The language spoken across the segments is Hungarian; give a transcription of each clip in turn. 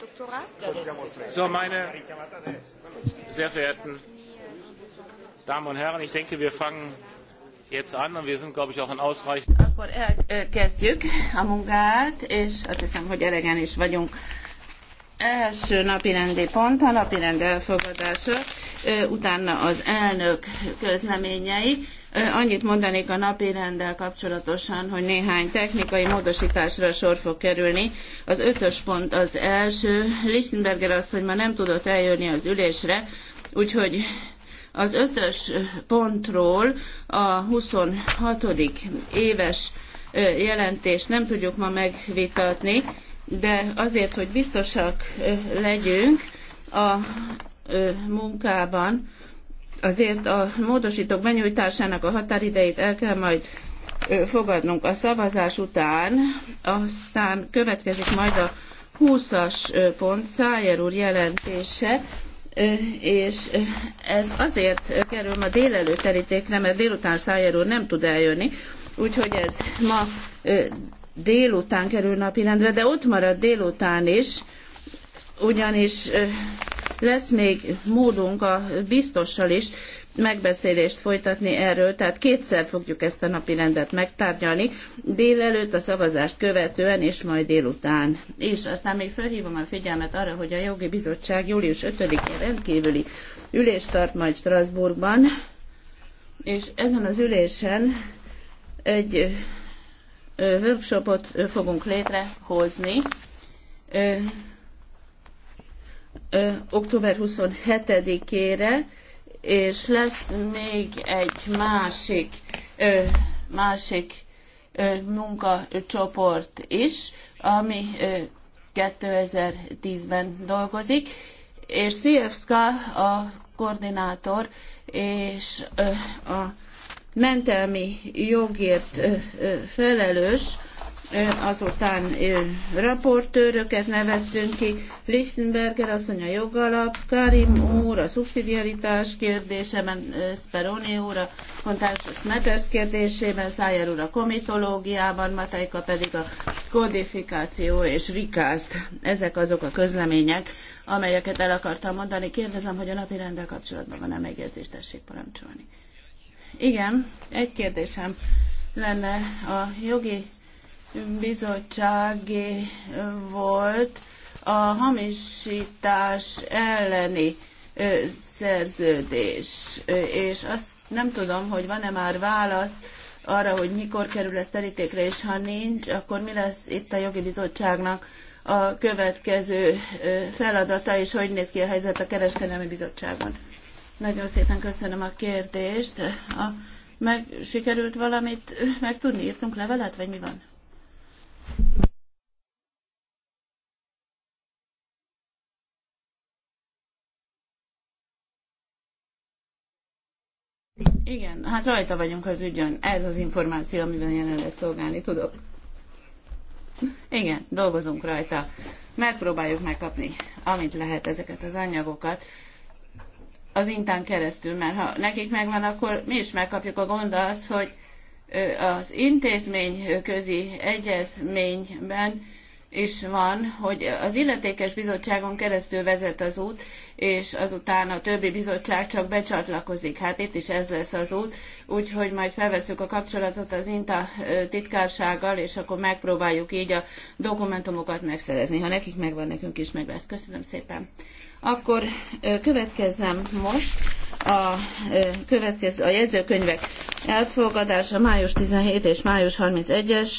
Doktorat? So, meine sehr verehrten Damen und Herren, ich denke, wir fangen jetzt an, und wir sind, glaube ich, auch in ausreichend. Akkor elkezdjük a munkát, és azt hiszem, hogy elegen is vagyunk. Első napi rendi pont, a napi rend elfogadása, utána az elnök közleményei Annyit mondanék a napi rendel kapcsolatosan, hogy néhány technikai módosításra sor fog kerülni. Az ötös pont az első. Lichtenberger azt, hogy ma nem tudott eljönni az ülésre, úgyhogy az ötös pontról a 26. éves jelentést nem tudjuk ma megvitatni, de azért, hogy biztosak legyünk a munkában, Azért a módosítók benyújtásának a határidejét el kell majd fogadnunk a szavazás után, aztán következik majd a 20-as pont, Szájer úr jelentése, és ez azért kerül ma délelőtt terítékre, mert délután Szájer úr nem tud eljönni, úgyhogy ez ma délután kerül napirendre, de ott marad délután is, ugyanis lesz még módunk a biztossal is megbeszélést folytatni erről, tehát kétszer fogjuk ezt a napi rendet megtárgyalni, délelőtt a szavazást követően, és majd délután. És aztán még felhívom a figyelmet arra, hogy a jogi bizottság július 5-én rendkívüli ülést tart majd Strasbourgban, és ezen az ülésen egy workshopot fogunk létrehozni, ö, október 27-ére, és lesz még egy másik, ö, másik ö, munkacsoport is, ami ö, 2010-ben dolgozik, és Szijevszka a koordinátor, és ö, a mentelmi jogért felelős, azután raportőröket neveztünk ki, Lichtenberger asszony a jogalap, Karim úr a szubszidiaritás kérdésében, Speroni úr a kontársos Matters kérdésében, Szájer úr a komitológiában, Matejka pedig a kodifikáció és rikázt. Ezek azok a közlemények, amelyeket el akartam mondani. Kérdezem, hogy a napi rendel kapcsolatban van-e megjegyzést, tessék parancsolni. Igen, egy kérdésem lenne a jogi bizottsági volt a hamisítás elleni szerződés, és azt nem tudom, hogy van-e már válasz arra, hogy mikor kerül ez terítékre, és ha nincs, akkor mi lesz itt a jogi bizottságnak a következő feladata, és hogy néz ki a helyzet a kereskedelmi bizottságban. Nagyon szépen köszönöm a kérdést. A, meg sikerült valamit megtudni? Írtunk levelet, vagy mi van? Igen, hát rajta vagyunk az ügyön. Ez az információ, amivel jelenleg szolgálni tudok. Igen, dolgozunk rajta. Megpróbáljuk megkapni, amit lehet ezeket az anyagokat az intán keresztül, mert ha nekik megvan, akkor mi is megkapjuk a gond az, hogy az intézmény közi egyezményben is van, hogy az illetékes bizottságon keresztül vezet az út, és azután a többi bizottság csak becsatlakozik. Hát itt is ez lesz az út, úgyhogy majd felveszünk a kapcsolatot az INTA titkársággal, és akkor megpróbáljuk így a dokumentumokat megszerezni. Ha nekik megvan, nekünk is meg lesz. Köszönöm szépen. Akkor következzem most a, következő, a jegyzőkönyvek elfogadása május 17 és május 31-es,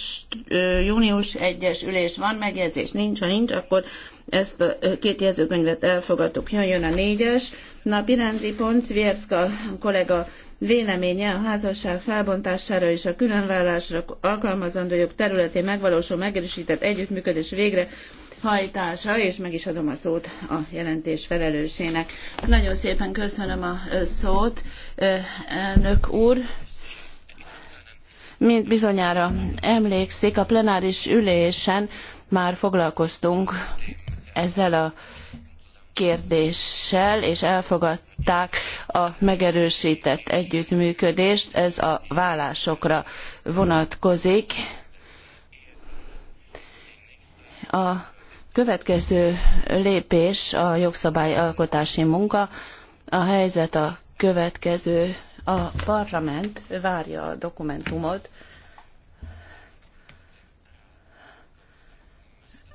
június 1-es ülés van, megjegyzés nincs, ha nincs, akkor ezt a két jegyzőkönyvet elfogadtuk. Jön jön a négyes Pirenzi Ponc, Vierszka kollega véleménye a házasság felbontására és a különvállásra alkalmazandó jog területén megvalósul megerősített együttműködés végre hajtása, és meg is adom a szót a jelentés felelősének. Nagyon szépen köszönöm a szót, elnök úr. Mint bizonyára emlékszik, a plenáris ülésen már foglalkoztunk ezzel a kérdéssel, és elfogadták a megerősített együttműködést. Ez a vállásokra vonatkozik. A következő lépés a jogszabályalkotási munka. A helyzet a következő. A parlament várja a dokumentumot,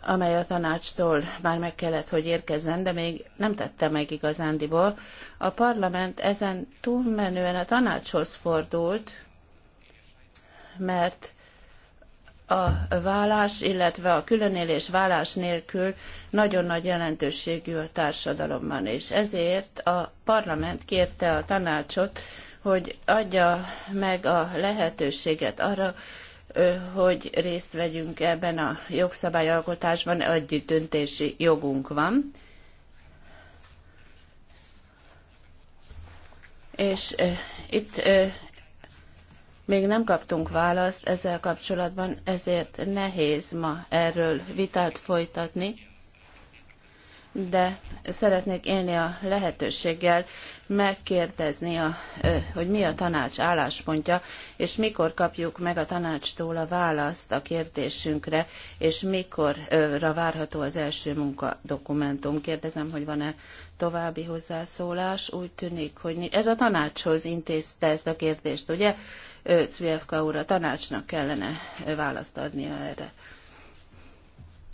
amely a tanácstól már meg kellett, hogy érkezzen, de még nem tette meg igazándiból. A parlament ezen túlmenően a tanácshoz fordult, mert a vállás, illetve a különélés vállás nélkül nagyon nagy jelentőségű a társadalomban, és ezért a parlament kérte a tanácsot, hogy adja meg a lehetőséget arra, hogy részt vegyünk ebben a jogszabályalkotásban, együttdöntési döntési jogunk van. És itt még nem kaptunk választ ezzel kapcsolatban, ezért nehéz ma erről vitát folytatni, de szeretnék élni a lehetőséggel megkérdezni, a, hogy mi a tanács álláspontja, és mikor kapjuk meg a tanácstól a választ a kérdésünkre, és mikorra várható az első munkadokumentum. Kérdezem, hogy van-e további hozzászólás. Úgy tűnik, hogy ez a tanácshoz intézte ezt a kérdést, ugye? Cvijevka úr, a tanácsnak kellene választ adnia erre.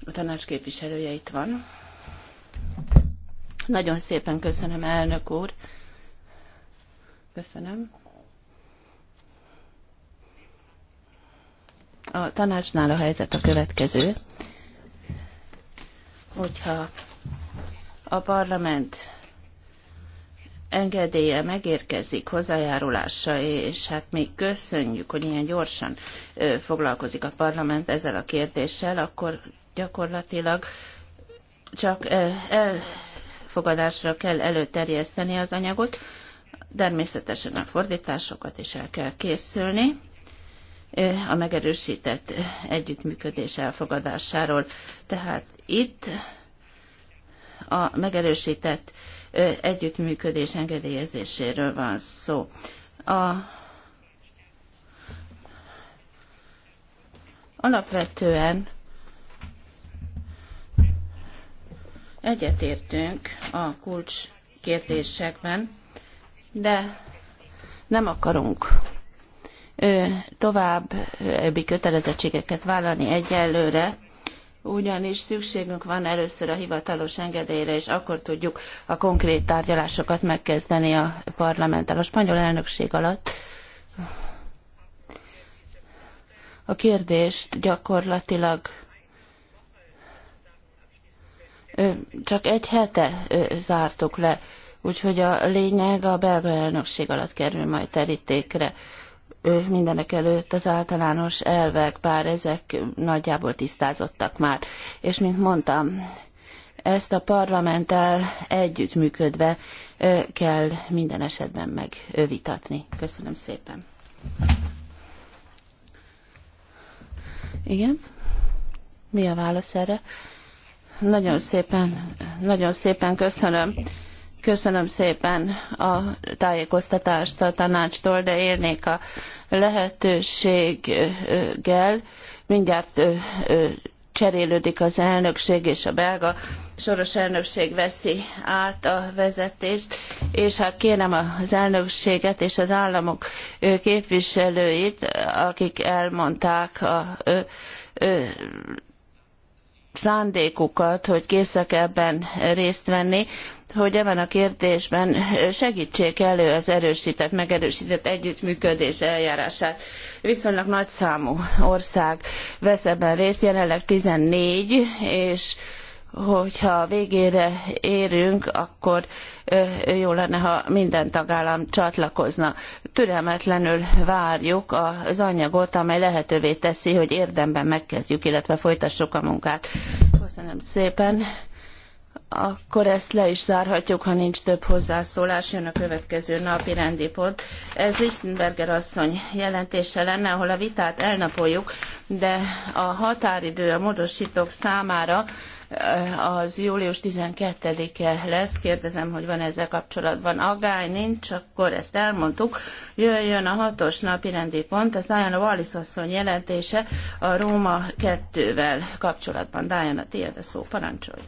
A tanács képviselője itt van. Nagyon szépen köszönöm, elnök úr. Köszönöm. A tanácsnál a helyzet a következő. Hogyha a parlament engedélye megérkezik hozzájárulása, és hát még köszönjük, hogy ilyen gyorsan foglalkozik a parlament ezzel a kérdéssel, akkor gyakorlatilag csak elfogadásra kell előterjeszteni az anyagot, természetesen a fordításokat is el kell készülni a megerősített együttműködés elfogadásáról. Tehát itt a megerősített együttműködés engedélyezéséről van szó. A alapvetően egyetértünk a kulcs kérdésekben, de nem akarunk további kötelezettségeket vállalni egyelőre, ugyanis szükségünk van először a hivatalos engedélyre, és akkor tudjuk a konkrét tárgyalásokat megkezdeni a parlamenttel. A spanyol elnökség alatt a kérdést gyakorlatilag csak egy hete zártuk le, úgyhogy a lényeg a belga elnökség alatt kerül majd terítékre mindenek előtt az általános elvek, bár ezek nagyjából tisztázottak már. És mint mondtam, ezt a parlamenttel együttműködve kell minden esetben megvitatni. Köszönöm szépen. Igen? Mi a válasz erre? Nagyon szépen, nagyon szépen köszönöm. Köszönöm szépen a tájékoztatást a tanácstól, de élnék a lehetőséggel. Mindjárt cserélődik az elnökség, és a belga soros elnökség veszi át a vezetést, és hát kérem az elnökséget és az államok képviselőit, akik elmondták a szándékukat, hogy készek ebben részt venni, hogy ebben a kérdésben segítsék elő az erősített, megerősített együttműködés eljárását. Viszonylag nagyszámú ország vesz ebben részt, jelenleg 14, és hogyha végére érünk, akkor jó lenne, ha minden tagállam csatlakozna. Türelmetlenül várjuk az anyagot, amely lehetővé teszi, hogy érdemben megkezdjük, illetve folytassuk a munkát. Köszönöm szépen. Akkor ezt le is zárhatjuk, ha nincs több hozzászólás, jön a következő napi rendi pont. Ez Lichtenberger asszony jelentése lenne, ahol a vitát elnapoljuk, de a határidő a módosítók számára az július 12-e lesz. Kérdezem, hogy van ezzel kapcsolatban aggály, nincs, akkor ezt elmondtuk. Jöjjön a hatos napi rendi pont, ez Diana Wallis asszony jelentése a Róma 2-vel kapcsolatban. Diana, tiéd a szó, parancsolj!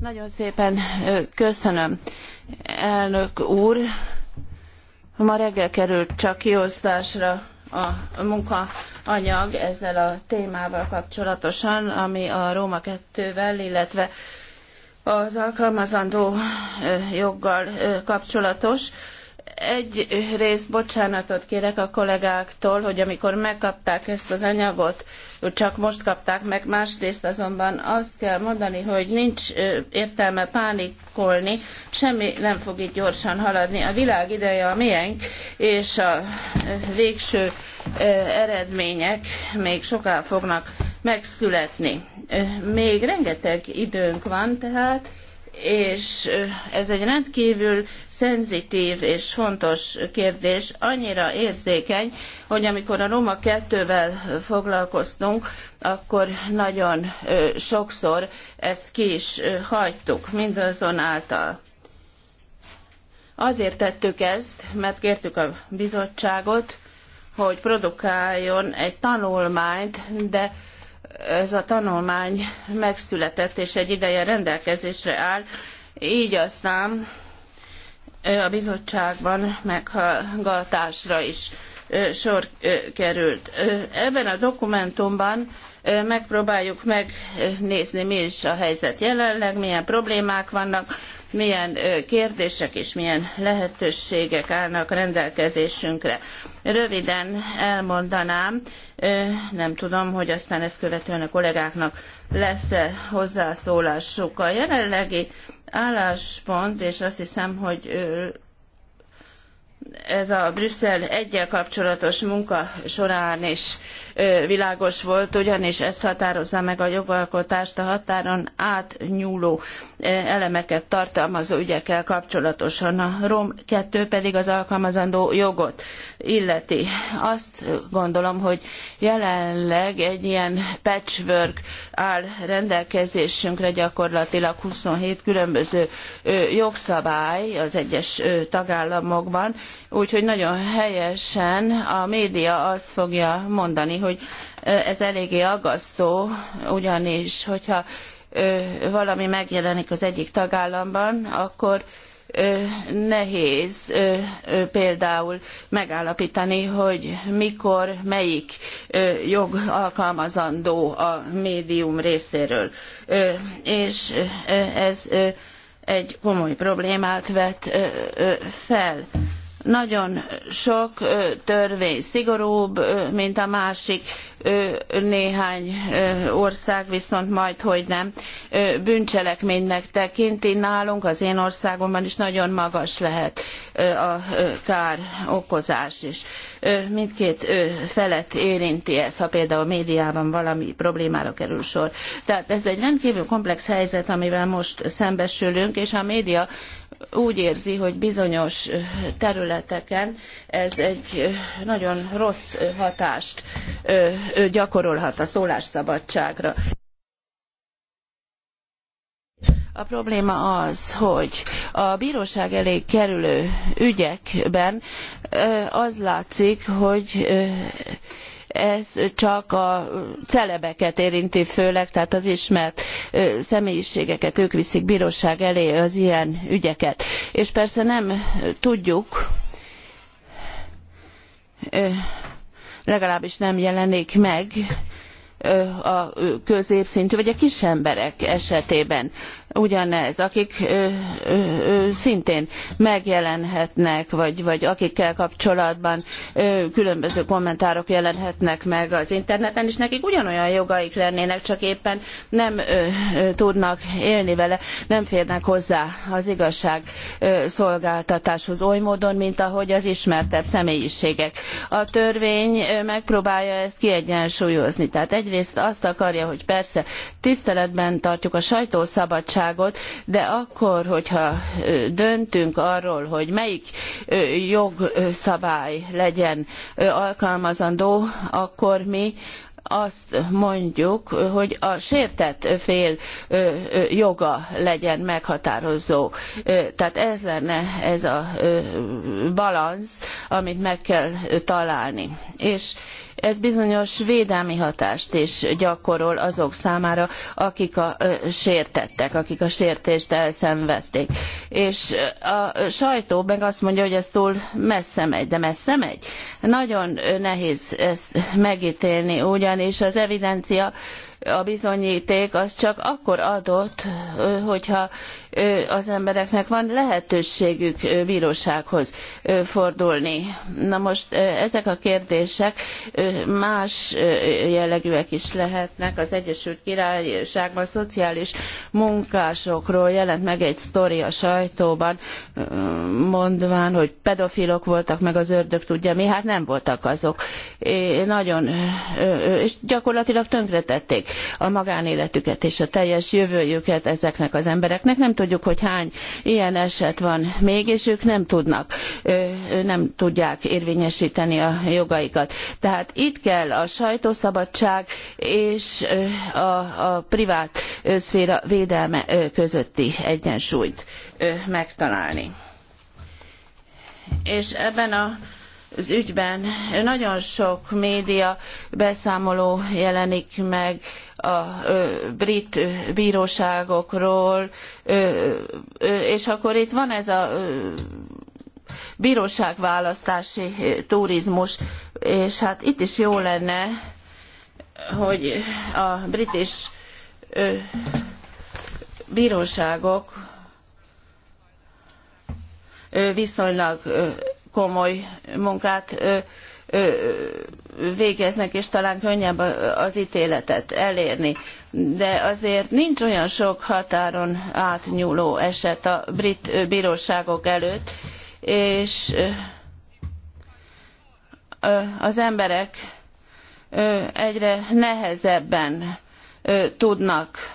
Nagyon szépen köszönöm, elnök úr. Ma reggel került csak kiosztásra a munkaanyag ezzel a témával kapcsolatosan, ami a Róma 2-vel, illetve az alkalmazandó joggal kapcsolatos egyrészt bocsánatot kérek a kollégáktól, hogy amikor megkapták ezt az anyagot, csak most kapták meg, másrészt azonban azt kell mondani, hogy nincs értelme pánikolni, semmi nem fog itt gyorsan haladni. A világ ideje a miénk, és a végső eredmények még soká fognak megszületni. Még rengeteg időnk van tehát, és ez egy rendkívül szenzitív és fontos kérdés, annyira érzékeny, hogy amikor a Roma 2-vel foglalkoztunk, akkor nagyon sokszor ezt ki is hagytuk mindazonáltal. Azért tettük ezt, mert kértük a bizottságot, hogy produkáljon egy tanulmányt, de ez a tanulmány megszületett, és egy ideje rendelkezésre áll, így aztán a bizottságban meghallgatásra is sor került. Ebben a dokumentumban megpróbáljuk megnézni, mi is a helyzet jelenleg, milyen problémák vannak, milyen kérdések és milyen lehetőségek állnak rendelkezésünkre. Röviden elmondanám, nem tudom, hogy aztán ezt követően a kollégáknak lesz-e hozzászólásuk. A jelenlegi álláspont, és azt hiszem, hogy ez a Brüsszel egyel kapcsolatos munka során is világos volt, ugyanis ez határozza meg a jogalkotást a határon átnyúló elemeket tartalmazó ügyekkel kapcsolatosan. A ROM 2 pedig az alkalmazandó jogot illeti. Azt gondolom, hogy jelenleg egy ilyen patchwork áll rendelkezésünkre gyakorlatilag 27 különböző jogszabály az egyes tagállamokban, úgyhogy nagyon helyesen a média azt fogja mondani, hogy ez eléggé aggasztó, ugyanis, hogyha valami megjelenik az egyik tagállamban, akkor nehéz például megállapítani, hogy mikor, melyik jog alkalmazandó a médium részéről. És ez egy komoly problémát vet fel nagyon sok törvény szigorúbb, mint a másik, néhány ország viszont majd, hogy nem bűncselekménynek tekinti. Nálunk az én országomban is nagyon magas lehet a kár okozás is. Mindkét felet érinti ez, ha például a médiában valami problémára kerül sor. Tehát ez egy rendkívül komplex helyzet, amivel most szembesülünk, és a média úgy érzi, hogy bizonyos eh, területeken ez egy eh, nagyon rossz eh, hatást gyakorolhat a szólásszabadságra. A probléma az, hogy a bíróság elé kerülő ügyekben az látszik, hogy ez csak a celebeket érinti főleg, tehát az ismert személyiségeket, ők viszik bíróság elé az ilyen ügyeket. És persze nem tudjuk, legalábbis nem jelenik meg a középszintű vagy a kisemberek esetében ugyanez, akik ö, ö, ö, szintén megjelenhetnek, vagy, vagy akikkel kapcsolatban különböző kommentárok jelenhetnek meg az interneten, és nekik ugyanolyan jogaik lennének, csak éppen nem tudnak élni vele, nem férnek hozzá az igazság szolgáltatáshoz oly módon, mint ahogy az ismertebb személyiségek. A törvény megpróbálja ezt kiegyensúlyozni. Tehát egyrészt azt akarja, hogy persze tiszteletben tartjuk a sajtószabadságot, országot, de akkor, hogyha döntünk arról, hogy melyik jogszabály legyen alkalmazandó, akkor mi azt mondjuk, hogy a sértett fél joga legyen meghatározó. Tehát ez lenne ez a balansz, amit meg kell találni. És ez bizonyos védelmi hatást is gyakorol azok számára, akik a sértettek, akik a sértést elszenvedték. És a sajtó meg azt mondja, hogy ez túl messze megy, de messze megy. Nagyon nehéz ezt megítélni, ugyanis az evidencia a bizonyíték az csak akkor adott, hogyha az embereknek van lehetőségük bírósághoz fordulni. Na most ezek a kérdések más jellegűek is lehetnek. Az Egyesült Királyságban szociális munkásokról jelent meg egy sztori a sajtóban, mondván, hogy pedofilok voltak, meg az ördög tudja mi, hát nem voltak azok. nagyon, és gyakorlatilag tönkretették a magánéletüket és a teljes jövőjüket ezeknek az embereknek. Nem tudjuk, hogy hány ilyen eset van még, és ők nem tudnak, nem tudják érvényesíteni a jogaikat. Tehát itt kell a sajtószabadság és a, a privát szféra védelme közötti egyensúlyt megtalálni. És ebben a az ügyben. Nagyon sok média beszámoló jelenik meg a brit bíróságokról, és akkor itt van ez a bíróságválasztási turizmus, és hát itt is jó lenne, hogy a brit és bíróságok viszonylag komoly munkát végeznek, és talán könnyebb az ítéletet elérni. De azért nincs olyan sok határon átnyúló eset a brit bíróságok előtt, és az emberek egyre nehezebben tudnak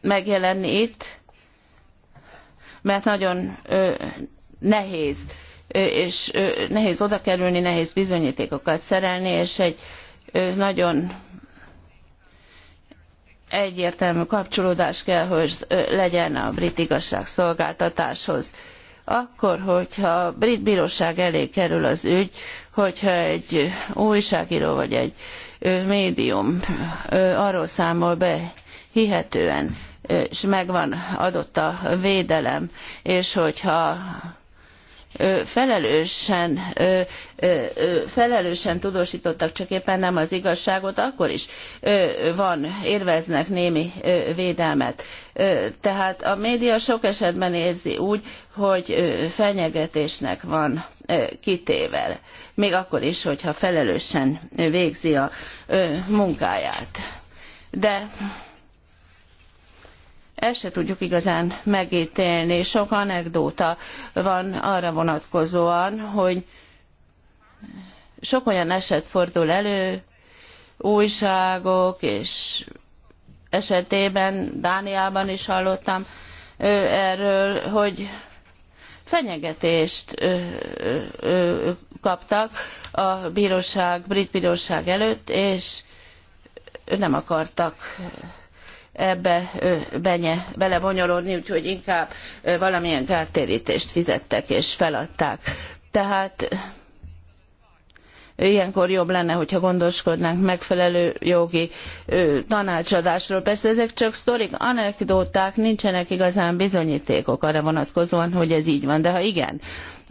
megjelenni itt, mert nagyon nehéz és nehéz oda kerülni, nehéz bizonyítékokat szerelni, és egy nagyon egyértelmű kapcsolódás kell, hogy legyen a brit igazságszolgáltatáshoz. Akkor, hogyha a brit bíróság elé kerül az ügy, hogyha egy újságíró vagy egy médium arról számol be hihetően, és megvan adott a védelem, és hogyha felelősen, felelősen tudósítottak, csak éppen nem az igazságot, akkor is van, érveznek némi védelmet. Tehát a média sok esetben érzi úgy, hogy fenyegetésnek van kitével, még akkor is, hogyha felelősen végzi a munkáját. De ezt se tudjuk igazán megítélni. Sok anekdóta van arra vonatkozóan, hogy sok olyan eset fordul elő, újságok és esetében, Dániában is hallottam erről, hogy fenyegetést kaptak a bíróság, brit bíróság előtt, és nem akartak ebbe benye, belebonyolódni, úgyhogy inkább valamilyen kártérítést fizettek és feladták. Tehát ilyenkor jobb lenne, hogyha gondoskodnánk megfelelő jogi tanácsadásról. Persze ezek csak sztorik, anekdóták, nincsenek igazán bizonyítékok arra vonatkozóan, hogy ez így van, de ha igen,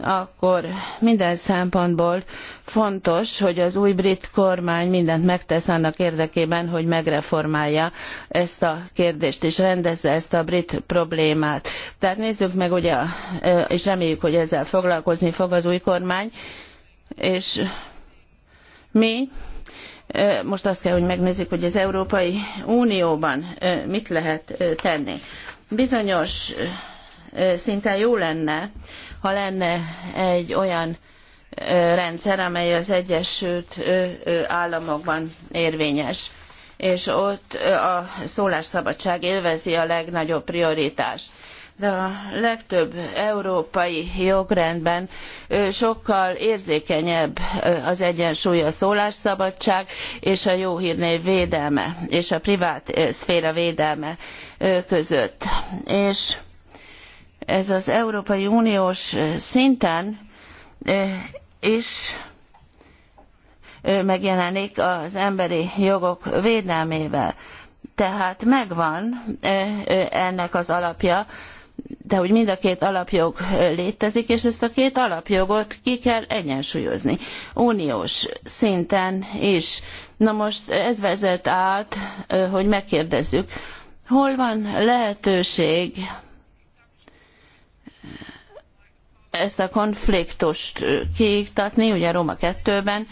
akkor minden szempontból fontos, hogy az új brit kormány mindent megtesz annak érdekében, hogy megreformálja ezt a kérdést, és rendezze ezt a brit problémát. Tehát nézzük meg, ugye, és reméljük, hogy ezzel foglalkozni fog az új kormány, és mi most azt kell, hogy megnézzük, hogy az Európai Unióban mit lehet tenni. Bizonyos szinten jó lenne, ha lenne egy olyan rendszer, amely az Egyesült Államokban érvényes és ott a szólásszabadság élvezi a legnagyobb prioritást de a legtöbb európai jogrendben sokkal érzékenyebb az egyensúly a szólásszabadság és a jó hírnév védelme és a privát szféra védelme között. És ez az Európai Uniós szinten is megjelenik az emberi jogok védelmével. Tehát megvan ennek az alapja, de hogy mind a két alapjog létezik, és ezt a két alapjogot ki kell egyensúlyozni. Uniós szinten is. Na most ez vezet át, hogy megkérdezzük, hol van lehetőség ezt a konfliktust kiiktatni, ugye Róma 2-ben,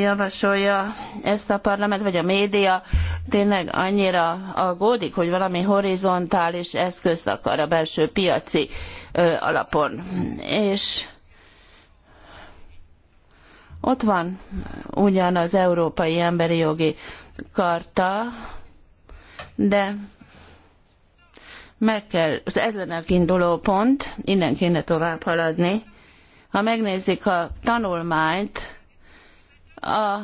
javasolja ezt a parlament, vagy a média tényleg annyira aggódik, hogy valami horizontális eszközt akar a belső piaci alapon. És ott van ugyan az Európai Emberi Jogi Karta, de meg kell, ez lenne a kiinduló pont, innen kéne tovább haladni. Ha megnézzük a tanulmányt, a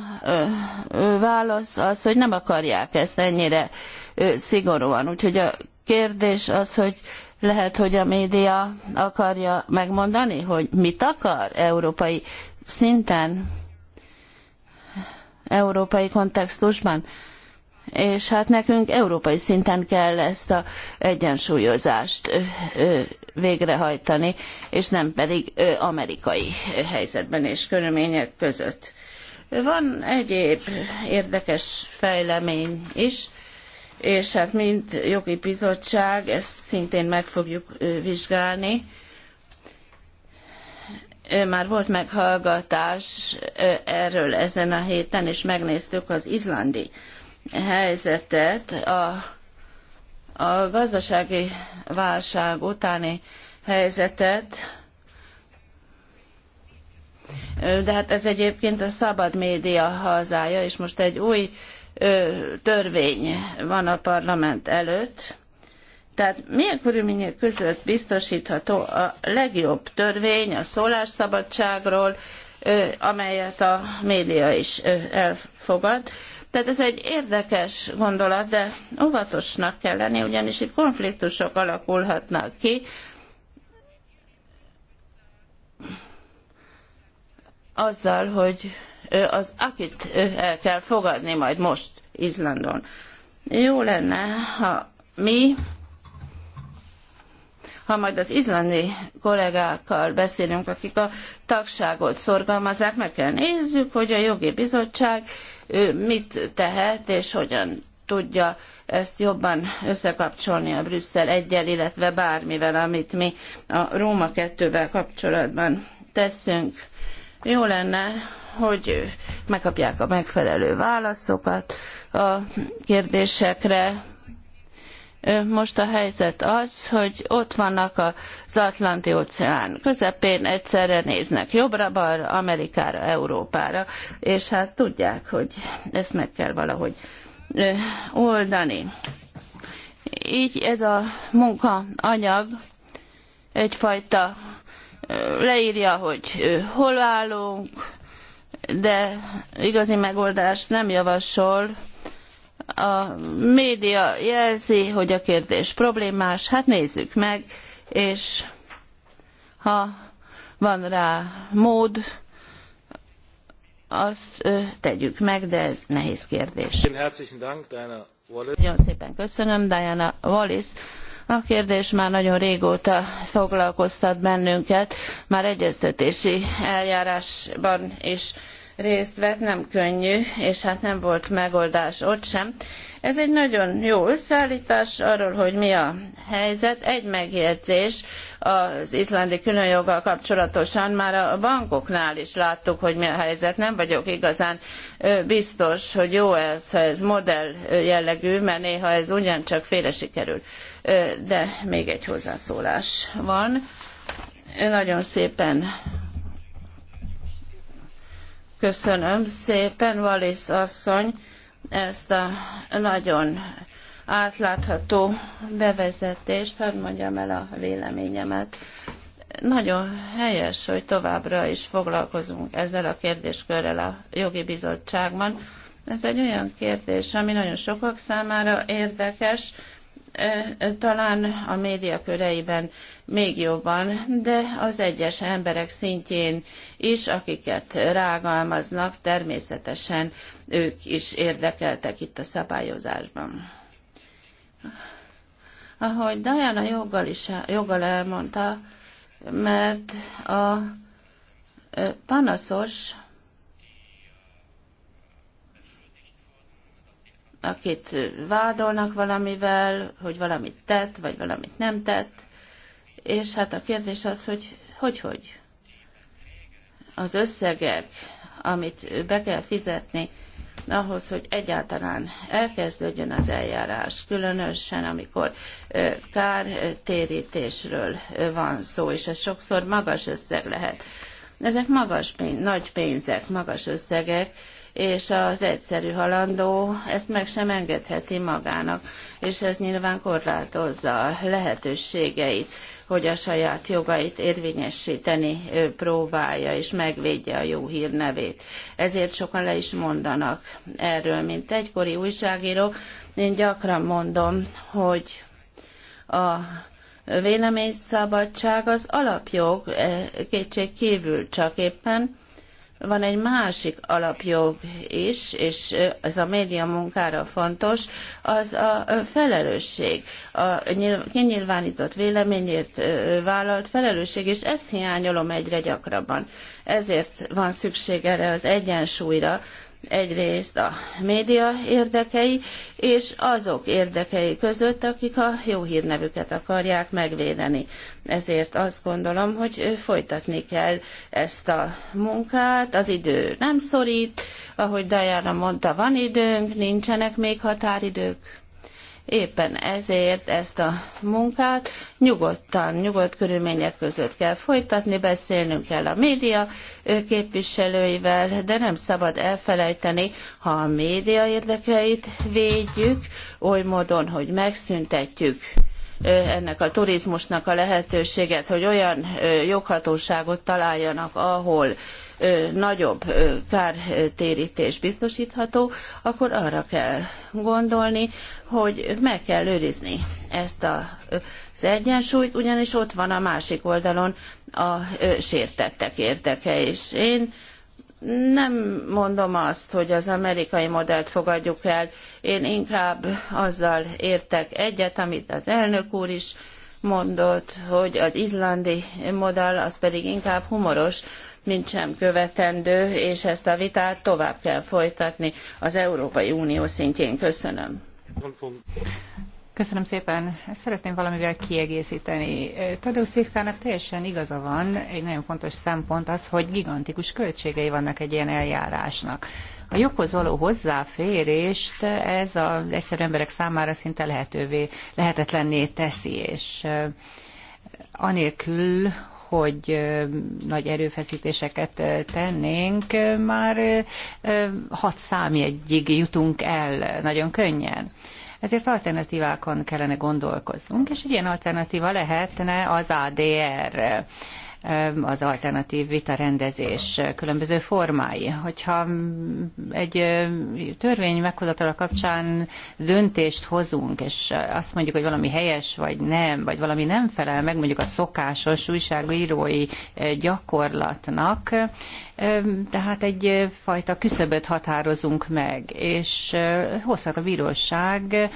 válasz az, hogy nem akarják ezt ennyire szigorúan. Úgyhogy a kérdés az, hogy lehet, hogy a média akarja megmondani, hogy mit akar európai szinten, európai kontextusban. És hát nekünk európai szinten kell ezt a egyensúlyozást végrehajtani, és nem pedig amerikai helyzetben és körülmények között. Van egyéb érdekes fejlemény is, és hát mint jogi bizottság ezt szintén meg fogjuk vizsgálni. Már volt meghallgatás erről ezen a héten, és megnéztük az izlandi helyzetet. A, a gazdasági válság utáni helyzetet, de hát ez egyébként a szabad média hazája, és most egy új törvény van a parlament előtt, tehát milyen körülmények között biztosítható a legjobb törvény a szólásszabadságról, amelyet a média is elfogad. Tehát ez egy érdekes gondolat, de óvatosnak kell lenni, ugyanis itt konfliktusok alakulhatnak ki azzal, hogy az akit el kell fogadni majd most Izlandon. Jó lenne, ha mi, ha majd az izlandi kollégákkal beszélünk, akik a tagságot szorgalmazzák, meg kell nézzük, hogy a jogi bizottság mit tehet és hogyan tudja ezt jobban összekapcsolni a Brüsszel egyel, illetve bármivel, amit mi a Róma 2-vel kapcsolatban teszünk. Jó lenne, hogy megkapják a megfelelő válaszokat a kérdésekre. Most a helyzet az, hogy ott vannak az Atlanti óceán közepén, egyszerre néznek jobbra-balra, Amerikára, Európára, és hát tudják, hogy ezt meg kell valahogy oldani. Így ez a munkaanyag egyfajta leírja, hogy hol állunk, de igazi megoldást nem javasol. A média jelzi, hogy a kérdés problémás, hát nézzük meg, és ha van rá mód, azt tegyük meg, de ez nehéz kérdés. Nagyon szépen köszönöm, Diana Wallis. A kérdés már nagyon régóta foglalkoztat bennünket, már egyeztetési eljárásban is részt vett, nem könnyű, és hát nem volt megoldás ott sem. Ez egy nagyon jó összeállítás arról, hogy mi a helyzet. Egy megjegyzés az izlandi különjoggal kapcsolatosan már a bankoknál is láttuk, hogy mi a helyzet. Nem vagyok igazán biztos, hogy jó ez, ha ez modell jellegű, mert néha ez ugyancsak félre sikerül de még egy hozzászólás van. Nagyon szépen köszönöm szépen, Valisz asszony, ezt a nagyon átlátható bevezetést, hadd mondjam el a véleményemet. Nagyon helyes, hogy továbbra is foglalkozunk ezzel a kérdéskörrel a jogi bizottságban. Ez egy olyan kérdés, ami nagyon sokak számára érdekes, talán a média köreiben még jobban, de az egyes emberek szintjén is, akiket rágalmaznak, természetesen ők is érdekeltek itt a szabályozásban. Ahogy Diana joggal, is, joggal elmondta, mert a panaszos akit vádolnak valamivel, hogy valamit tett, vagy valamit nem tett, és hát a kérdés az, hogy hogy, hogy az összegek, amit be kell fizetni, ahhoz, hogy egyáltalán elkezdődjön az eljárás, különösen amikor kártérítésről van szó, és ez sokszor magas összeg lehet. Ezek magas, nagy pénzek, magas összegek, és az egyszerű halandó ezt meg sem engedheti magának, és ez nyilván korlátozza a lehetőségeit, hogy a saját jogait érvényesíteni próbálja, és megvédje a jó hírnevét. Ezért sokan le is mondanak erről, mint egykori újságíró. Én gyakran mondom, hogy a véleményszabadság az alapjog, kétség kívül csak éppen, van egy másik alapjog is, és ez a média munkára fontos, az a felelősség. A kinyilvánított véleményért vállalt felelősség, és ezt hiányolom egyre gyakrabban. Ezért van szükség erre az egyensúlyra, egyrészt a média érdekei, és azok érdekei között, akik a jó hírnevüket akarják megvédeni. Ezért azt gondolom, hogy folytatni kell ezt a munkát. Az idő nem szorít, ahogy Diana mondta, van időnk, nincsenek még határidők. Éppen ezért ezt a munkát nyugodtan, nyugodt körülmények között kell folytatni, beszélnünk kell a média képviselőivel, de nem szabad elfelejteni, ha a média érdekeit védjük, oly módon, hogy megszüntetjük ennek a turizmusnak a lehetőséget, hogy olyan joghatóságot találjanak, ahol nagyobb kártérítés biztosítható, akkor arra kell gondolni, hogy meg kell őrizni ezt a, az egyensúlyt, ugyanis ott van a másik oldalon a sértettek érdeke, és én nem mondom azt, hogy az amerikai modellt fogadjuk el, én inkább azzal értek egyet, amit az elnök úr is mondott, hogy az izlandi modell az pedig inkább humoros, mint sem követendő, és ezt a vitát tovább kell folytatni az Európai Unió szintjén. Köszönöm. Köszönöm szépen. Szeretném valamivel kiegészíteni. Tadeusz Szirkának teljesen igaza van, egy nagyon fontos szempont az, hogy gigantikus költségei vannak egy ilyen eljárásnak. A joghoz való hozzáférést ez az egyszerű emberek számára szinte lehetővé, lehetetlenné teszi, és eh, anélkül, hogy nagy erőfeszítéseket tennénk, már hat számjegyig jutunk el nagyon könnyen. Ezért alternatívákon kellene gondolkoznunk, és egy ilyen alternatíva lehetne az ADR az alternatív vitarendezés különböző formái. Hogyha egy törvény meghozatala kapcsán döntést hozunk, és azt mondjuk, hogy valami helyes, vagy nem, vagy valami nem felel meg mondjuk a szokásos újságírói gyakorlatnak, tehát egyfajta küszöböt határozunk meg, és hozhat a bíróság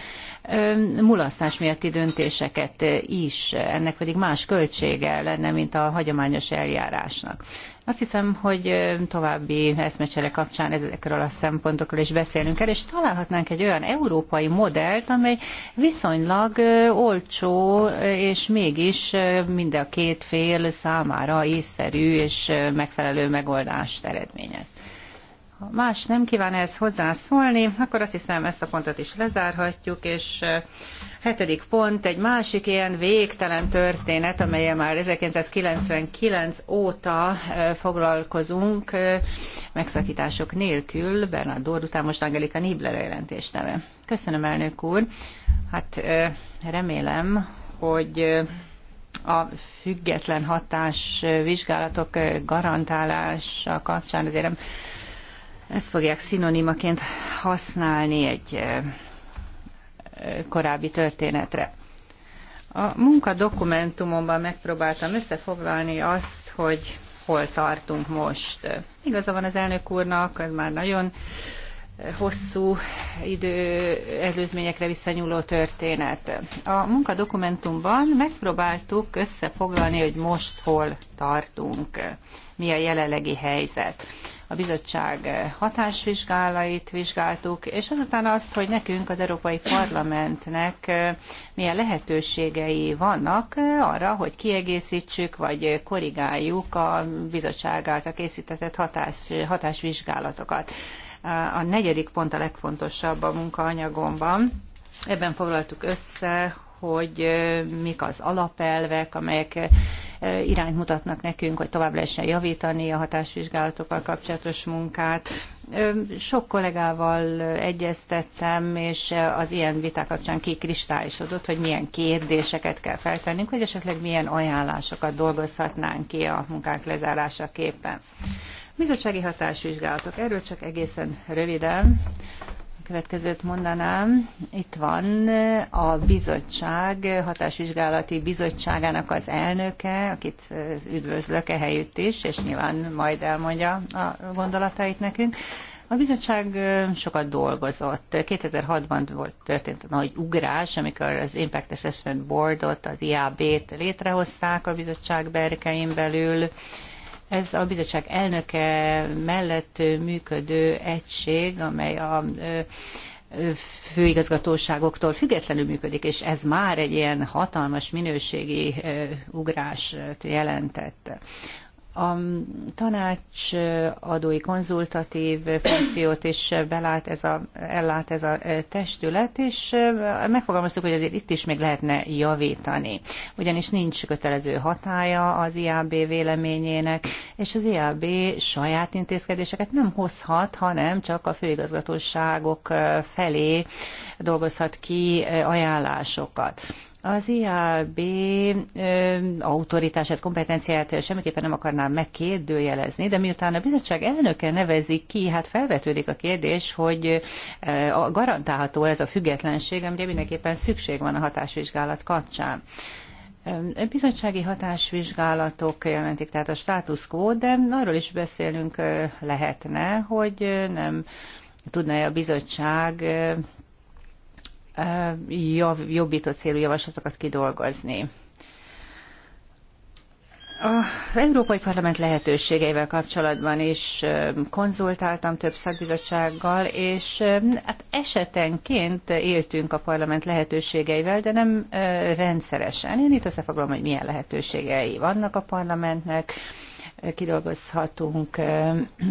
mulasztás miatti döntéseket is, ennek pedig más költsége lenne, mint a hagyományos eljárásnak. Azt hiszem, hogy további eszmecsere kapcsán ezekről a szempontokról is beszélünk el, és találhatnánk egy olyan európai modellt, amely viszonylag olcsó, és mégis mind a két fél számára észszerű és megfelelő megoldást eredményez. Ha más nem kíván ehhez hozzászólni, akkor azt hiszem ezt a pontot is lezárhatjuk, és hetedik pont egy másik ilyen végtelen történet, amelyen már 1999 óta foglalkozunk megszakítások nélkül, Bernard Dord után most Angelika Nibler jelentés neve. Köszönöm, elnök úr. Hát remélem, hogy a független hatás vizsgálatok garantálása kapcsán azért nem ezt fogják szinonimaként használni egy korábbi történetre. A munka dokumentumomban megpróbáltam összefoglalni azt, hogy hol tartunk most. Igaza van az elnök úrnak, ez már nagyon hosszú idő előzményekre visszanyúló történet. A munkadokumentumban megpróbáltuk összefoglalni, hogy most hol tartunk, mi a jelenlegi helyzet a bizottság hatásvizsgálait vizsgáltuk, és azután azt, hogy nekünk az Európai Parlamentnek milyen lehetőségei vannak arra, hogy kiegészítsük vagy korrigáljuk a bizottság által készített hatás, hatásvizsgálatokat. A negyedik pont a legfontosabb a munkaanyagomban. Ebben foglaltuk össze, hogy mik az alapelvek, amelyek irányt mutatnak nekünk, hogy tovább lehessen javítani a hatásvizsgálatokkal kapcsolatos munkát. Sok kollégával egyeztettem, és az ilyen viták kapcsán kikristályosodott, hogy milyen kérdéseket kell feltennünk, hogy esetleg milyen ajánlásokat dolgozhatnánk ki a munkák képen. Bizottsági hatásvizsgálatok. Erről csak egészen röviden következőt mondanám. Itt van a bizottság, hatásvizsgálati bizottságának az elnöke, akit üdvözlök e helyütt is, és nyilván majd elmondja a gondolatait nekünk. A bizottság sokat dolgozott. 2006-ban volt, történt a nagy ugrás, amikor az Impact Assessment Boardot, az IAB-t létrehozták a bizottság berkein belül ez a bizottság elnöke mellett működő egység, amely a főigazgatóságoktól függetlenül működik, és ez már egy ilyen hatalmas minőségi ugrást jelentett. A tanácsadói konzultatív funkciót is belát ez a, ellát ez a testület, és megfogalmaztuk, hogy azért itt is még lehetne javítani. Ugyanis nincs kötelező hatája az IAB véleményének, és az IAB saját intézkedéseket nem hozhat, hanem csak a főigazgatóságok felé dolgozhat ki ajánlásokat. Az IAB ö, autoritását, kompetenciáját semmiképpen nem akarnám megkérdőjelezni, de miután a bizottság elnöke nevezik ki, hát felvetődik a kérdés, hogy ö, a, garantálható ez a függetlenség, amire mindenképpen szükség van a hatásvizsgálat kapcsán. Bizottsági hatásvizsgálatok jelentik tehát a status quo, de arról is beszélünk lehetne, hogy nem tudna-e a bizottság Eh, jav, jobbító célú javaslatokat kidolgozni. Az Európai Parlament lehetőségeivel kapcsolatban is eh, konzultáltam több szakbizottsággal, és eh, hát esetenként éltünk a parlament lehetőségeivel, de nem rendszeresen. Én itt összefoglalom, hogy milyen lehetőségei vannak a parlamentnek, kidolgozhatunk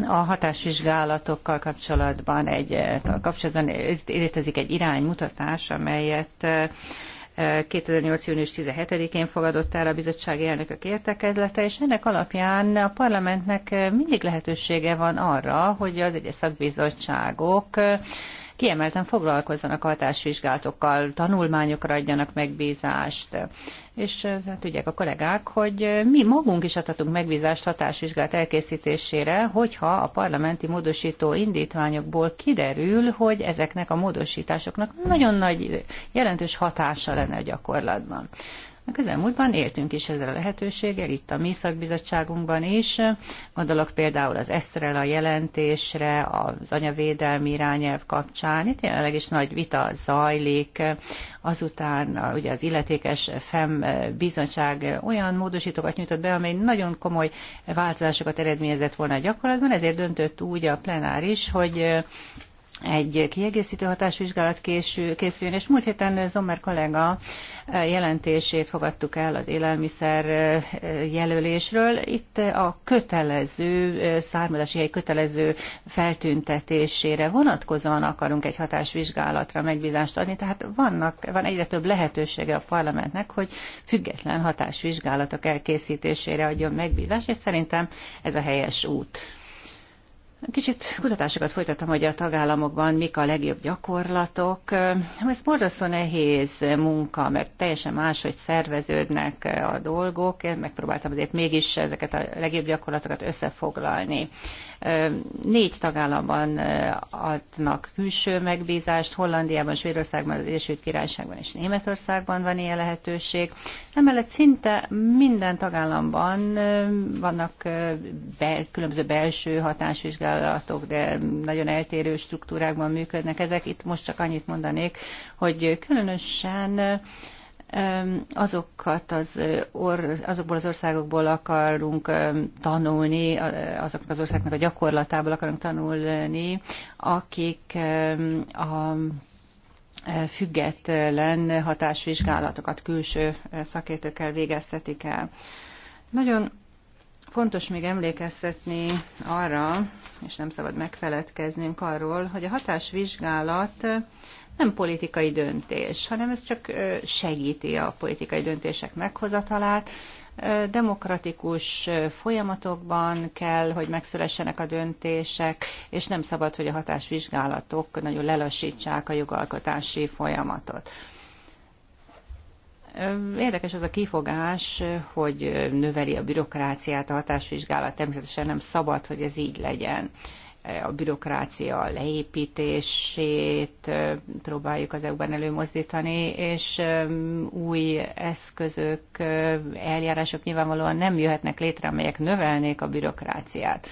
a hatásvizsgálatokkal kapcsolatban egy kapcsolatban létezik egy iránymutatás, amelyet 2008. június 17-én fogadott el a bizottsági elnökök értekezlete, és ennek alapján a parlamentnek mindig lehetősége van arra, hogy az egyes szakbizottságok kiemelten foglalkozzanak a hatásvizsgálatokkal, tanulmányokra adjanak megbízást. És hát tudják a kollégák, hogy mi magunk is adhatunk megbízást hatásvizsgálat elkészítésére, hogyha a parlamenti módosító indítványokból kiderül, hogy ezeknek a módosításoknak nagyon nagy, jelentős hatása lenne a gyakorlatban. A közelmúltban éltünk is ezzel a lehetőséggel, itt a mi szakbizottságunkban is. Gondolok például az Eszterel jelentésre, az anyavédelmi irányelv kapcsán. Itt jelenleg is nagy vita zajlik. Azután ugye az illetékes FEM bizottság olyan módosítókat nyújtott be, amely nagyon komoly változásokat eredményezett volna a gyakorlatban, ezért döntött úgy a plenáris, hogy egy kiegészítő hatásvizsgálat készüljön, és múlt héten Zomer kollega eh, jelentését fogadtuk el az élelmiszer eh, jelölésről. Itt eh, a kötelező, származási hely kötelező feltüntetésére vonatkozóan akarunk egy hatásvizsgálatra megbízást adni, tehát vannak, van egyre több lehetősége a parlamentnek, hogy független hatásvizsgálatok elkészítésére adjon megbízást, és szerintem ez a helyes út. Kicsit kutatásokat folytattam, hogy a tagállamokban mik a legjobb gyakorlatok. Ez borzasztó nehéz munka, mert teljesen máshogy szerveződnek a dolgok. Megpróbáltam azért mégis ezeket a legjobb gyakorlatokat összefoglalni. Négy tagállamban adnak külső megbízást, Hollandiában, Svédországban, az Egyesült Királyságban és Németországban van ilyen lehetőség. Emellett szinte minden tagállamban vannak be, különböző belső hatásvizsgálatok, de nagyon eltérő struktúrákban működnek ezek. Itt most csak annyit mondanék, hogy különösen azokat az or, azokból az országokból akarunk tanulni, azok az országnak a gyakorlatából akarunk tanulni, akik a független hatásvizsgálatokat külső szakértőkkel végeztetik el. Nagyon fontos még emlékeztetni arra, és nem szabad megfeledkeznünk arról, hogy a hatásvizsgálat nem politikai döntés, hanem ez csak segíti a politikai döntések meghozatalát. Demokratikus folyamatokban kell, hogy megszülessenek a döntések, és nem szabad, hogy a hatásvizsgálatok nagyon lelassítsák a jogalkotási folyamatot. Érdekes az a kifogás, hogy növeli a bürokráciát a hatásvizsgálat. Természetesen nem szabad, hogy ez így legyen a bürokrácia leépítését próbáljuk az EU-ban előmozdítani, és új eszközök, eljárások nyilvánvalóan nem jöhetnek létre, amelyek növelnék a bürokráciát.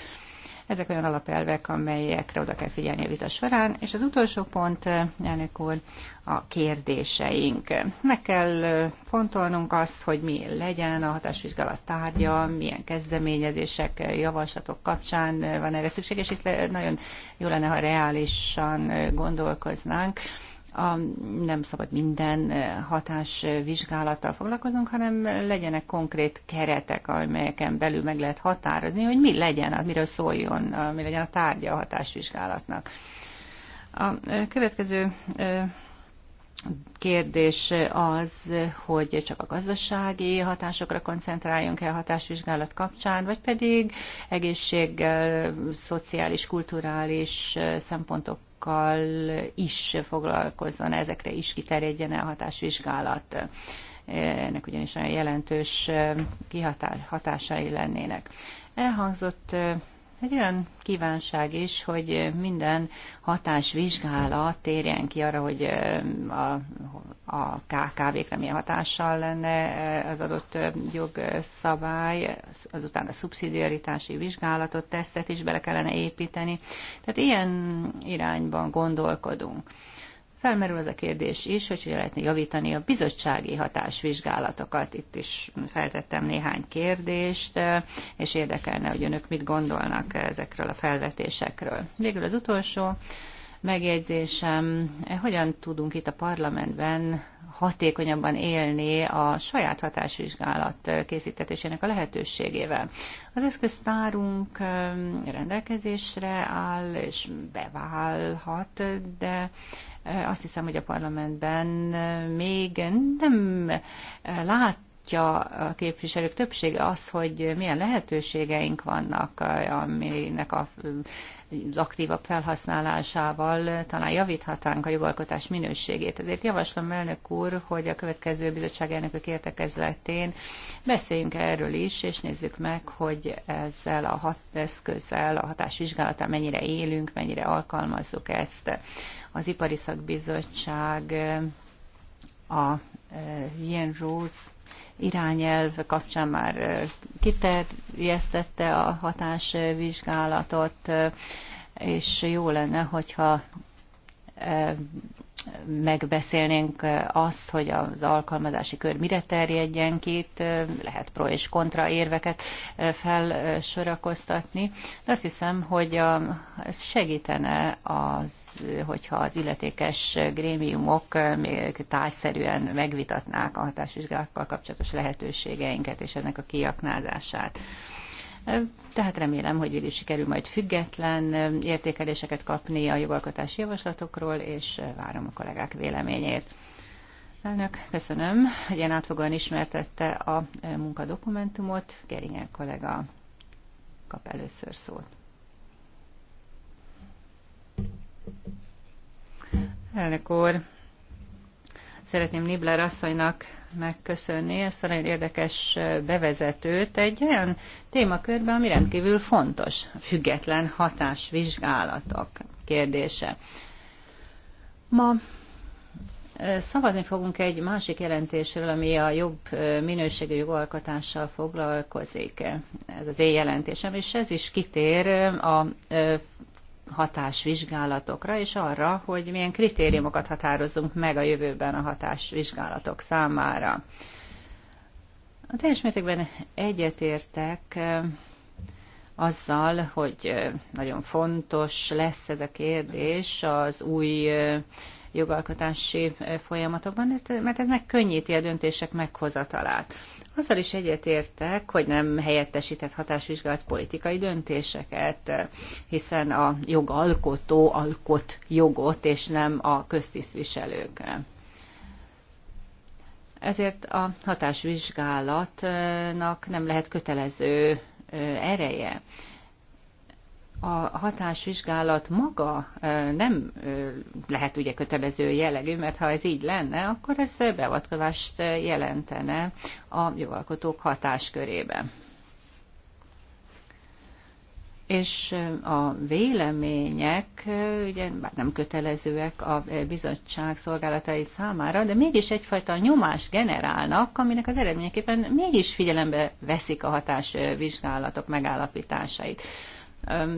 Ezek olyan alapelvek, amelyekre oda kell figyelni a vita során. És az utolsó pont, eh, elnök úr, a kérdéseink. Meg kell eh, fontolnunk azt, hogy mi legyen a hatásvizsgálat tárgya, milyen kezdeményezések, eh, javaslatok kapcsán van erre szükség, és itt nagyon jó lenne, ha reálisan gondolkoznánk a, nem szabad minden hatás vizsgálattal foglalkozunk, hanem legyenek konkrét keretek, amelyeken belül meg lehet határozni, hogy mi legyen, miről szóljon, mi legyen a tárgya a hatásvizsgálatnak. A következő kérdés az, hogy csak a gazdasági hatásokra koncentráljunk el hatásvizsgálat kapcsán, vagy pedig egészség, szociális, kulturális szempontok állapotokkal is foglalkozzon, ezekre is kiterjedjen el hatásvizsgálat. Ennek ugyanis olyan jelentős kihatásai lennének. Elhangzott egy olyan kívánság is, hogy minden hatásvizsgálat térjen ki arra, hogy a, a KKV-kre milyen hatással lenne az adott jogszabály, azután a szubszidiaritási vizsgálatot, tesztet is bele kellene építeni. Tehát ilyen irányban gondolkodunk. Felmerül az a kérdés is, hogy hogyan lehetne javítani a bizottsági hatásvizsgálatokat. Itt is feltettem néhány kérdést, eh, és érdekelne, hogy önök mit gondolnak ezekről a felvetésekről. Végül az utolsó megjegyzésem, eh, hogyan tudunk itt a parlamentben hatékonyabban élni a saját hatásvizsgálat eh, készítetésének a lehetőségével. Az eszköztárunk rendelkezésre áll és beválhat, de azt hiszem, hogy a parlamentben még nem lát látja a képviselők többsége az, hogy milyen lehetőségeink vannak, aminek a az aktívabb felhasználásával talán javíthatnánk a jogalkotás minőségét. Ezért javaslom, elnök úr, hogy a következő bizottság elnökök értekezletén beszéljünk erről is, és nézzük meg, hogy ezzel a hat eszközzel, a hatásvizsgálatán mennyire élünk, mennyire alkalmazzuk ezt. Az Ipari Szakbizottság eh, a Jen eh, Rose irányelv kapcsán már eh, kiterjesztette a hatásvizsgálatot, és jó lenne, hogyha megbeszélnénk azt, hogy az alkalmazási kör mire terjedjen ki, itt lehet pro és kontra érveket felsorakoztatni, de azt hiszem, hogy a, ez segítene az, hogyha az illetékes grémiumok még tájszerűen megvitatnák a hatásvizsgálatokkal kapcsolatos lehetőségeinket és ennek a kiaknázását tehát remélem, hogy végül sikerül majd független értékeléseket kapni a jogalkotási javaslatokról, és várom a kollégák véleményét. Elnök, köszönöm, hogy ilyen átfogóan ismertette a munkadokumentumot. Geringer kollega kap először szót. Elnök úr, szeretném Nibler asszonynak megköszönni ezt a nagyon érdekes bevezetőt egy olyan témakörben, ami rendkívül fontos, a független hatásvizsgálatok kérdése. Ma Szavazni fogunk egy másik jelentésről, ami a jobb minőségű jogalkotással foglalkozik. Ez az én jelentésem, és ez is kitér a hatásvizsgálatokra, és arra, hogy milyen kritériumokat határozzunk meg a jövőben a hatásvizsgálatok számára. A teljes mértékben egyetértek azzal, hogy nagyon fontos lesz ez a kérdés az új jogalkotási folyamatokban, mert ez megkönnyíti a döntések meghozatalát. Azzal is egyetértek, hogy nem helyettesített hatásvizsgált politikai döntéseket, hiszen a jogalkotó alkot jogot, és nem a köztisztviselők. Ezért a hatásvizsgálatnak nem lehet kötelező ereje a hatásvizsgálat maga nem lehet ugye kötelező jellegű, mert ha ez így lenne, akkor ez beavatkozást jelentene a jogalkotók hatáskörébe. És a vélemények, ugye bár nem kötelezőek a bizottság szolgálatai számára, de mégis egyfajta nyomást generálnak, aminek az eredményeképpen mégis figyelembe veszik a hatásvizsgálatok megállapításait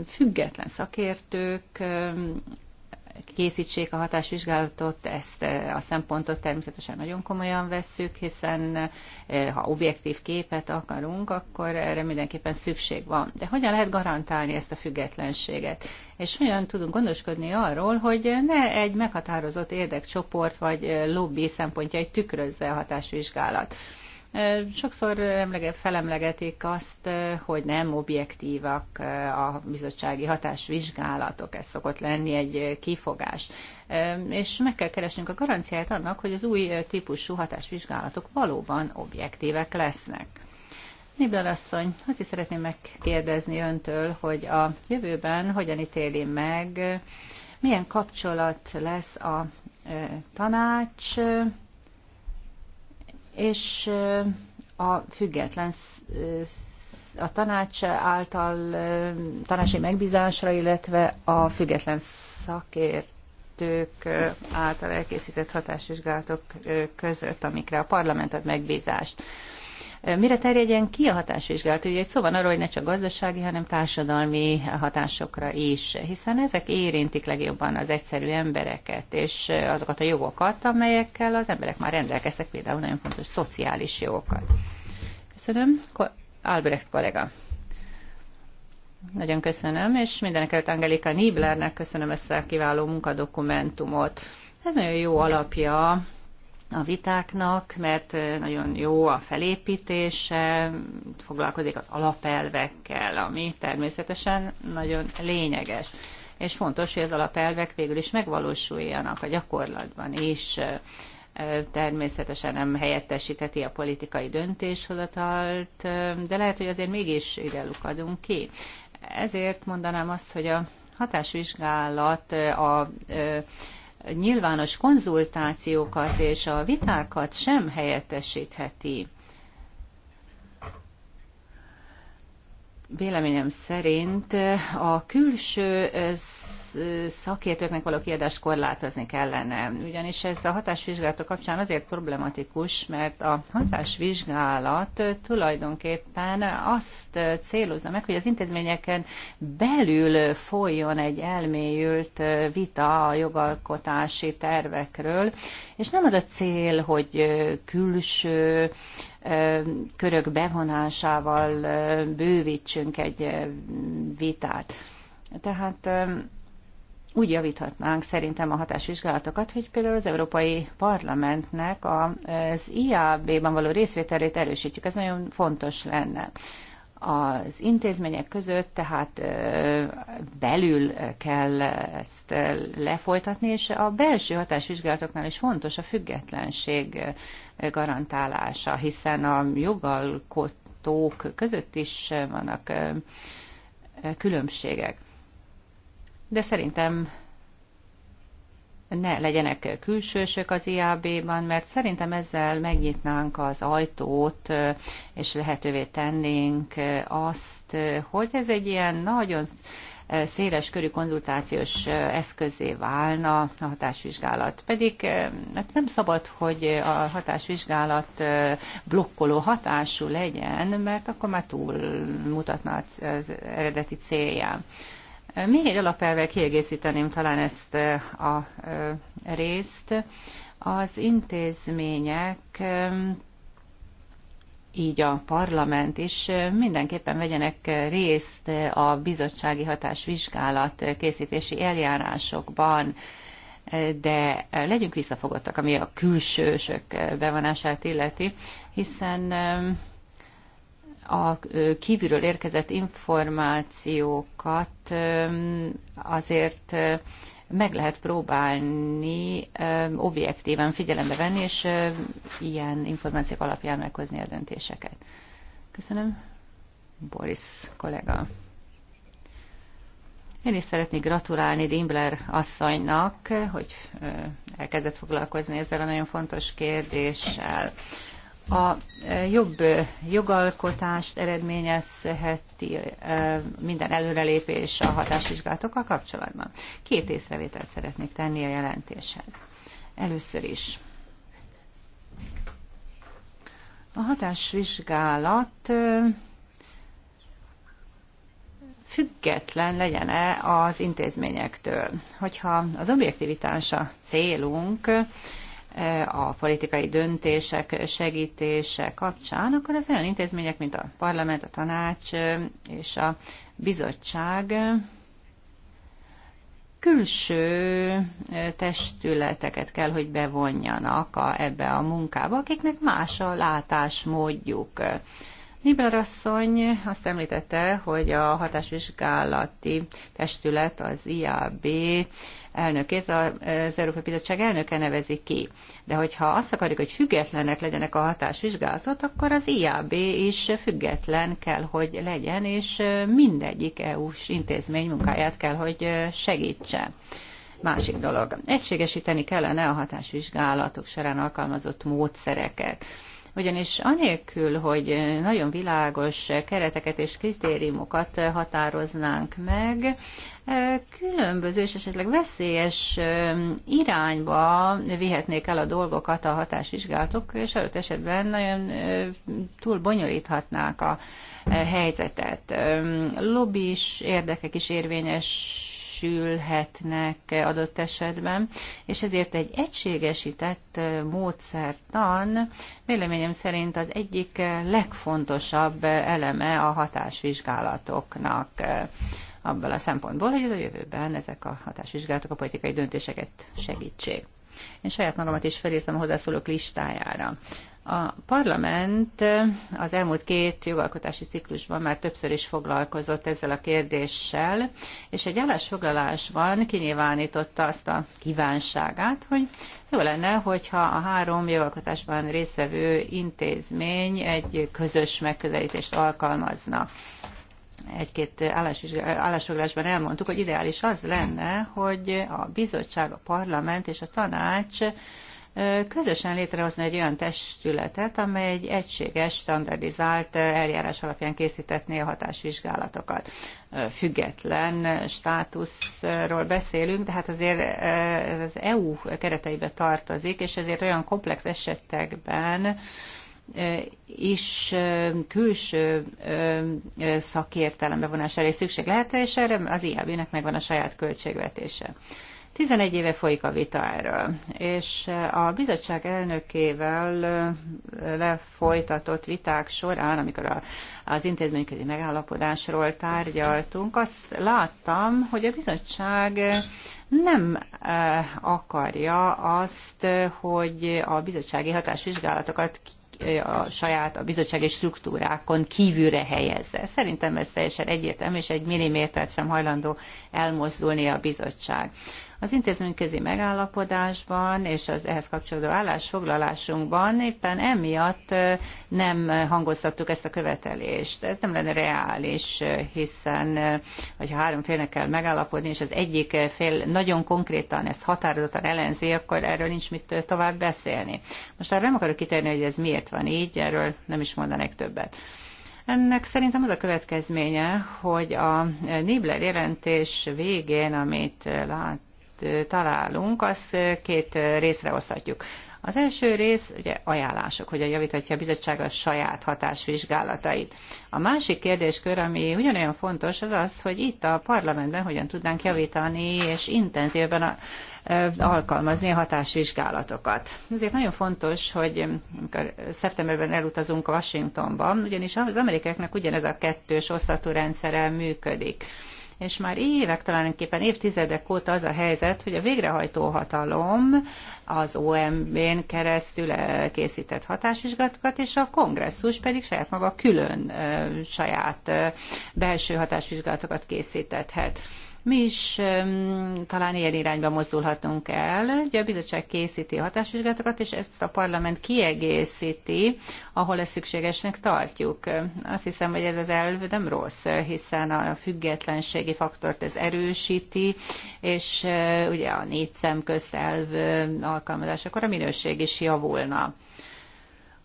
független szakértők készítsék a hatásvizsgálatot, ezt a szempontot természetesen nagyon komolyan vesszük, hiszen ha objektív képet akarunk, akkor erre mindenképpen szükség van. De hogyan lehet garantálni ezt a függetlenséget? És hogyan tudunk gondoskodni arról, hogy ne egy meghatározott érdekcsoport vagy lobby szempontjait tükrözze a hatásvizsgálat? Sokszor felemlegetik azt, hogy nem objektívak a bizottsági hatásvizsgálatok, ez szokott lenni egy kifogás. És meg kell keresnünk a garanciát annak, hogy az új típusú hatásvizsgálatok valóban objektívek lesznek. Nibel asszony, azt is szeretném megkérdezni öntől, hogy a jövőben hogyan ítéli meg, milyen kapcsolat lesz a tanács és a független a tanács által tanácsi megbízásra, illetve a független szakértők által elkészített hatásvizsgálatok között, amikre a parlament ad megbízást. Mire terjedjen ki a hatásvizsgálat? Ugye egy szó van arról, hogy ne csak gazdasági, hanem társadalmi hatásokra is, hiszen ezek érintik legjobban az egyszerű embereket, és azokat a jogokat, amelyekkel az emberek már rendelkeztek, például nagyon fontos szociális jogokat. Köszönöm. Albrecht kollega. Nagyon köszönöm, és mindenek előtt Angelika Niblernek köszönöm ezt a kiváló munkadokumentumot. Ez nagyon jó alapja a vitáknak, mert nagyon jó a felépítése, foglalkozik az alapelvekkel, ami természetesen nagyon lényeges. És fontos, hogy az alapelvek végül is megvalósuljanak a gyakorlatban is. Természetesen nem helyettesítheti a politikai döntéshozatalt, de lehet, hogy azért mégis ide lukadunk ki. Ezért mondanám azt, hogy a hatásvizsgálat a, a nyilvános konzultációkat és a vitákat sem helyettesítheti. Véleményem szerint a külső szakértőknek való kiadást korlátozni kellene. Ugyanis ez a hatásvizsgálatok kapcsán azért problematikus, mert a hatásvizsgálat tulajdonképpen azt célozza meg, hogy az intézményeken belül folyjon egy elmélyült vita a jogalkotási tervekről, és nem az a cél, hogy külső körök bevonásával bővítsünk egy vitát. Tehát úgy javíthatnánk szerintem a hatásvizsgálatokat, hogy például az Európai Parlamentnek az IAB-ban való részvételét erősítjük. Ez nagyon fontos lenne az intézmények között, tehát belül kell ezt lefolytatni, és a belső hatásvizsgálatoknál is fontos a függetlenség garantálása, hiszen a jogalkotók között is vannak különbségek de szerintem ne legyenek külsősök az IAB-ban, mert szerintem ezzel megnyitnánk az ajtót, és lehetővé tennénk azt, hogy ez egy ilyen nagyon széles körű konzultációs eszközé válna a hatásvizsgálat. Pedig hát nem szabad, hogy a hatásvizsgálat blokkoló hatású legyen, mert akkor már túl mutatna az eredeti célját. Még egy alapelvel kiegészíteném talán ezt eh, a eh, részt. Az intézmények eh, így a parlament is mindenképpen vegyenek részt a bizottsági hatásvizsgálat készítési eljárásokban, de legyünk visszafogottak, ami a külsősök bevonását illeti, hiszen a kívülről érkezett információkat azért meg lehet próbálni objektíven figyelembe venni, és ilyen információk alapján meghozni a döntéseket. Köszönöm. Boris kollega. Én is szeretnék gratulálni Dimbler asszonynak, hogy elkezdett foglalkozni ezzel a nagyon fontos kérdéssel a e, jobb e, jogalkotást eredményezheti e, minden előrelépés a hatásvizsgálatokkal kapcsolatban. Két észrevételt szeretnék tenni a jelentéshez. Először is. A hatásvizsgálat független legyen-e az intézményektől. Hogyha az objektivitás a célunk, E, a politikai döntések segítése kapcsán, akkor az olyan intézmények, mint a parlament, a tanács e, és a bizottság e, külső testületeket kell, hogy bevonjanak a, ebbe a munkába, akiknek más a látásmódjuk. Nibler asszony azt említette, hogy a hatásvizsgálati testület, az IAB elnökét az Európai Bizottság elnöke nevezi ki. De hogyha azt akarjuk, hogy függetlenek legyenek a hatásvizsgálatot, akkor az IAB is független kell, hogy legyen, és mindegyik EU-s intézmény munkáját kell, hogy segítse. Másik dolog. Egységesíteni kellene a hatásvizsgálatok során alkalmazott módszereket ugyanis anélkül, hogy nagyon világos kereteket és kritériumokat határoznánk meg, e, különböző és esetleg veszélyes e, irányba vihetnék el a dolgokat a hatásvizsgálatok, és előtt esetben nagyon e, túl bonyolíthatnák a helyzetet. Lobbis érdekek is érvényes sülhetnek adott esetben, és ezért egy egységesített módszertan véleményem szerint az egyik legfontosabb eleme a hatásvizsgálatoknak abban a szempontból, hogy a jövőben ezek a hatásvizsgálatok a politikai döntéseket segítsék. Én saját magamat is felírtam a hozzászólók listájára. A parlament az elmúlt két jogalkotási ciklusban már többször is foglalkozott ezzel a kérdéssel, és egy állásfoglalásban kinyilvánította azt a kívánságát, hogy jó lenne, hogyha a három jogalkotásban részvevő intézmény egy közös megközelítést alkalmazna egy-két állásfoglalásban elmondtuk, hogy ideális az lenne, hogy a bizottság, a parlament és a tanács közösen létrehozni egy olyan testületet, amely egy egységes, standardizált eljárás alapján készítetné a hatásvizsgálatokat. Független státuszról beszélünk, de hát azért ez az EU kereteibe tartozik, és ezért olyan komplex esetekben is külső szakértelembe vonására is szükség lehet, és erre az IAB-nek megvan a saját költségvetése. 11 éve folyik a vita erről, és a bizottság elnökével lefolytatott viták során, amikor a, az intézményközi megállapodásról tárgyaltunk, azt láttam, hogy a bizottság nem akarja azt, hogy a bizottsági hatásvizsgálatokat a saját a bizottsági struktúrákon kívülre helyezze. Szerintem ez teljesen egyértelmű, és egy millimétert sem hajlandó elmozdulni a bizottság. Az intézményközi megállapodásban és az ehhez kapcsolódó állásfoglalásunkban éppen emiatt nem hangoztattuk ezt a követelést. Ez nem lenne reális, hiszen ha három félnek kell megállapodni, és az egyik fél nagyon konkrétan ezt határozottan ellenzi, akkor erről nincs mit tovább beszélni. Most arra nem akarok kitérni, hogy ez miért van így, erről nem is mondanék többet. Ennek szerintem az a következménye, hogy a Nibler jelentés végén, amit lát, találunk, azt két részre oszthatjuk. Az első rész ugye ajánlások, a javíthatja a bizottság a saját hatásvizsgálatait. A másik kérdéskör, ami ugyanolyan fontos, az az, hogy itt a parlamentben hogyan tudnánk javítani és intenzívben a, alkalmazni a hatásvizsgálatokat. Ezért nagyon fontos, hogy amikor szeptemberben elutazunk Washingtonban, ugyanis az amerikaiaknak ugyanez a kettős osztatú rendszere működik és már évek, talán éppen évtizedek óta az a helyzet, hogy a végrehajtó hatalom az OMB-n keresztül készített hatásvizsgatokat, és a kongresszus pedig saját maga külön saját belső hatásvizsgatokat készítethet. Mi is um, talán ilyen irányba mozdulhatunk el. Ugye a bizottság készíti a hatásvizsgálatokat, és ezt a parlament kiegészíti, ahol ezt szükségesnek tartjuk. Azt hiszem, hogy ez az elv nem rossz, hiszen a függetlenségi faktort ez erősíti, és uh, ugye a négy szem közt elv alkalmazásakor a minőség is javulna.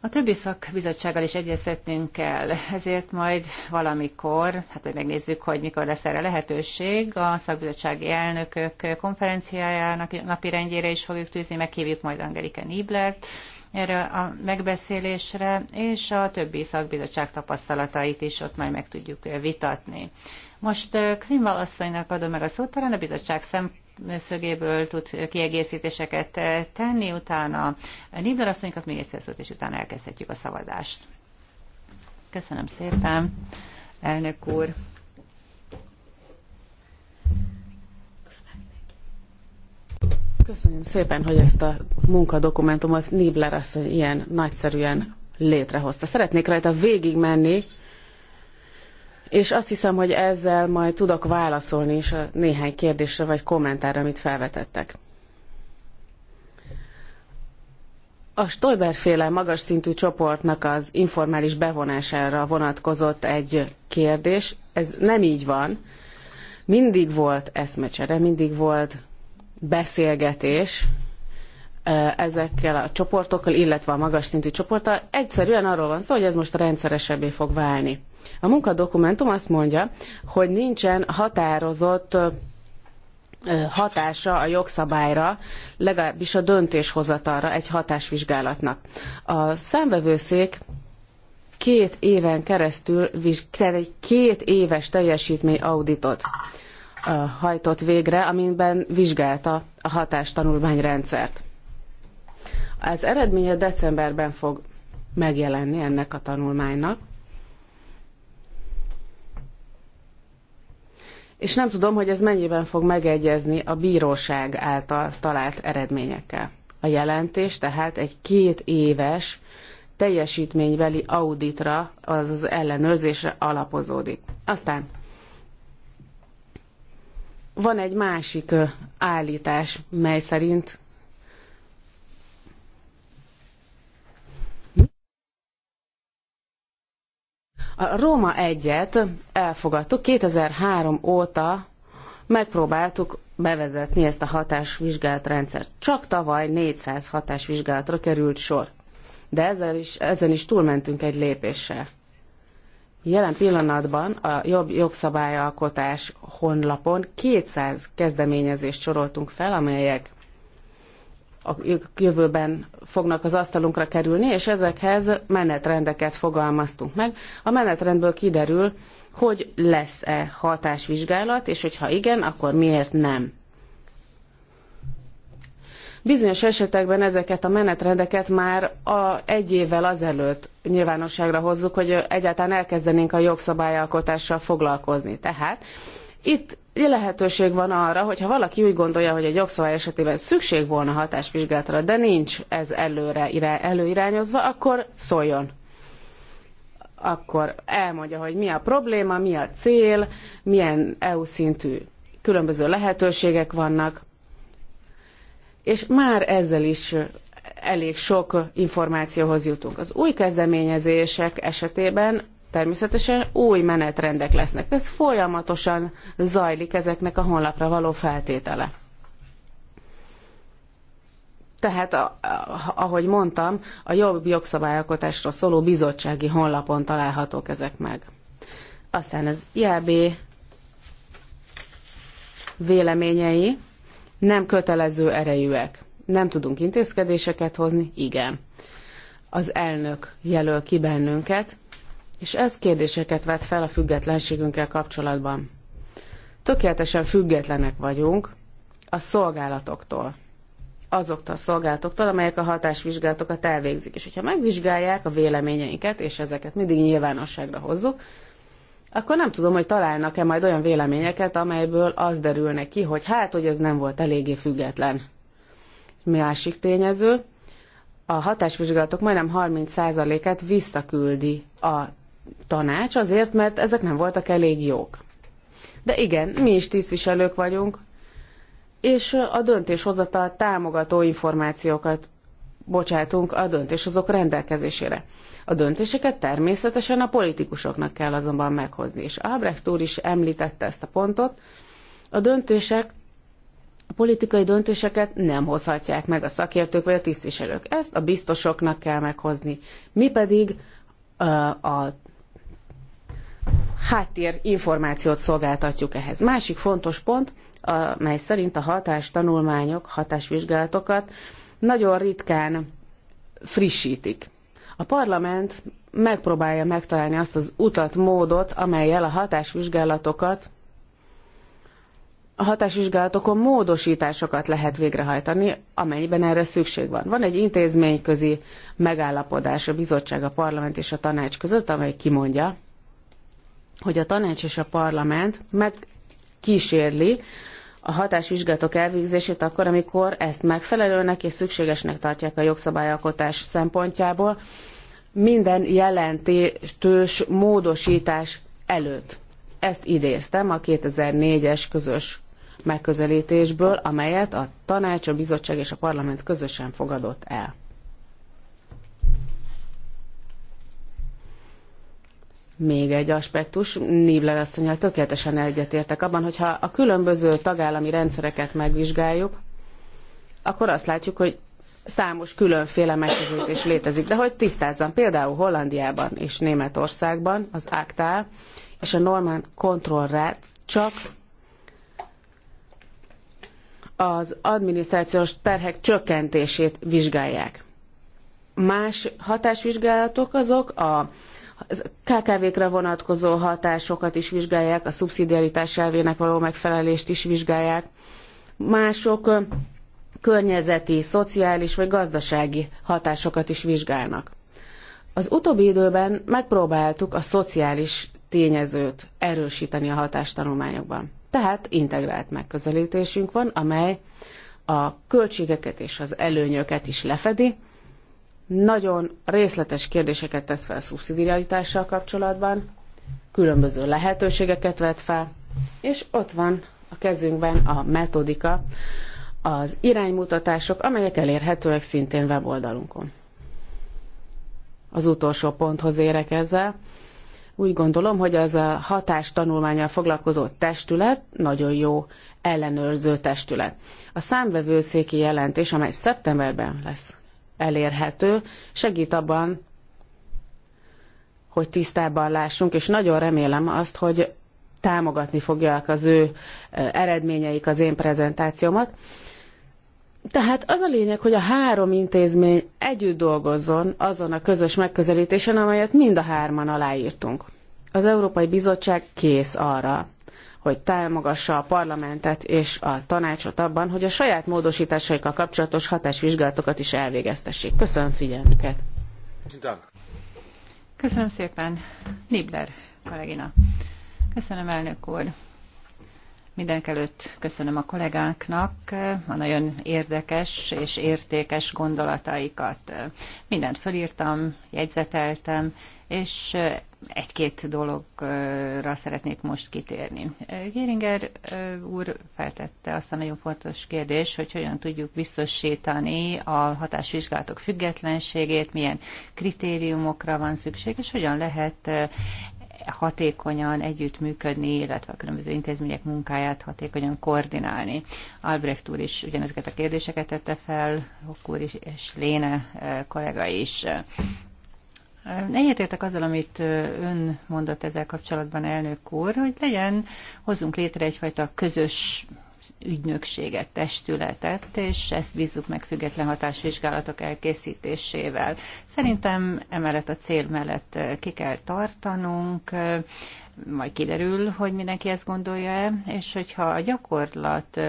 A többi szakbizottsággal is egyeztetnünk kell, ezért majd valamikor, hát majd megnézzük, hogy mikor lesz erre lehetőség, a szakbizottsági elnökök konferenciájának napi rendjére is fogjuk tűzni, meghívjuk majd Angelika Niblert erre a megbeszélésre, és a többi szakbizottság tapasztalatait is ott majd meg tudjuk vitatni. Most eh, Klimval asszonynak adom meg a szót, talán a bizottság szempontjából szögéből tud kiegészítéseket tenni, utána Nibler asszonykat még egyszer szólt, és utána elkezdhetjük a szavazást. Köszönöm szépen, elnök úr. Köszönöm szépen, hogy ezt a munkadokumentumot Nibler asszony ilyen nagyszerűen létrehozta. Szeretnék rajta végigmenni, és azt hiszem, hogy ezzel majd tudok válaszolni is a néhány kérdésre vagy kommentárra, amit felvetettek. A Stoiber-féle magas szintű csoportnak az informális bevonására vonatkozott egy kérdés. Ez nem így van. Mindig volt eszmecsere, mindig volt beszélgetés ezekkel a csoportokkal, illetve a magas szintű csoporttal. Egyszerűen arról van szó, hogy ez most rendszeresebbé fog válni. A munkadokumentum azt mondja, hogy nincsen határozott hatása a jogszabályra, legalábbis a döntéshozatalra egy hatásvizsgálatnak. A számvevőszék két éven keresztül tehát egy két éves teljesítmény auditot hajtott végre, amiben vizsgálta a hatástanulmányrendszert. Az eredménye decemberben fog megjelenni ennek a tanulmánynak. És nem tudom, hogy ez mennyiben fog megegyezni a bíróság által talált eredményekkel. A jelentés tehát egy két éves teljesítménybeli auditra, azaz az ellenőrzésre alapozódik. Aztán van egy másik állítás, mely szerint A Róma egyet elfogadtuk 2003 óta, megpróbáltuk bevezetni ezt a hatásvizsgált rendszert. Csak tavaly 400 hatásvizsgálatra került sor. De ezzel is, ezen is túlmentünk egy lépéssel. Jelen pillanatban a jobb jogszabályalkotás honlapon 200 kezdeményezést soroltunk fel, amelyek a jövőben fognak az asztalunkra kerülni, és ezekhez menetrendeket fogalmaztunk meg. A menetrendből kiderül, hogy lesz-e hatásvizsgálat, és hogyha igen, akkor miért nem. Bizonyos esetekben ezeket a menetrendeket már a, egy évvel azelőtt nyilvánosságra hozzuk, hogy egyáltalán elkezdenénk a jogszabályalkotással foglalkozni. Tehát itt lehetőség van arra, hogy ha valaki úgy gondolja, hogy egy jogszabály esetében szükség volna hatásvizsgálatra, de nincs ez előre irá, előirányozva, akkor szóljon. Akkor elmondja, hogy mi a probléma, mi a cél, milyen EU szintű különböző lehetőségek vannak, és már ezzel is elég sok információhoz jutunk. Az új kezdeményezések esetében természetesen új menetrendek lesznek. Ez folyamatosan zajlik ezeknek a honlapra való feltétele. Tehát, a, ahogy mondtam, a jobb jogszabályalkotásról szóló bizottsági honlapon találhatók ezek meg. Aztán az IAB véleményei nem kötelező erejűek. Nem tudunk intézkedéseket hozni? Igen. Az elnök jelöl ki bennünket, és ez kérdéseket vet fel a függetlenségünkkel kapcsolatban. Tökéletesen függetlenek vagyunk a szolgálatoktól. Azoktól a szolgálatoktól, amelyek a hatásvizsgálatokat elvégzik. És hogyha megvizsgálják a véleményeinket, és ezeket mindig nyilvánosságra hozzuk, akkor nem tudom, hogy találnak-e majd olyan véleményeket, amelyből az derülne ki, hogy hát, hogy ez nem volt eléggé független. Másik tényező, a hatásvizsgálatok majdnem 30%-át visszaküldi a tanács, azért, mert ezek nem voltak elég jók. De igen, mi is tisztviselők vagyunk, és a döntéshozatal támogató információkat bocsátunk a döntéshozók rendelkezésére. A döntéseket természetesen a politikusoknak kell azonban meghozni, és Albrecht úr is említette ezt a pontot. A döntések, a politikai döntéseket nem hozhatják meg a szakértők vagy a tisztviselők. Ezt a biztosoknak kell meghozni. Mi pedig a háttér információt szolgáltatjuk ehhez. Másik fontos pont, amely szerint a hatástanulmányok, hatásvizsgálatokat nagyon ritkán frissítik. A parlament megpróbálja megtalálni azt az utat, módot, amelyel a hatásvizsgálatokat a hatásvizsgálatokon módosításokat lehet végrehajtani, amennyiben erre szükség van. Van egy intézményközi megállapodás a bizottság, a parlament és a tanács között, amely kimondja, hogy a tanács és a parlament megkísérli a hatásvizsgálatok elvégzését akkor, amikor ezt megfelelőnek és szükségesnek tartják a jogszabályalkotás szempontjából, minden jelentős módosítás előtt. Ezt idéztem a 2004-es közös megközelítésből, amelyet a tanács, a bizottság és a parlament közösen fogadott el. még egy aspektus, Nívler asszonyjal tökéletesen egyetértek abban, hogyha a különböző tagállami rendszereket megvizsgáljuk, akkor azt látjuk, hogy számos különféle megközelítés létezik. De hogy tisztázzam, például Hollandiában és Németországban az ACTA és a Norman Control csak az adminisztrációs terhek csökkentését vizsgálják. Más hatásvizsgálatok azok a KKV-kra vonatkozó hatásokat is vizsgálják, a szubszidiaritás elvének való megfelelést is vizsgálják. Mások környezeti, szociális vagy gazdasági hatásokat is vizsgálnak. Az utóbbi időben megpróbáltuk a szociális tényezőt erősíteni a hatástanulmányokban. Tehát integrált megközelítésünk van, amely a költségeket és az előnyöket is lefedi, nagyon részletes kérdéseket tesz fel szubszidiaritással kapcsolatban, különböző lehetőségeket vet fel, és ott van a kezünkben a metodika, az iránymutatások, amelyek elérhetőek szintén weboldalunkon. Az utolsó ponthoz érek ezzel. Úgy gondolom, hogy az a hatástanulmányal foglalkozó testület nagyon jó ellenőrző testület. A számvevőszéki jelentés, amely szeptemberben lesz elérhető, segít abban, hogy tisztában lássunk, és nagyon remélem azt, hogy támogatni fogják az ő eredményeik az én prezentációmat. Tehát az a lényeg, hogy a három intézmény együtt dolgozzon azon a közös megközelítésen, amelyet mind a hárman aláírtunk. Az Európai Bizottság kész arra, hogy támogassa a parlamentet és a tanácsot abban, hogy a saját módosításaikkal kapcsolatos hatásvizsgálatokat is elvégeztessék. Köszönöm figyelmüket! Köszönöm szépen, Nibler kollégina. Köszönöm, elnök úr. előtt köszönöm a kollégáknak a nagyon érdekes és értékes gondolataikat. Mindent fölírtam, jegyzeteltem, és egy-két dologra szeretnék most kitérni. Géringer úr feltette azt a nagyon fontos kérdés, hogy hogyan tudjuk biztosítani a hatásvizsgálatok függetlenségét, milyen kritériumokra van szükség, és hogyan lehet hatékonyan együttműködni, illetve a különböző intézmények munkáját hatékonyan koordinálni. Albrecht úr is ugyanezeket a kérdéseket tette fel, Hok is, és Léne kollega is értek azzal, amit ön mondott ezzel kapcsolatban, elnök úr, hogy legyen, hozzunk létre egyfajta közös ügynökséget, testületet, és ezt bízzuk meg független hatásvizsgálatok elkészítésével. Szerintem emellett a cél mellett ki kell tartanunk, majd kiderül, hogy mindenki ezt gondolja-e, és hogyha a gyakorlat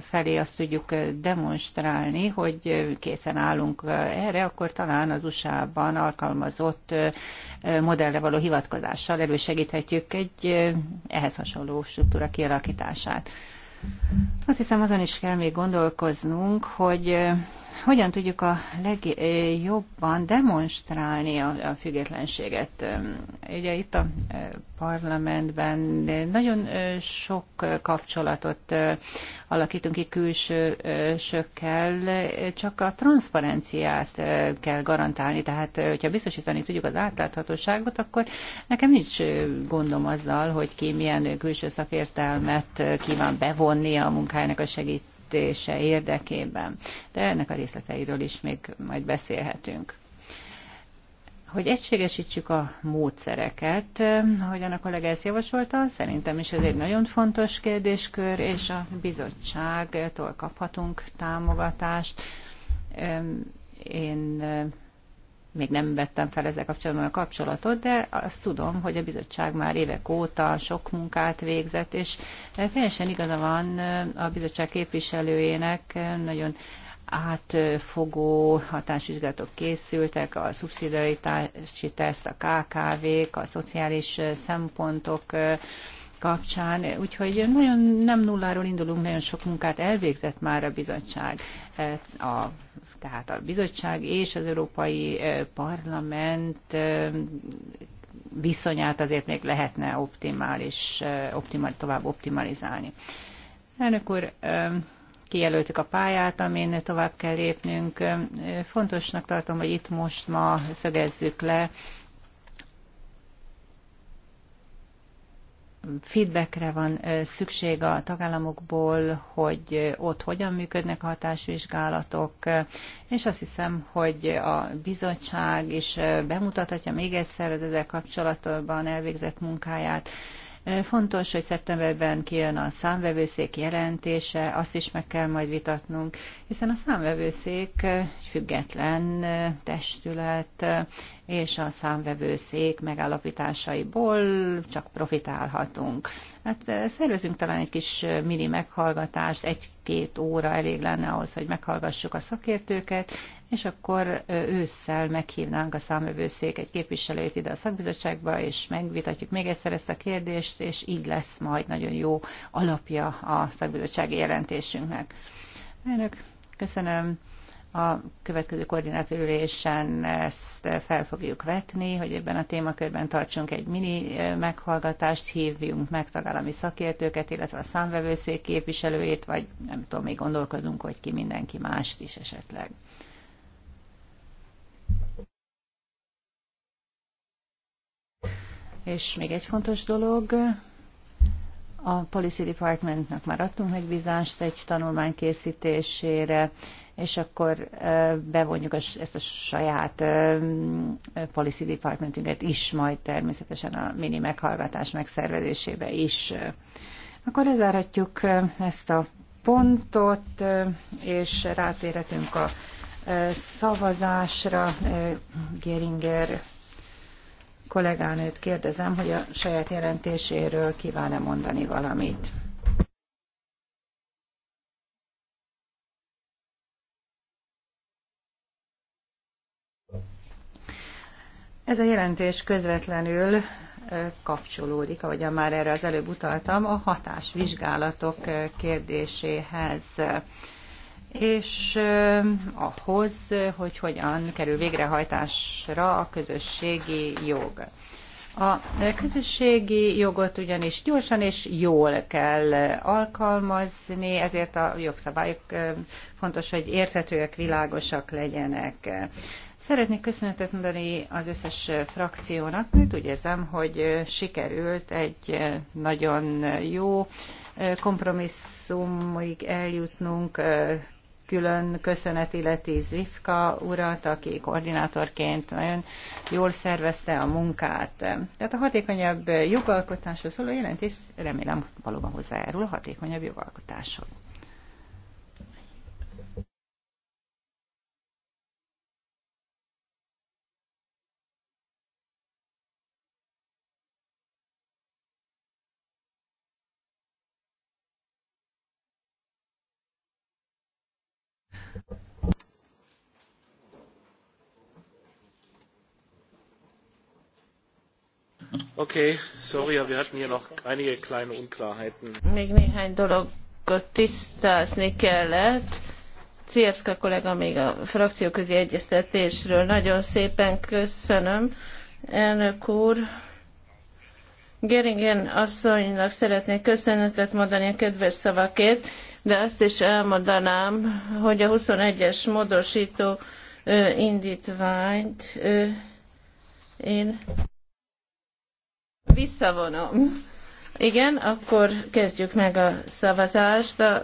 felé azt tudjuk demonstrálni, hogy készen állunk erre, akkor talán az USA-ban alkalmazott modellre való hivatkozással elősegíthetjük egy ehhez hasonló struktúra kialakítását. Azt hiszem, azon is kell még gondolkoznunk, hogy hogyan tudjuk a legjobban demonstrálni a, a függetlenséget. Ugye itt a parlamentben nagyon sok kapcsolatot alakítunk ki külsősökkel, csak a transzparenciát kell garantálni, tehát hogyha biztosítani tudjuk az átláthatóságot, akkor nekem nincs gondom azzal, hogy ki milyen külső szakértelmet kíván bevonni a munkájának a segít megszüntetése érdekében. De ennek a részleteiről is még majd beszélhetünk hogy egységesítsük a módszereket, ahogyan a kollega ezt javasolta, szerintem is ez egy nagyon fontos kérdéskör, és a bizottságtól kaphatunk támogatást. Én még nem vettem fel ezzel kapcsolatban a kapcsolatot, de azt tudom, hogy a bizottság már évek óta sok munkát végzett, és eh, teljesen igaza van eh, a bizottság képviselőjének, eh, nagyon átfogó hatásvizsgálatok készültek, a szubszidiaritási teszt, a KKV-k, a szociális szempontok kapcsán, úgyhogy nagyon nem nulláról indulunk, nagyon sok munkát elvégzett már a bizottság a tehát a bizottság és az Európai eh, Parlament eh, viszonyát azért még lehetne optimális, eh, optimal, tovább optimalizálni. Elnök úr, kijelöltük a pályát, amin tovább kell lépnünk. Fontosnak tartom, hogy itt most ma szögezzük le, feedbackre van szükség a tagállamokból, hogy ott hogyan működnek a hatásvizsgálatok, és azt hiszem, hogy a bizottság is bemutathatja még egyszer az ezzel kapcsolatban elvégzett munkáját, Fontos, hogy szeptemberben kijön a számvevőszék jelentése, azt is meg kell majd vitatnunk, hiszen a számvevőszék független testület, és a számvevőszék megállapításaiból csak profitálhatunk. Hát eh, szervezünk talán egy kis eh, mini meghallgatást, egy-két óra elég lenne ahhoz, hogy meghallgassuk a szakértőket, és akkor ősszel meghívnánk a számövőszék egy képviselőt ide a szakbizottságba, és megvitatjuk még egyszer ezt a kérdést, és így lesz majd nagyon jó alapja a szakbizottsági jelentésünknek. Elnök, köszönöm. A következő koordinátorülésen ezt fel fogjuk vetni, hogy ebben a témakörben tartsunk egy mini meghallgatást, hívjunk meg tagállami szakértőket, illetve a számvevőszék képviselőjét, vagy nem tudom, még gondolkozunk, hogy ki mindenki mást is esetleg. És még egy fontos dolog, a Policy Departmentnak már adtunk megbízást egy tanulmány készítésére, és akkor bevonjuk ezt a saját Policy Departmentünket is majd természetesen a mini meghallgatás megszervezésébe is. Akkor lezárhatjuk ezt a pontot, és rátérhetünk a szavazásra. Geringer kollégánőt kérdezem, hogy a saját jelentéséről kíván-e mondani valamit. Ez a jelentés közvetlenül kapcsolódik, ahogyan már erre az előbb utaltam, a hatásvizsgálatok kérdéséhez és ahhoz, hogy hogyan kerül végrehajtásra a közösségi jog. A közösségi jogot ugyanis gyorsan és jól kell alkalmazni, ezért a jogszabályok fontos, hogy érthetőek, világosak legyenek. Szeretnék köszönetet mondani az összes frakciónak, mert úgy érzem, hogy sikerült egy nagyon jó kompromisszumig eljutnunk külön köszönet illeti Zivka urat, aki koordinátorként nagyon jól szervezte a munkát. Tehát a hatékonyabb jogalkotásról szóló jelentés remélem valóban hozzájárul a hatékonyabb jogalkotáshoz. Okay, sorry, wir hatten hier noch einige kleine Unklarheiten. Még néhány dologot tisztázni kellett. Cierszka kollega még a frakcióközi egyeztetésről. Nagyon szépen köszönöm, elnök úr. Geringen asszonynak szeretnék köszönetet mondani a kedves szavakért, de azt is elmondanám, hogy a 21-es módosító indítványt én Visszavonom. Igen, akkor kezdjük meg a szavazást a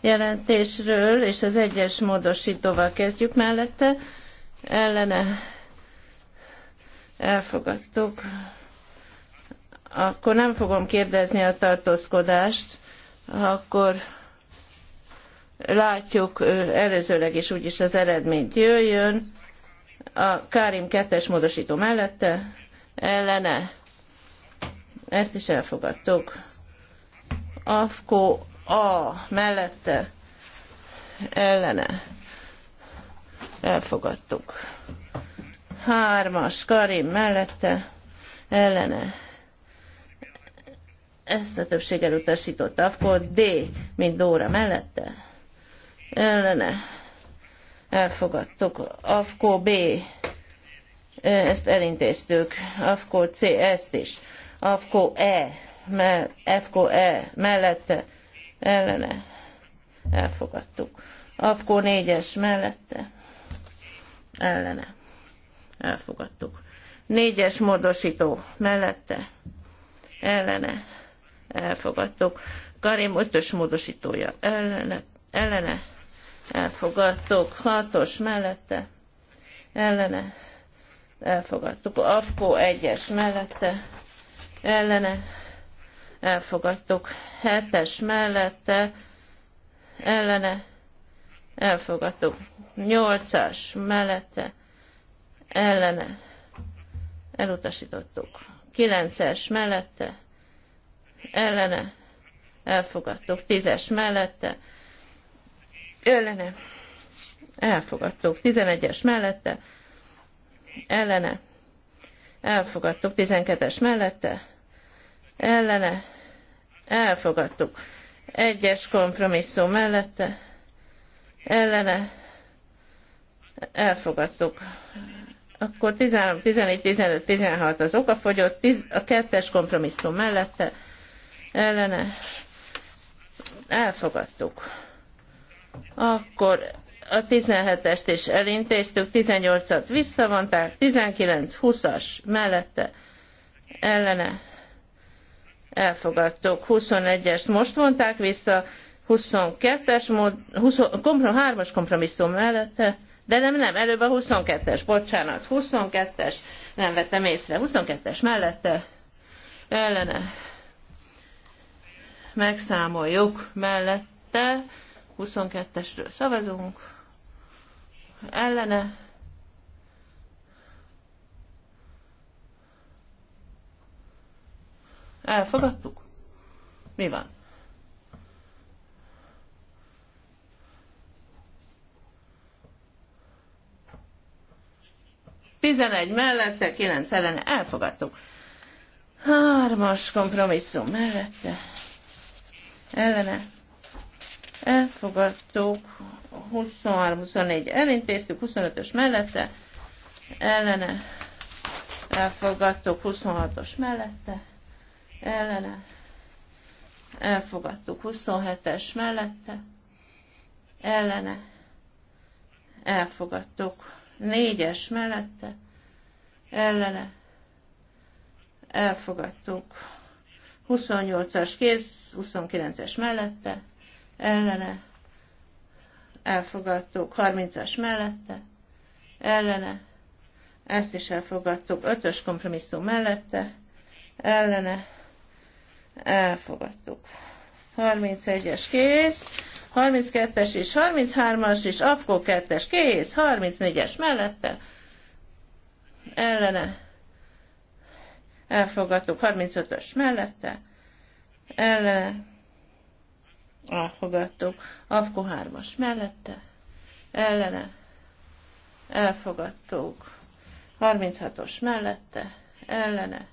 jelentésről, és az egyes módosítóval kezdjük mellette. Ellene elfogadtuk. Akkor nem fogom kérdezni a tartózkodást, akkor látjuk előzőleg is úgyis az eredményt jöjjön. A Kárim kettes módosító mellette ellene ezt is elfogadtuk. Afko A mellette ellene elfogadtuk. Hármas Karim mellette ellene ezt a többség elutasította. Afko D, mint Dóra mellette ellene elfogadtuk. Afko B, ezt elintéztük. Afko C, ezt is AFKO E, mell, E mellette ellene elfogadtuk. AFKO 4-es mellette ellene elfogadtuk. 4-es módosító mellette ellene elfogadtuk. Karim 5-ös módosítója ellene, ellene elfogadtuk. 6-os mellette ellene elfogadtuk. AFKO 1-es mellette ellene elfogadtuk. Hetes mellette ellene elfogadtuk. Nyolcas mellette ellene elutasítottuk. Kilences mellette ellene elfogadtuk. Tízes mellette ellene elfogadtuk. Tizenegyes mellette ellene elfogadtuk. Tizenkettes mellette ellene elfogadtuk. Egyes kompromisszum mellette ellene elfogadtuk. Akkor 13, 14, 15, 16 az okafogyott, 10, a kettes kompromisszum mellette ellene elfogadtuk. Akkor a 17-est is elintéztük, 18-at visszavonták, 19-20-as mellette ellene elfogadtuk. 21-est most vonták vissza, 22-es, 23-as kompromisszum mellette, de nem, nem, előbb a 22-es, bocsánat, 22-es, nem vettem észre, 22-es mellette, ellene, megszámoljuk mellette, 22-esről szavazunk, ellene, Elfogadtuk? Mi van? Tizenegy mellette, kilenc ellene. Elfogadtuk. Hármas kompromisszum mellette. Ellene. Elfogadtuk. 23-24 elintéztük, 25-ös mellette. Ellene. Elfogadtuk 26-os mellette ellene elfogadtuk. 27-es mellette ellene elfogadtuk. 4-es mellette ellene elfogadtuk. 28-as kész, 29-es mellette ellene elfogadtuk. 30-as mellette ellene ezt is elfogadtuk. 5-ös kompromisszum mellette ellene elfogadtuk. 31-es kész, 32-es és 33-as és AFKO 2-es kész, 34-es mellette, ellene, elfogadtuk, 35-ös mellette, ellene, elfogadtuk, AFKO 3-as mellette, ellene, elfogadtuk, 36-os mellette, ellene,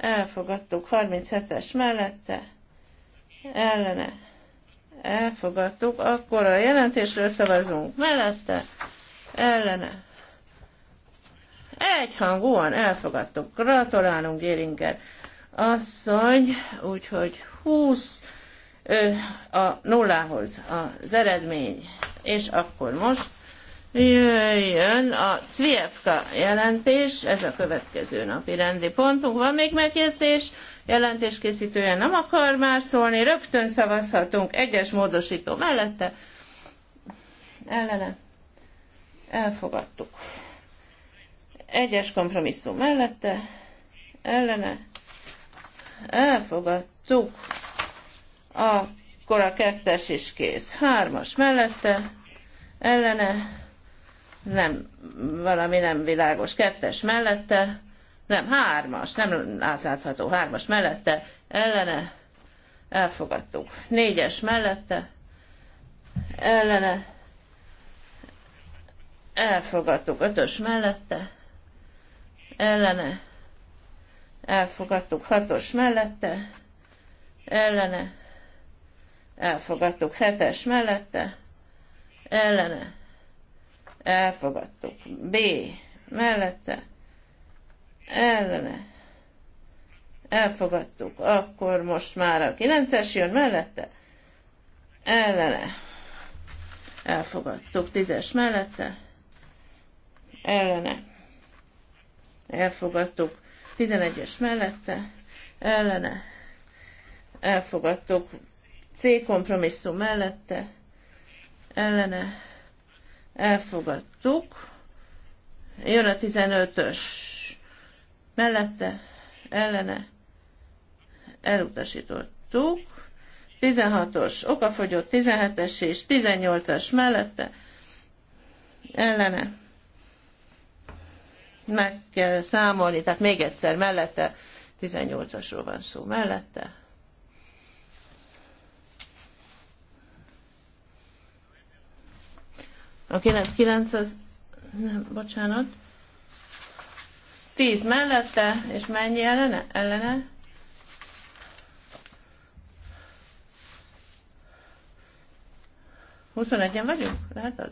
elfogadtuk 37-es mellette, ellene, elfogadtuk, akkor a jelentésről szavazunk mellette, ellene. Egyhangúan elfogadtuk. Gratulálunk, Géringer asszony, úgyhogy 20 ö, a nullához az eredmény, és akkor most jöjjön a Cvijevka jelentés, ez a következő napi rendi pontunk. Van még megjegyzés, jelentéskészítője nem akar már szólni, rögtön szavazhatunk egyes módosító mellette. Ellene. Elfogadtuk. Egyes kompromisszum mellette. Ellene. Elfogadtuk. Akkor a kettes is kész. Hármas mellette. Ellene nem, valami nem világos. Kettes mellette, nem, hármas, nem átlátható, hármas mellette, ellene, elfogadtuk. Négyes mellette, ellene, elfogadtuk. Ötös mellette, ellene, elfogadtuk. Hatos mellette, ellene, elfogadtuk. Hetes mellette, ellene, elfogadtuk. B. Mellette, ellene, elfogadtuk. Akkor most már a 9-es jön mellette, ellene, elfogadtuk. 10-es mellette, ellene, elfogadtuk. 11-es mellette, ellene, elfogadtuk. C kompromisszum mellette, ellene, elfogadtuk. Jön a 15-ös. Mellette, ellene, elutasítottuk. 16-os okafogyott, 17-es és 18-as mellette, ellene. Meg kell számolni, tehát még egyszer mellette, 18-asról van szó mellette, A 99 az, nem, bocsánat, 10 mellette, és mennyi ellene? ellene? Huszonegyen vagyunk? Lehet az?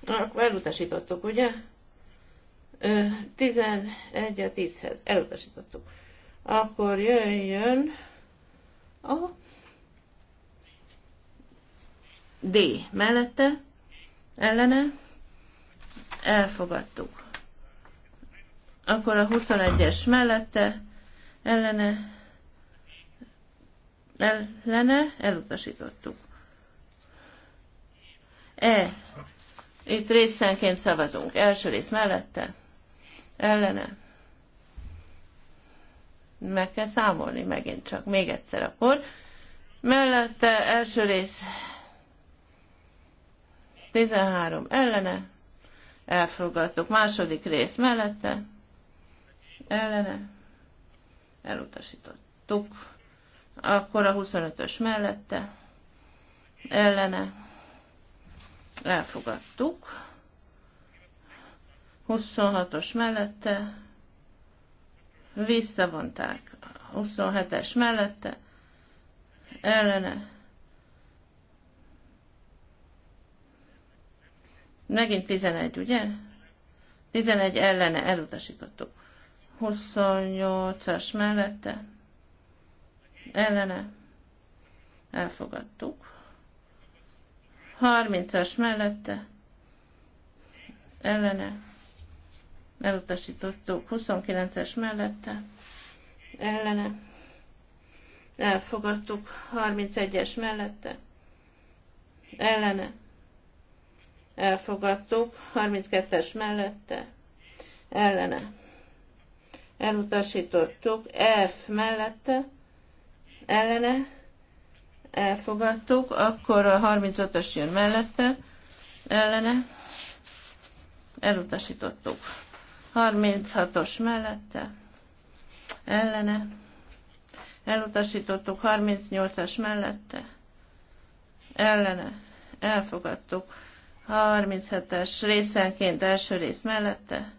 Na, Akkor elutasítottuk, ugye? 11 a 10-hez elutasítottuk. Akkor jöjjön a D mellette, ellene, elfogadtuk. Akkor a 21-es mellette, ellene, ellene, elutasítottuk. E. Itt részenként szavazunk. Első rész mellette, ellene. Meg kell számolni megint csak, még egyszer akkor. Mellette első rész 13 ellene, elfogadtuk. Második rész mellette, ellene, elutasítottuk. Akkor a 25-ös mellette, ellene, elfogadtuk. 26-os mellette visszavonták. 27-es mellette ellene megint 11, ugye? 11 ellene elutasítottuk. 28-as mellette ellene elfogadtuk. 30-as mellette ellene elutasítottuk 29-es mellette, ellene, elfogadtuk 31-es mellette, ellene, elfogadtuk 32-es mellette, ellene, elutasítottuk F mellette, ellene, elfogadtuk, akkor a 35-ös jön mellette, ellene, elutasítottuk. 36-os mellette, ellene, elutasítottuk 38-as mellette, ellene, elfogadtuk 37-es részenként első rész mellette,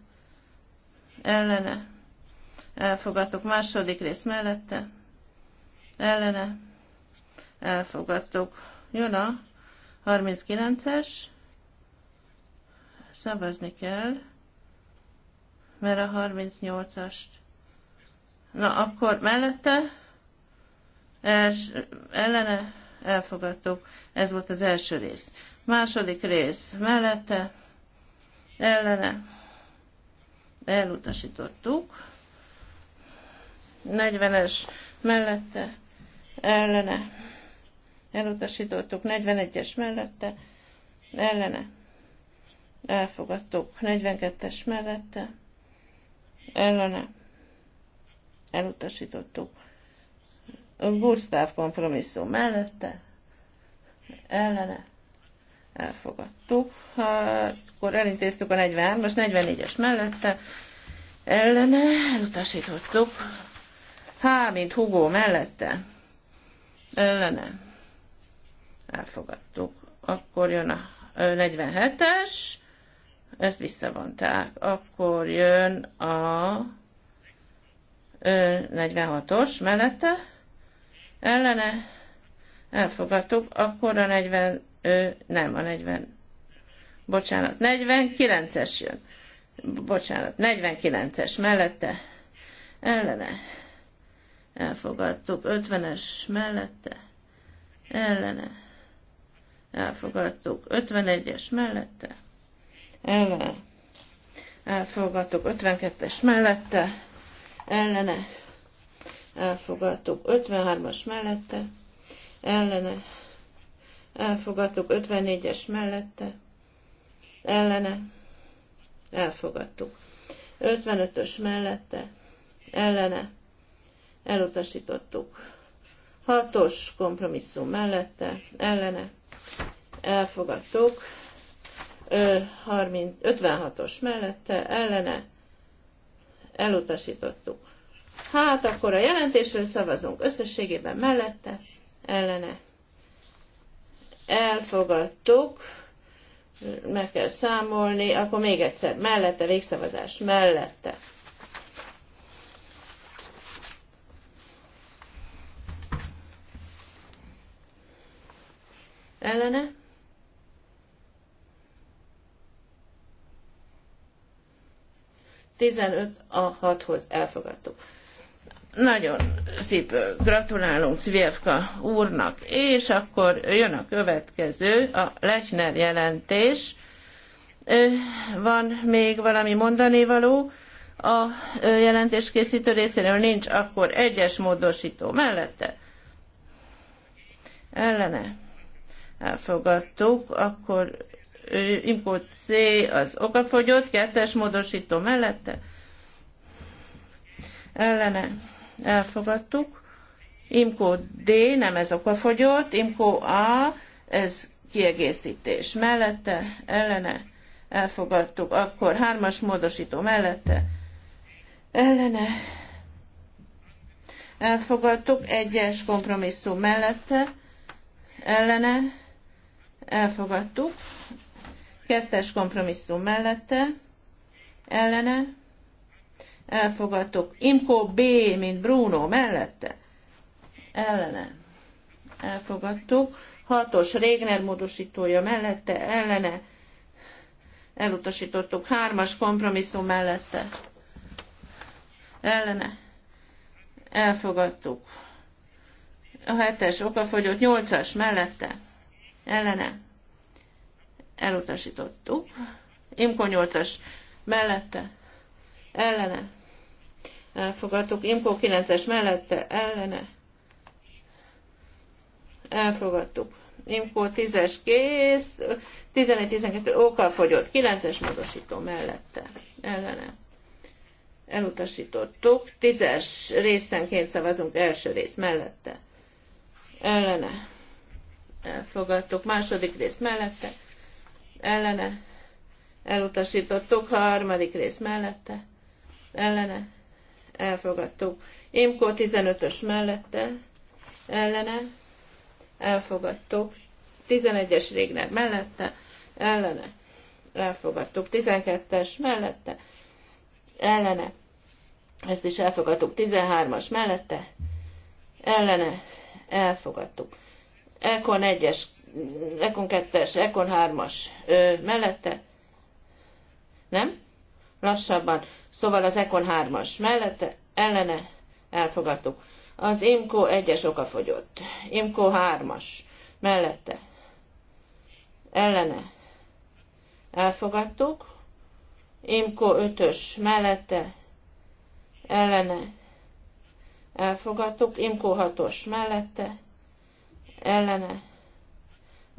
ellene, elfogadtuk második rész mellette, ellene, elfogadtuk. Jön a 39-es, szavazni kell mert a 38-ast. Na, akkor mellette els, ellene elfogadtuk. Ez volt az első rész. Második rész mellette ellene elutasítottuk. 40-es mellette ellene elutasítottuk. 41-es mellette ellene elfogadtuk. 42-es mellette ellene elutasítottuk. Gustav kompromisszum mellette ellene elfogadtuk. Ha, akkor elintéztük a 43-as, 44-es mellette ellene elutasítottuk. H, mint Hugó mellette ellene elfogadtuk. Akkor jön a 47-es, ezt visszavonták. Akkor jön a 46-os mellette, ellene elfogadtuk, akkor a 40, ö, nem a 40, bocsánat, 49-es jön, bocsánat, 49-es mellette, ellene elfogadtuk, 50-es mellette, ellene elfogadtuk, 51-es mellette, ellene elfogadtuk 52-es mellette, ellene elfogadtuk 53-as mellette, ellene elfogadtuk 54-es mellette, ellene elfogadtuk 55-ös mellette, ellene elutasítottuk 6-os kompromisszum mellette, ellene elfogadtuk 56-os mellette ellene elutasítottuk. Hát akkor a jelentésről szavazunk összességében mellette ellene. Elfogadtuk, meg kell számolni, akkor még egyszer mellette, végszavazás mellette. Ellene? 15 a 6-hoz elfogadtuk. Nagyon szép gratulálunk Szvjevka úrnak, és akkor jön a következő, a Lechner jelentés. Van még valami mondani való? A készítő részéről nincs, akkor egyes módosító mellette. Ellene elfogadtuk, akkor Imkó C az okafogyott, kettes módosító mellette. Ellene elfogadtuk. Imkó D nem ez okafogyott. Imkó A ez kiegészítés mellette. Ellene elfogadtuk. Akkor hármas módosító mellette. Ellene elfogadtuk. Egyes kompromisszum mellette. Ellene elfogadtuk. Kettes kompromisszum mellette, ellene, elfogadtuk. Imko B, mint Bruno, mellette, ellene, elfogadtuk. Hatos Régner módosítója mellette, ellene, elutasítottuk. Hármas kompromisszum mellette, ellene, elfogadtuk. A hetes okafogyott, nyolcas mellette, ellene, elutasítottuk. Imko 8-as mellette, ellene, elfogadtuk. Imko 9-es mellette, ellene, elfogadtuk. Imko 10-es kész, 11-12 ókkal fogyott, 9-es módosító mellette, ellene. Elutasítottuk, 10-es részenként szavazunk első rész mellette, ellene. Elfogadtuk, második rész mellette, ellene, elutasítottuk, harmadik rész mellette, ellene, elfogadtuk. Imkó 15-ös mellette, ellene, elfogadtuk. 11-es régnek mellette, ellene, elfogadtuk. 12-es mellette, ellene, ezt is elfogadtuk. 13-as mellette, ellene, elfogadtuk. Ekon 1-es Ekon 2-es, Ekon 3-as mellette. Nem? Lassabban. Szóval az Ekon 3-as mellette, ellene elfogadtuk. Az Imco 1-es okafogyott. Imco 3-as mellette, ellene elfogadtuk. Imco 5-ös mellette, ellene elfogadtuk. Imco 6-os mellette, ellene elfogadtuk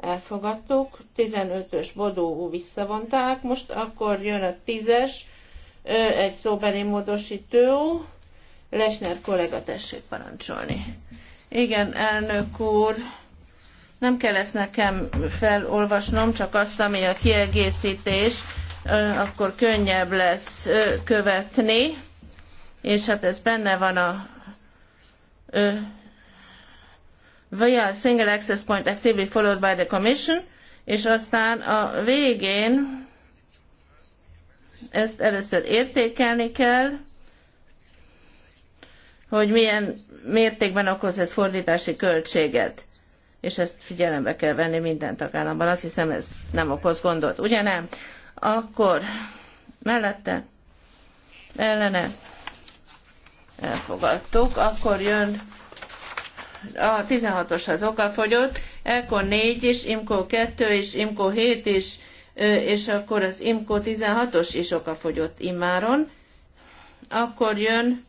elfogadtuk, 15-ös bodó visszavonták, most akkor jön a 10-es, egy szóbeli módosító, Lesner kollega tessék parancsolni. Igen, elnök úr, nem kell ezt nekem felolvasnom, csak azt, ami a kiegészítés, akkor könnyebb lesz követni, és hát ez benne van a via single access point actively followed by the commission, és aztán a végén ezt először értékelni kell, hogy milyen mértékben okoz ez fordítási költséget. És ezt figyelembe kell venni minden tagállamban. Azt hiszem, ez nem okoz gondot. Ugye nem? Akkor mellette, ellene elfogadtuk. Akkor jön a 16-os az okafogyott, Elko 4 is, Imko 2 is, Imko 7 is, és akkor az Imko 16-os is okafogyott immáron. Akkor jön,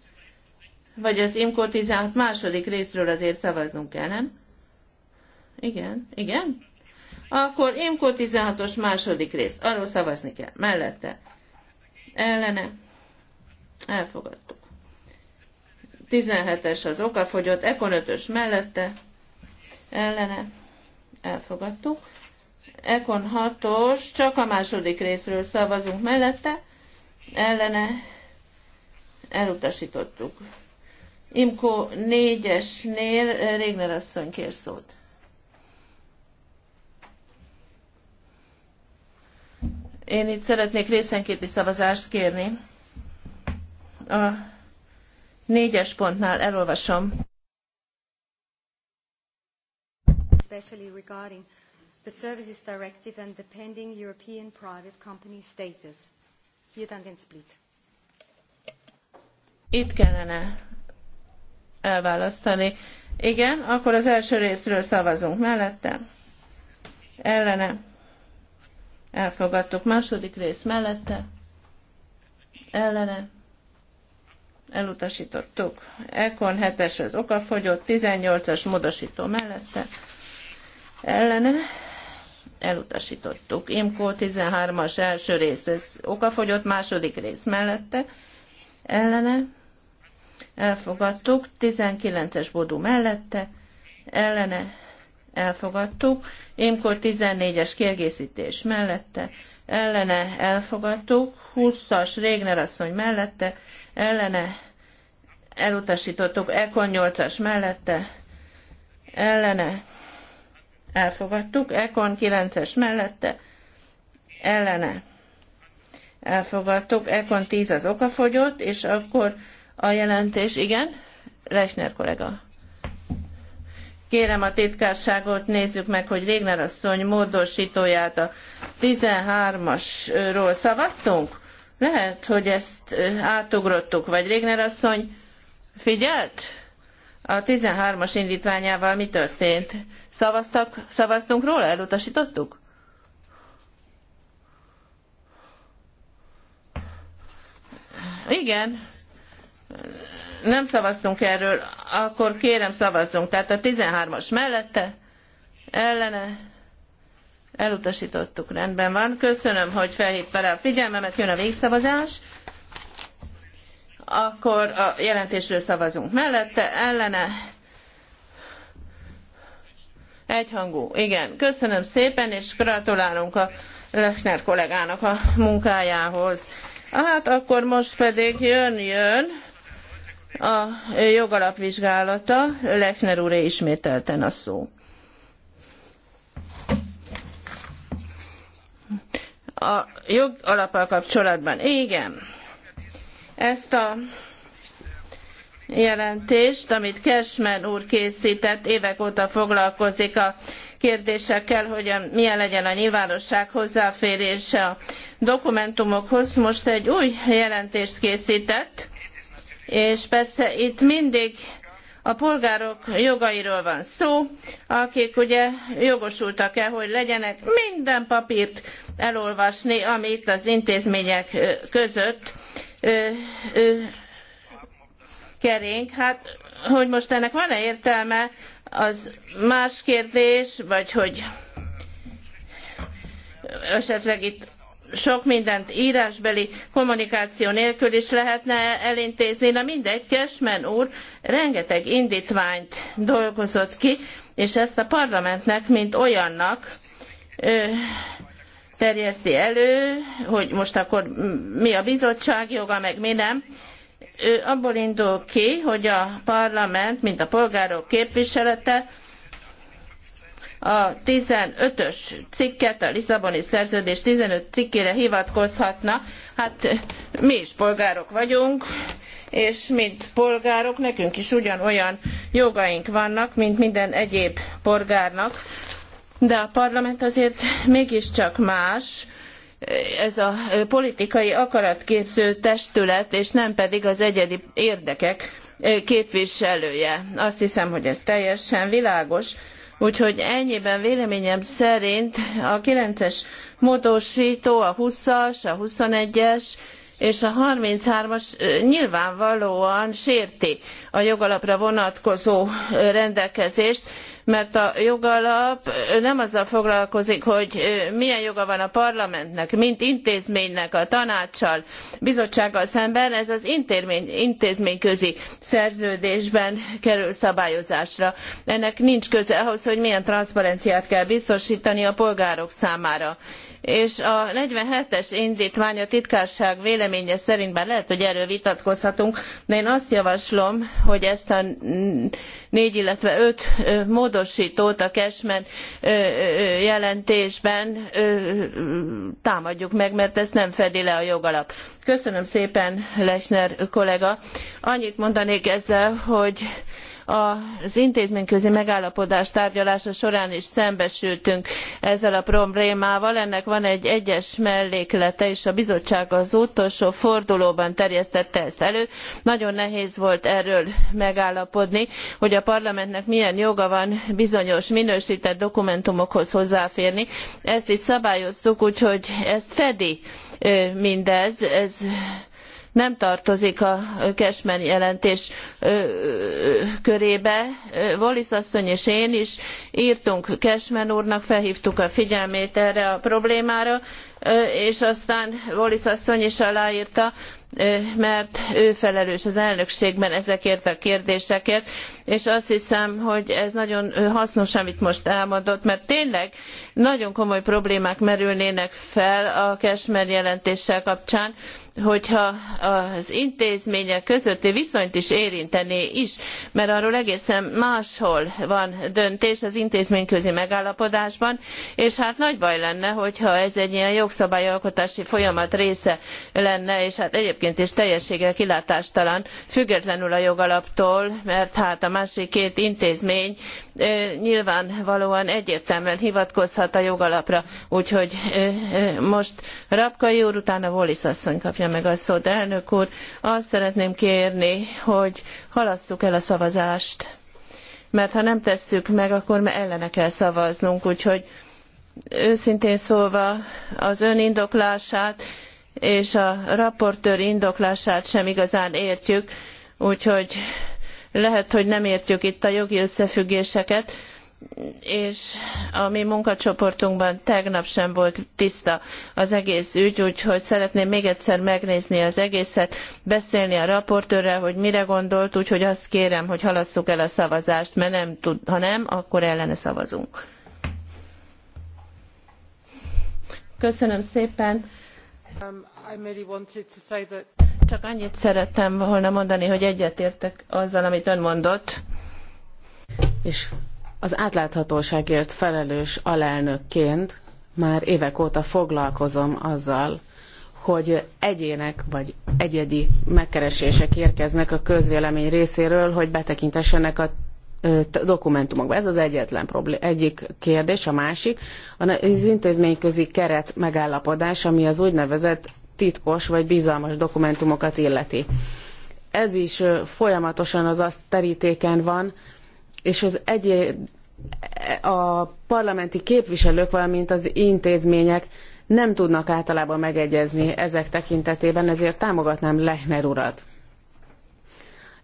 vagy az Imko 16 második részről azért szavaznunk kell, nem? Igen, igen. Akkor Imko 16-os második rész. Arról szavazni kell. Mellette. Ellene. Elfogadtuk. 17-es az okafogyott, Ekon 5 mellette, ellene, elfogadtuk. Ekon 6-os, csak a második részről szavazunk mellette, ellene, elutasítottuk. Imko 4-esnél Régner asszony kér szót. Én itt szeretnék részenkéti szavazást kérni. A négyes pontnál elolvasom. Especially regarding the Services Directive and the pending European Private Company Status. Hier dann den Split. Itt kellene elválasztani. Igen, akkor az első részről szavazunk mellette. Ellene. Elfogadtuk. Második rész mellette. Ellene elutasítottuk. Ekon 7-es az okafogyott, 18-as módosító mellette ellene elutasítottuk. Imkó 13-as első rész, ez okafogyott második rész mellette ellene elfogadtuk, 19-es bodú mellette ellene elfogadtuk, Imkó 14-es kiegészítés mellette ellene elfogadtuk, 20-as Régner asszony mellette ellene elutasítottuk Ekon 8-as mellette, ellene, elfogadtuk, Ekon 9-es mellette, ellene, elfogadtuk, Ekon 10 az okafogyott, és akkor a jelentés, igen, Lechner kollega. Kérem a titkárságot, nézzük meg, hogy Régner asszony módosítóját a 13-asról szavaztunk? Lehet, hogy ezt átugrottuk, vagy Régner asszony Figyelt? A 13-as indítványával mi történt? Szavaztak, szavaztunk róla? Elutasítottuk? Igen. Nem szavaztunk erről. Akkor kérem szavazzunk. Tehát a 13-as mellette, ellene, elutasítottuk. Rendben van. Köszönöm, hogy felhívta rá a figyelmemet. Jön a végszavazás akkor a jelentésről szavazunk mellette, ellene. Egyhangú. Igen, köszönöm szépen, és gratulálunk a Lechner kollégának a munkájához. Hát akkor most pedig jön-jön a jogalapvizsgálata. Lechner úré ismételten a szó. A jogalapal kapcsolatban. Igen ezt a jelentést, amit Cashman úr készített, évek óta foglalkozik a kérdésekkel, hogy milyen legyen a nyilvánosság hozzáférése a dokumentumokhoz. Most egy új jelentést készített, és persze itt mindig a polgárok jogairól van szó, akik ugye jogosultak-e, hogy legyenek minden papírt elolvasni, ami itt az intézmények között kering. Hát, hogy most ennek van-e értelme, az más kérdés, vagy hogy esetleg itt sok mindent írásbeli kommunikáció nélkül is lehetne elintézni. Na mindegy, Kesmen úr rengeteg indítványt dolgozott ki, és ezt a parlamentnek, mint olyannak, terjeszti elő, hogy most akkor mi a bizottság joga, meg mi nem. Ő abból indul ki, hogy a parlament, mint a polgárok képviselete, a 15-ös cikket, a Lisszaboni szerződés 15 cikkére hivatkozhatna. Hát mi is polgárok vagyunk, és mint polgárok nekünk is ugyanolyan jogaink vannak, mint minden egyéb polgárnak, de a parlament azért mégiscsak más, ez a politikai akaratképző testület, és nem pedig az egyedi érdekek képviselője. Azt hiszem, hogy ez teljesen világos. Úgyhogy ennyiben véleményem szerint a 9-es módosító, a 20-as, a 21-es, és a 33-as nyilvánvalóan sérti a jogalapra vonatkozó rendelkezést, mert a jogalap nem azzal foglalkozik, hogy milyen joga van a parlamentnek, mint intézménynek, a tanácssal, bizottsággal szemben, ez az intézmény, intézményközi szerződésben kerül szabályozásra. Ennek nincs köze ahhoz, hogy milyen transzparenciát kell biztosítani a polgárok számára és a 47-es indítvány a titkárság véleménye szerint, bár lehet, hogy erről vitatkozhatunk, de én azt javaslom, hogy ezt a négy, illetve öt módosítót a Cashman jelentésben támadjuk meg, mert ezt nem fedi le a jogalap. Köszönöm szépen, Lesner kollega. Annyit mondanék ezzel, hogy az intézményközi megállapodás tárgyalása során is szembesültünk ezzel a problémával. Ennek van egy egyes melléklete, és a bizottság az utolsó fordulóban terjesztette ezt elő. Nagyon nehéz volt erről megállapodni, hogy a parlamentnek milyen joga van bizonyos minősített dokumentumokhoz hozzáférni. Ezt itt szabályoztuk, úgyhogy ezt fedi mindez. Ez nem tartozik a Cashman jelentés körébe. Wallis asszony és én is írtunk Cashman úrnak, felhívtuk a figyelmét erre a problémára, és aztán Wallis asszony is aláírta, mert ő felelős az elnökségben ezekért a kérdésekért és azt hiszem, hogy ez nagyon hasznos, amit most elmondott, mert tényleg nagyon komoly problémák merülnének fel a Kesmer jelentéssel kapcsán, hogyha az intézmények közötti viszonyt is érintené is, mert arról egészen máshol van döntés az intézményközi megállapodásban, és hát nagy baj lenne, hogyha ez egy ilyen jogszabályalkotási folyamat része lenne, és hát egyébként is teljességgel kilátástalan, függetlenül a jogalaptól, mert hát a másik két intézmény nyilvánvalóan egyértelműen hivatkozhat a jogalapra. Úgyhogy most Rapkai úr, utána Wallis asszony kapja meg a szót. Elnök úr, azt szeretném kérni, hogy halasszuk el a szavazást. Mert ha nem tesszük meg, akkor ellene kell szavaznunk, úgyhogy őszintén szólva az ön indoklását és a raportőr indoklását sem igazán értjük, úgyhogy lehet, hogy nem értjük itt a jogi összefüggéseket, és a mi munkacsoportunkban tegnap sem volt tiszta az egész ügy, úgyhogy szeretném még egyszer megnézni az egészet, beszélni a raportőrrel, hogy mire gondolt, úgyhogy azt kérem, hogy halasszuk el a szavazást, mert nem tud, ha nem, akkor ellene szavazunk. Köszönöm szépen. Um, I merely wanted to say that csak annyit szerettem volna mondani, hogy egyetértek azzal, amit ön mondott. És az átláthatóságért felelős alelnökként már évek óta foglalkozom azzal, hogy egyének vagy egyedi megkeresések érkeznek a közvélemény részéről, hogy betekintessenek a dokumentumokba. Ez az egyetlen problém, egyik kérdés, a másik az intézményközi keret megállapodás, ami az úgynevezett titkos vagy bizalmas dokumentumokat illeti. Ez is folyamatosan az azt terítéken van, és az egyéb a parlamenti képviselők, valamint az intézmények nem tudnak általában megegyezni ezek tekintetében, ezért támogatnám Lechner urat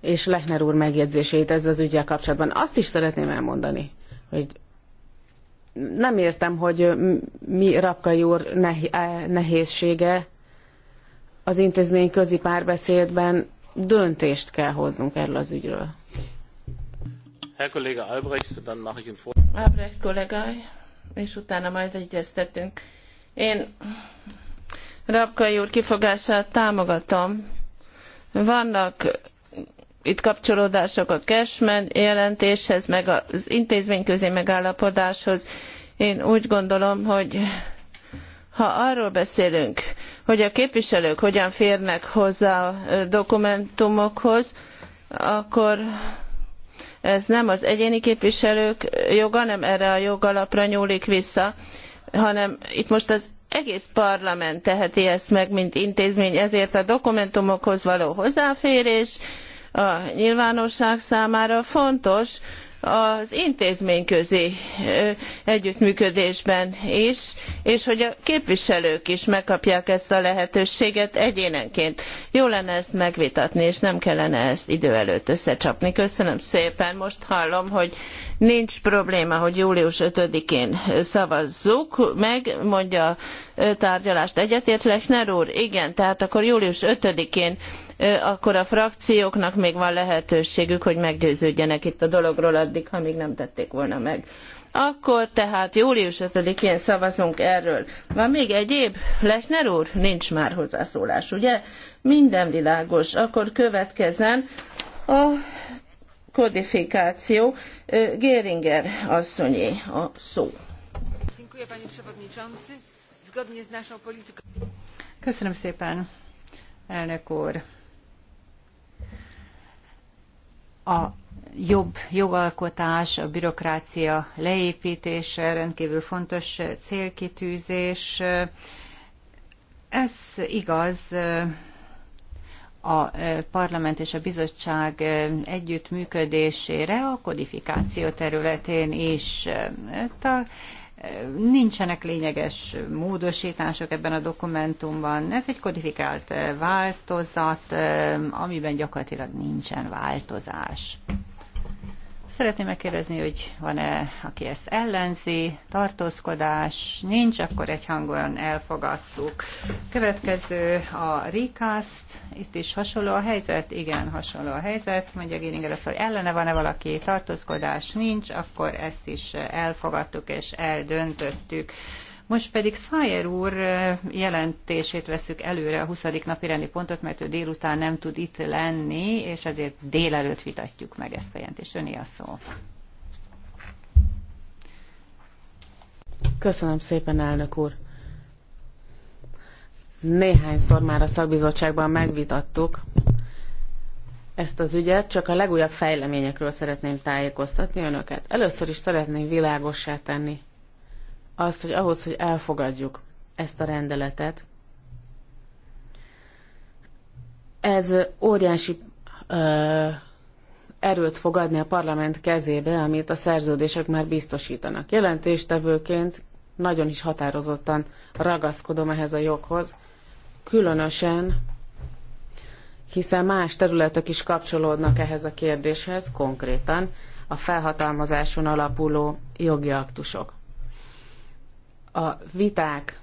és Lechner úr megjegyzését ezzel az ügyel kapcsolatban. Azt is szeretném elmondani, hogy nem értem, hogy mi Rapkai úr eh, nehézsége az intézmény közi párbeszédben döntést kell hoznunk erről az ügyről. Herr Kollege Albrecht, dann mache ich vor. Albrecht kollega, és utána majd egyeztetünk. Én Rabkai úr kifogását támogatom. Vannak itt kapcsolódások a Cashman jelentéshez, meg az intézményközi megállapodáshoz. Én úgy gondolom, hogy ha arról beszélünk, hogy a képviselők hogyan férnek hozzá a dokumentumokhoz, akkor ez nem az egyéni képviselők joga, nem erre a jogalapra nyúlik vissza, hanem itt most az egész parlament teheti ezt meg, mint intézmény, ezért a dokumentumokhoz való hozzáférés a nyilvánosság számára fontos, az intézményközi együttműködésben is, és hogy a képviselők is megkapják ezt a lehetőséget egyénenként. Jó lenne ezt megvitatni, és nem kellene ezt idő előtt összecsapni. Köszönöm szépen. Most hallom, hogy Nincs probléma, hogy július 5-én szavazzuk meg, mondja tárgyalást egyetért Lechner úr. Igen, tehát akkor július 5-én akkor a frakcióknak még van lehetőségük, hogy meggyőződjenek itt a dologról addig, ha még nem tették volna meg. Akkor tehát július 5-én szavazunk erről. Van még egyéb? Lechner úr? Nincs már hozzászólás, ugye? Minden világos. Akkor következzen a kodifikáció. Géringer asszonyé a szó. Köszönöm szépen, elnök úr. A jobb jogalkotás, a bürokrácia leépítése rendkívül fontos célkitűzés. Ez igaz a e, parlament és a bizottság e, együttműködésére a kodifikáció területén is. E, hát nincsenek lényeges módosítások ebben a dokumentumban. Ez egy kodifikált változat, amiben gyakorlatilag nincsen változás. Szeretném megkérdezni, hogy van-e, aki ezt ellenzi, tartózkodás, nincs, akkor hangon elfogadtuk. Következő a recast, itt is hasonló a helyzet, igen, hasonló a helyzet, mondja Géringer azt, hogy ellene van-e valaki, tartózkodás nincs, akkor ezt is elfogadtuk és eldöntöttük. Most pedig Szájer úr jelentését veszük előre a 20. napi rendi pontot, mert ő délután nem tud itt lenni, és ezért délelőtt vitatjuk meg ezt a jelentést. Öné a szó. Köszönöm szépen, elnök úr. Néhányszor már a szakbizottságban megvitattuk ezt az ügyet, csak a legújabb fejleményekről szeretném tájékoztatni önöket. Először is szeretném világossá tenni, azt, hogy ahhoz, hogy elfogadjuk ezt a rendeletet, ez óriási ö, erőt fog adni a parlament kezébe, amit a szerződések már biztosítanak. Jelentéstevőként nagyon is határozottan ragaszkodom ehhez a joghoz, különösen, hiszen más területek is kapcsolódnak ehhez a kérdéshez, konkrétan a felhatalmazáson alapuló jogi aktusok a viták,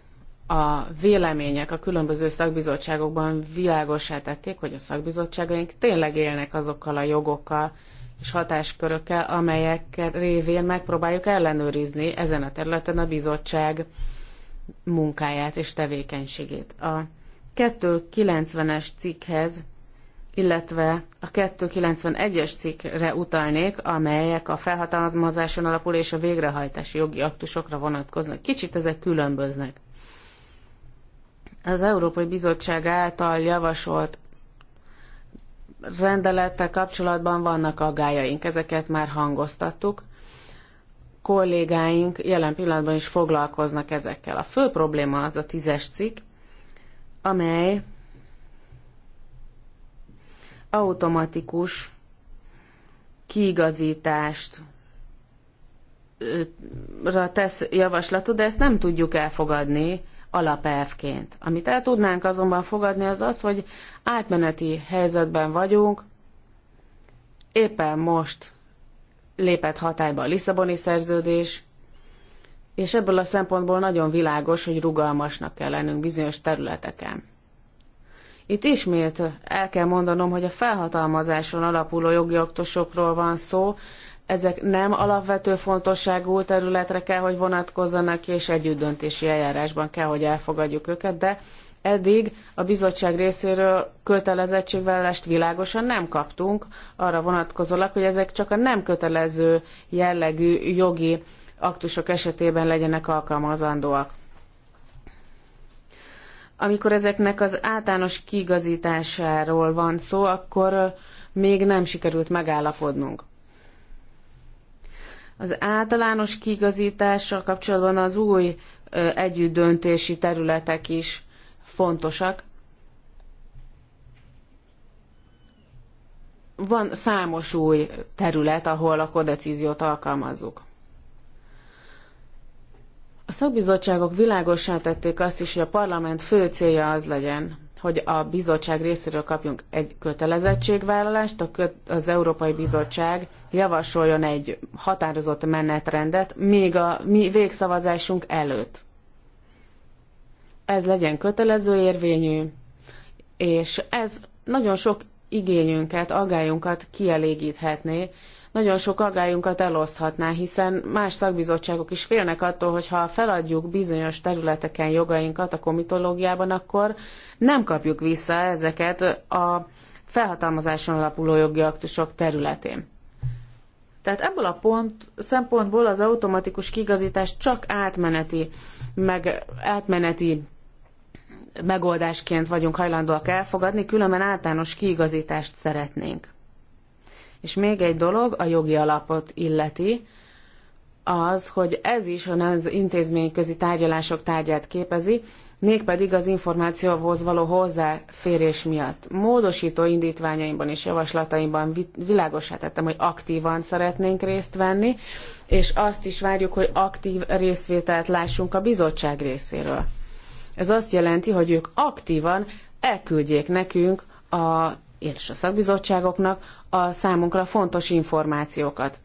a vélemények a különböző szakbizottságokban világosá tették, hogy a szakbizottságaink tényleg élnek azokkal a jogokkal és hatáskörökkel, amelyek révén megpróbáljuk ellenőrizni ezen a területen a bizottság munkáját és tevékenységét. A 290-es cikkhez illetve a 291-es cikkre utalnék, amelyek a felhatalmazáson alapul és a végrehajtási jogi aktusokra vonatkoznak. Kicsit ezek különböznek. Az Európai Bizottság által javasolt rendelettel kapcsolatban vannak aggájaink, ezeket már hangoztattuk. Kollégáink jelen pillanatban is foglalkoznak ezekkel. A fő probléma az a tízes cikk, amely automatikus kiigazítást tesz javaslatot, de ezt nem tudjuk elfogadni alapelvként. Amit el tudnánk azonban fogadni, az az, hogy átmeneti helyzetben vagyunk, éppen most lépett hatályba a Lisszaboni szerződés, és ebből a szempontból nagyon világos, hogy rugalmasnak kell lennünk bizonyos területeken. Itt ismét el kell mondanom, hogy a felhatalmazáson alapuló jogi aktusokról van szó, ezek nem alapvető fontosságú területre kell, hogy vonatkozzanak, és együttdöntési eljárásban kell, hogy elfogadjuk őket, de eddig a bizottság részéről kötelezettségvállalást világosan nem kaptunk, arra vonatkozólag, hogy ezek csak a nem kötelező jellegű jogi aktusok esetében legyenek alkalmazandóak. Amikor ezeknek az általános kiigazításáról van szó, akkor még nem sikerült megállapodnunk. Az általános kiigazítással kapcsolatban az új együttdöntési területek is fontosak. Van számos új terület, ahol a kodecíziót alkalmazzuk. A szakbizottságok világosá tették azt is, hogy a parlament fő célja az legyen, hogy a bizottság részéről kapjunk egy kötelezettségvállalást, az Európai Bizottság javasoljon egy határozott menetrendet még a mi végszavazásunk előtt. Ez legyen kötelező érvényű, és ez nagyon sok igényünket, agályunkat kielégíthetné, nagyon sok aggályunkat eloszthatná, hiszen más szakbizottságok is félnek attól, hogy ha feladjuk bizonyos területeken jogainkat a komitológiában, akkor nem kapjuk vissza ezeket a felhatalmazáson alapuló jogi aktusok területén. Tehát ebből a pont, szempontból az automatikus kigazítás csak átmeneti, meg átmeneti megoldásként vagyunk hajlandóak elfogadni, különben általános kiigazítást szeretnénk. És még egy dolog a jogi alapot illeti, az, hogy ez is az e intézményközi tárgyalások tárgyát képezi, mégpedig az információhoz való hozzáférés miatt. Módosító indítványaimban és javaslataimban világosá tettem, hogy aktívan szeretnénk részt venni, és azt is várjuk, hogy aktív részvételt lássunk a bizottság részéről. Ez azt jelenti, hogy ők aktívan elküldjék nekünk a és a szakbizottságoknak a számunkra fontos információkat,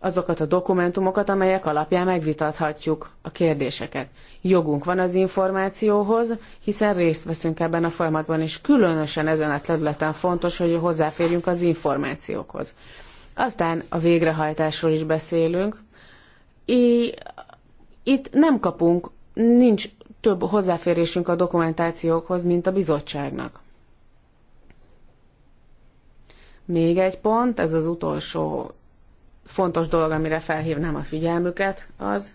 azokat a dokumentumokat, amelyek alapján megvitathatjuk a kérdéseket. Jogunk van az információhoz, hiszen részt veszünk ebben a folyamatban, és különösen ezen a területen fontos, hogy hozzáférjünk az információkhoz. Aztán a végrehajtásról is beszélünk. itt nem kapunk, nincs több hozzáférésünk a dokumentációkhoz, mint a bizottságnak. Még egy pont, ez az utolsó fontos dolog, amire felhívnám a figyelmüket, az,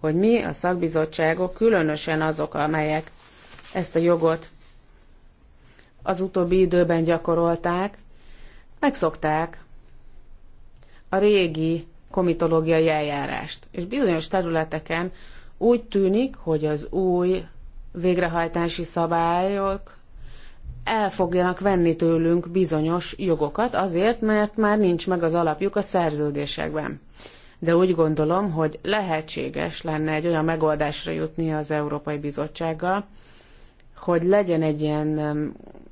hogy mi a szakbizottságok, különösen azok, amelyek ezt a jogot az utóbbi időben gyakorolták, megszokták a régi komitológiai eljárást. És bizonyos területeken úgy tűnik, hogy az új végrehajtási szabályok el fogjanak venni tőlünk bizonyos jogokat, azért, mert már nincs meg az alapjuk a szerződésekben. De úgy gondolom, hogy lehetséges lenne egy olyan megoldásra jutni az Európai Bizottsággal, hogy legyen egy ilyen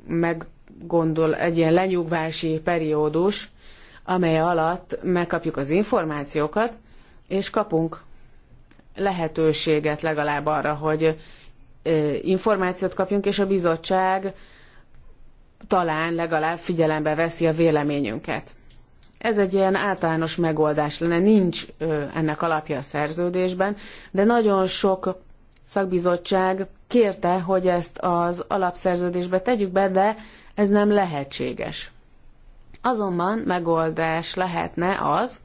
meggondol, egy ilyen lenyugvási periódus, amely alatt megkapjuk az információkat, és kapunk lehetőséget legalább arra, hogy eh, információt kapjunk, és a bizottság talán legalább figyelembe veszi a véleményünket. Ez egy ilyen általános megoldás lenne, nincs ennek alapja a szerződésben, de nagyon sok szakbizottság kérte, hogy ezt az alapszerződésbe tegyük be, de ez nem lehetséges. Azonban megoldás lehetne az,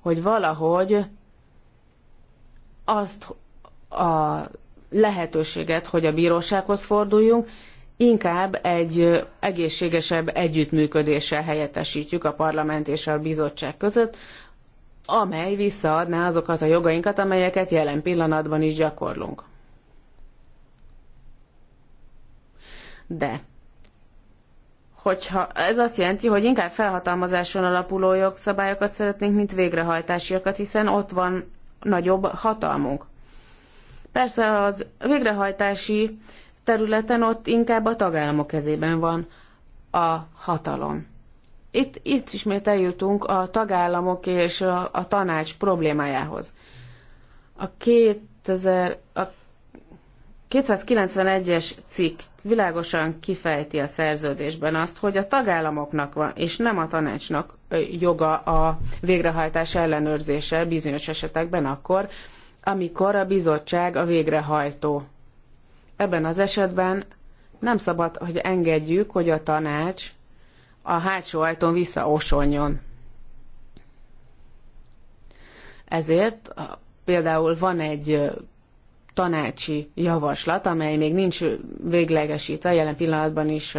hogy valahogy azt a lehetőséget, hogy a bírósághoz forduljunk, inkább egy egészségesebb együttműködéssel helyettesítjük a parlament és a bizottság között, amely visszaadná azokat a jogainkat, amelyeket jelen pillanatban is gyakorlunk. De hogyha ez azt jelenti, hogy inkább felhatalmazáson alapuló jogszabályokat szeretnénk, mint végrehajtásiakat, hiszen ott van nagyobb hatalmunk. Persze az végrehajtási területen ott inkább a tagállamok kezében van a hatalom. Itt, itt ismét eljutunk a tagállamok és a, a tanács problémájához. A, 2000, a 291-es cikk világosan kifejti a szerződésben azt, hogy a tagállamoknak van, és nem a tanácsnak joga a végrehajtás ellenőrzése bizonyos esetekben akkor, amikor a bizottság a végrehajtó ebben az esetben nem szabad, hogy engedjük, hogy a tanács a hátsó ajtón visszaosonjon. Ezért például van egy tanácsi javaslat, amely még nincs véglegesítve, jelen pillanatban is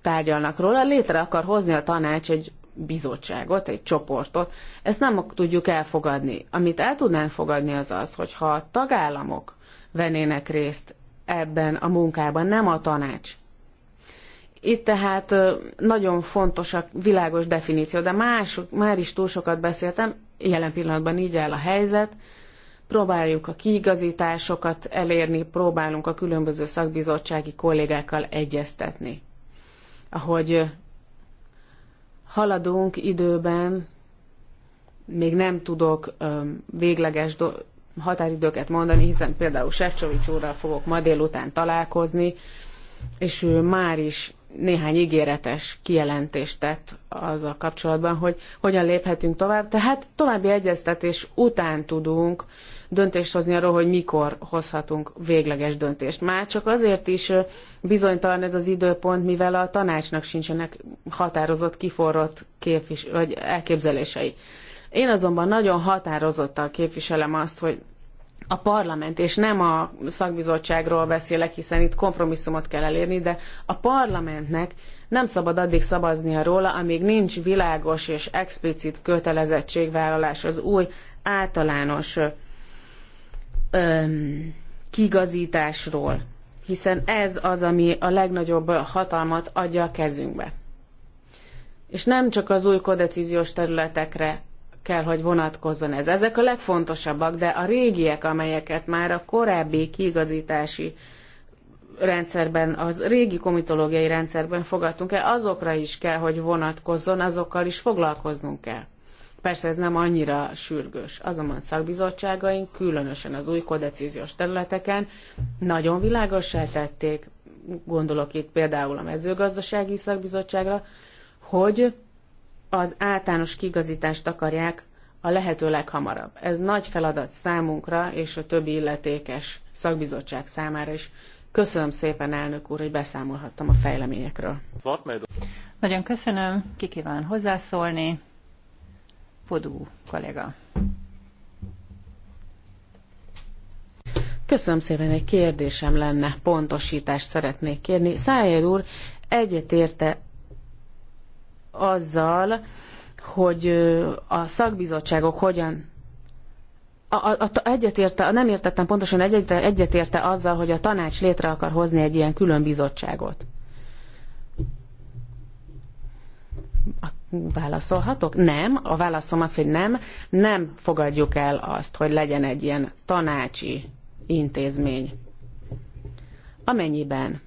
tárgyalnak róla, létre akar hozni a tanács egy bizottságot, egy csoportot. Ezt nem tudjuk elfogadni. Amit el tudnánk fogadni az az, hogyha a tagállamok vennének részt ebben a munkában, nem a tanács. Itt tehát nagyon fontos a világos definíció, de más, már is túl sokat beszéltem, jelen pillanatban így áll a helyzet, próbáljuk a kiigazításokat elérni, próbálunk a különböző szakbizottsági kollégákkal egyeztetni. Ahogy haladunk időben, még nem tudok végleges határidőket mondani, hiszen például Sefcsovics úrral fogok ma délután találkozni, és ő már is néhány ígéretes kijelentést tett azzal kapcsolatban, hogy hogyan léphetünk tovább. Tehát további egyeztetés után tudunk döntést hozni arról, hogy mikor hozhatunk végleges döntést. Már csak azért is bizonytalan ez az időpont, mivel a tanácsnak sincsenek határozott, kiforrott képvis, vagy elképzelései. Én azonban nagyon határozottan képviselem azt, hogy a parlament, és nem a szakbizottságról beszélek, hiszen itt kompromisszumot kell elérni, de a parlamentnek nem szabad addig szavaznia róla, amíg nincs világos és explicit kötelezettségvállalás az új általános öm, kigazításról, hiszen ez az, ami a legnagyobb hatalmat adja a kezünkbe. És nem csak az új kodecíziós területekre kell, hogy vonatkozzon ez. Ezek a legfontosabbak, de a régiek, amelyeket már a korábbi kiigazítási rendszerben, az régi komitológiai rendszerben fogadtunk el, azokra is kell, hogy vonatkozzon, azokkal is foglalkoznunk kell. Persze ez nem annyira sürgős, azonban szakbizottságaink, különösen az új kodecíziós területeken nagyon világosá tették, gondolok itt például a mezőgazdasági szakbizottságra, hogy az általános kigazítást akarják a lehető leghamarabb. Ez nagy feladat számunkra és a többi illetékes szakbizottság számára is. Köszönöm szépen, elnök úr, hogy beszámolhattam a fejleményekről. Nagyon köszönöm. Ki kíván hozzászólni? Podú kollega. Köszönöm szépen, egy kérdésem lenne, pontosítást szeretnék kérni. Szájér úr egyetérte azzal, hogy a szakbizottságok hogyan a, a, a, egyetérte, nem értettem pontosan, egyet, egyetérte azzal, hogy a tanács létre akar hozni egy ilyen külön bizottságot. Válaszolhatok? Nem. A válaszom az, hogy nem. Nem fogadjuk el azt, hogy legyen egy ilyen tanácsi intézmény. Amennyiben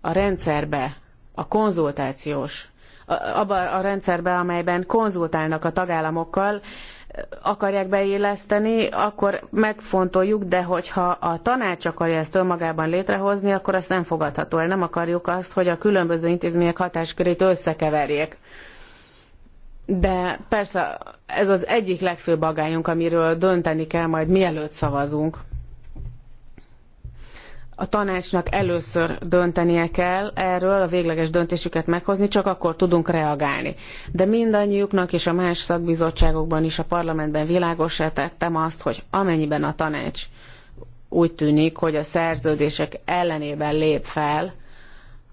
a rendszerbe a konzultációs, abban a rendszerben, amelyben konzultálnak a tagállamokkal, akarják beilleszteni, akkor megfontoljuk, de hogyha a tanács akarja ezt önmagában létrehozni, akkor azt nem fogadható el. Nem akarjuk azt, hogy a különböző intézmények hatáskörét összekeverjék. De persze ez az egyik legfőbb agályunk, amiről dönteni kell majd mielőtt szavazunk a tanácsnak először döntenie kell erről, a végleges döntésüket meghozni, csak akkor tudunk reagálni. De mindannyiuknak és a más szakbizottságokban is a parlamentben világosá tettem azt, hogy amennyiben a tanács úgy tűnik, hogy a szerződések ellenében lép fel,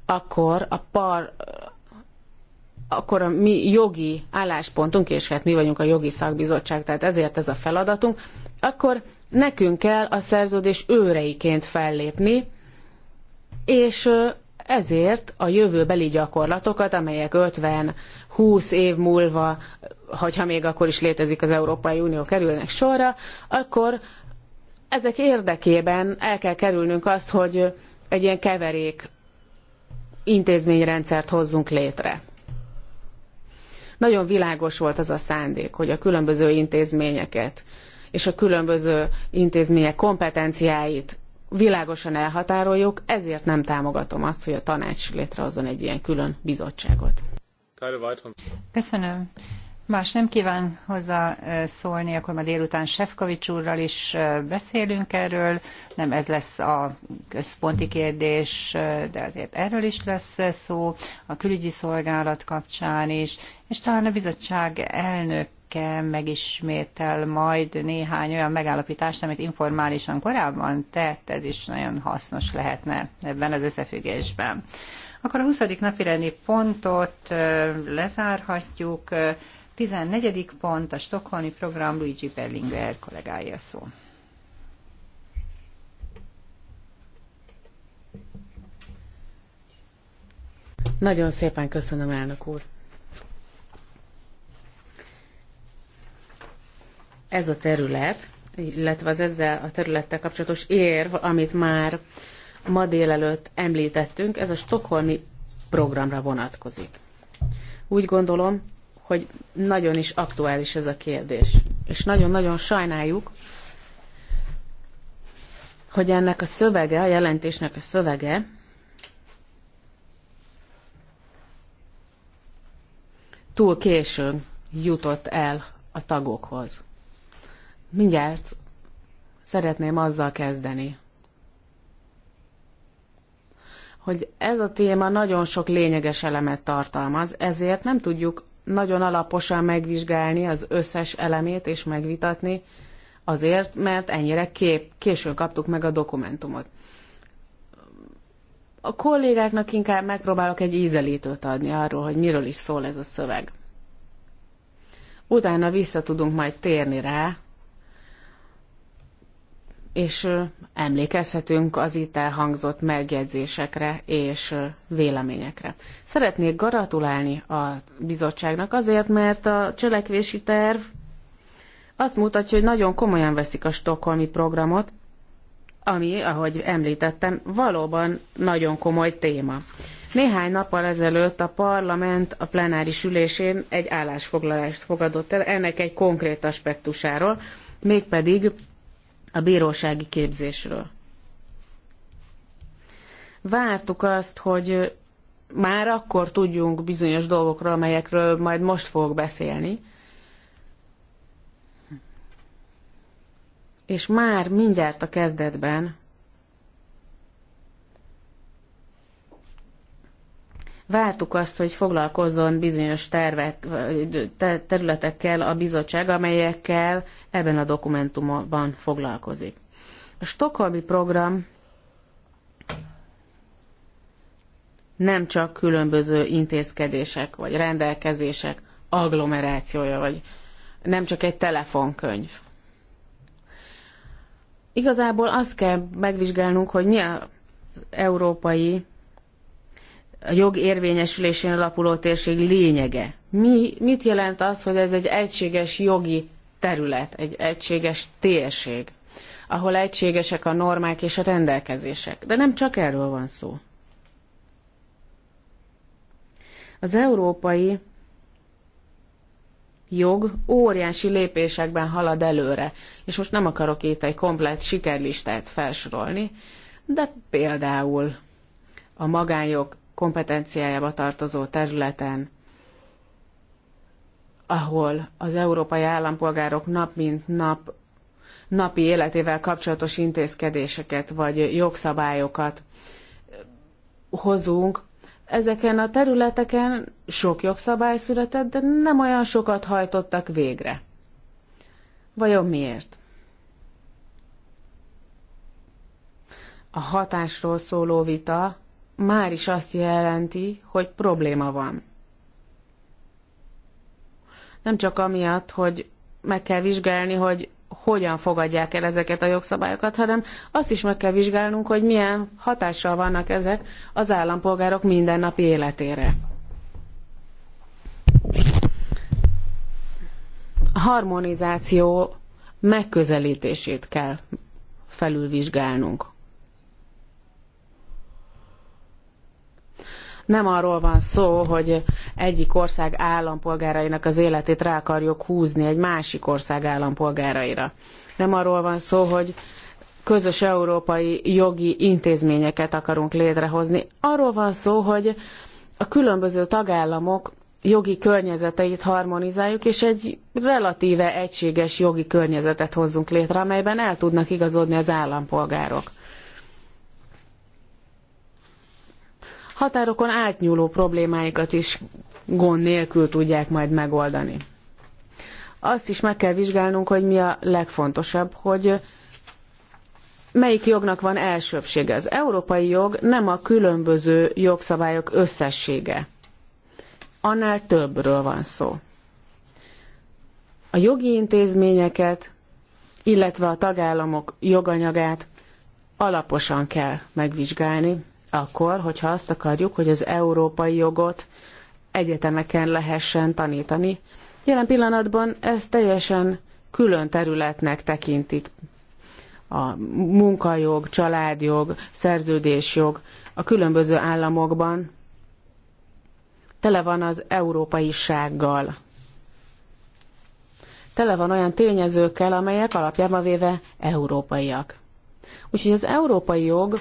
akkor a par, akkor a mi jogi álláspontunk, és hát mi vagyunk a jogi szakbizottság, tehát ezért ez a feladatunk, akkor nekünk kell a szerződés őreiként fellépni, és ezért a jövőbeli gyakorlatokat, amelyek 50-20 év múlva, hogyha még akkor is létezik az Európai Unió, kerülnek sorra, akkor ezek érdekében el kell kerülnünk azt, hogy egy ilyen keverék intézményrendszert hozzunk létre. Nagyon világos volt az a szándék, hogy a különböző intézményeket és a különböző intézmények kompetenciáit világosan elhatároljuk, ezért nem támogatom azt, hogy a tanács létrehozzon egy ilyen külön bizottságot. Köszönöm. Más nem kíván hozzá szólni, akkor ma délután Sefkovics úrral is beszélünk erről. Nem ez lesz a központi kérdés, de azért erről is lesz szó, a külügyi szolgálat kapcsán is, és talán a bizottság elnök megismétel majd néhány olyan megállapítást, amit informálisan korábban tett, ez is nagyon hasznos lehetne ebben az összefüggésben. Akkor a 20. napirendi pontot lezárhatjuk. 14. pont a Stockholmi program Luigi Berlinger kollégája szó. Nagyon szépen köszönöm, elnök úr. ez a terület, illetve az ezzel a területtel kapcsolatos érv, amit már ma délelőtt említettünk, ez a stokholmi programra vonatkozik. Úgy gondolom, hogy nagyon is aktuális ez a kérdés. És nagyon-nagyon sajnáljuk, hogy ennek a szövege, a jelentésnek a szövege túl későn jutott el a tagokhoz. Mindjárt szeretném azzal kezdeni, hogy ez a téma nagyon sok lényeges elemet tartalmaz, ezért nem tudjuk nagyon alaposan megvizsgálni az összes elemét és megvitatni, azért, mert ennyire kép, későn kaptuk meg a dokumentumot. A kollégáknak inkább megpróbálok egy ízelítőt adni arról, hogy miről is szól ez a szöveg. Utána vissza tudunk majd térni rá, és emlékezhetünk az itt elhangzott megjegyzésekre és véleményekre. Szeretnék gratulálni a bizottságnak azért, mert a cselekvési terv azt mutatja, hogy nagyon komolyan veszik a stokholmi programot, ami, ahogy említettem, valóban nagyon komoly téma. Néhány nappal ezelőtt a parlament a plenáris ülésén egy állásfoglalást fogadott el ennek egy konkrét aspektusáról, mégpedig a bírósági képzésről. Vártuk azt, hogy már akkor tudjunk bizonyos dolgokról, amelyekről majd most fogok beszélni, és már mindjárt a kezdetben vártuk azt, hogy foglalkozzon bizonyos tervek, területekkel a bizottság, amelyekkel ebben a dokumentumban foglalkozik. A Stockholmi program nem csak különböző intézkedések vagy rendelkezések agglomerációja, vagy nem csak egy telefonkönyv. Igazából azt kell megvizsgálnunk, hogy mi az európai jog érvényesülésén alapuló térség lényege. Mi, mit jelent az, hogy ez egy egységes jogi terület, egy egységes térség, ahol egységesek a normák és a rendelkezések. De nem csak erről van szó. Az európai jog óriási lépésekben halad előre, és most nem akarok itt egy komplet sikerlistát felsorolni, de például a magánjog kompetenciájába tartozó területen ahol az európai állampolgárok nap mint nap napi életével kapcsolatos intézkedéseket vagy jogszabályokat hozunk. Ezeken a területeken sok jogszabály született, de nem olyan sokat hajtottak végre. Vajon miért? A hatásról szóló vita már is azt jelenti, hogy probléma van nem csak amiatt, hogy meg kell vizsgálni, hogy hogyan fogadják el ezeket a jogszabályokat, hanem azt is meg kell vizsgálnunk, hogy milyen hatással vannak ezek az állampolgárok mindennapi életére. A harmonizáció megközelítését kell felülvizsgálnunk. Nem arról van szó, hogy egyik ország állampolgárainak az életét rá akarjuk húzni egy másik ország állampolgáraira. Nem arról van szó, hogy közös európai jogi intézményeket akarunk létrehozni. Arról van szó, hogy a különböző tagállamok jogi környezeteit harmonizáljuk, és egy relatíve egységes jogi környezetet hozzunk létre, amelyben el tudnak igazodni az állampolgárok. határokon átnyúló problémáikat is gond nélkül tudják majd megoldani. Azt is meg kell vizsgálnunk, hogy mi a legfontosabb, hogy melyik jognak van elsőbsége. Az európai jog nem a különböző jogszabályok összessége. Annál többről van szó. A jogi intézményeket, illetve a tagállamok joganyagát alaposan kell megvizsgálni, akkor, hogyha azt akarjuk, hogy az európai jogot egyetemeken lehessen tanítani. Jelen pillanatban ez teljesen külön területnek tekintik. A munkajog, családjog, szerződésjog a különböző államokban tele van az európaisággal. Tele van olyan tényezőkkel, amelyek alapjában véve európaiak. Úgyhogy az európai jog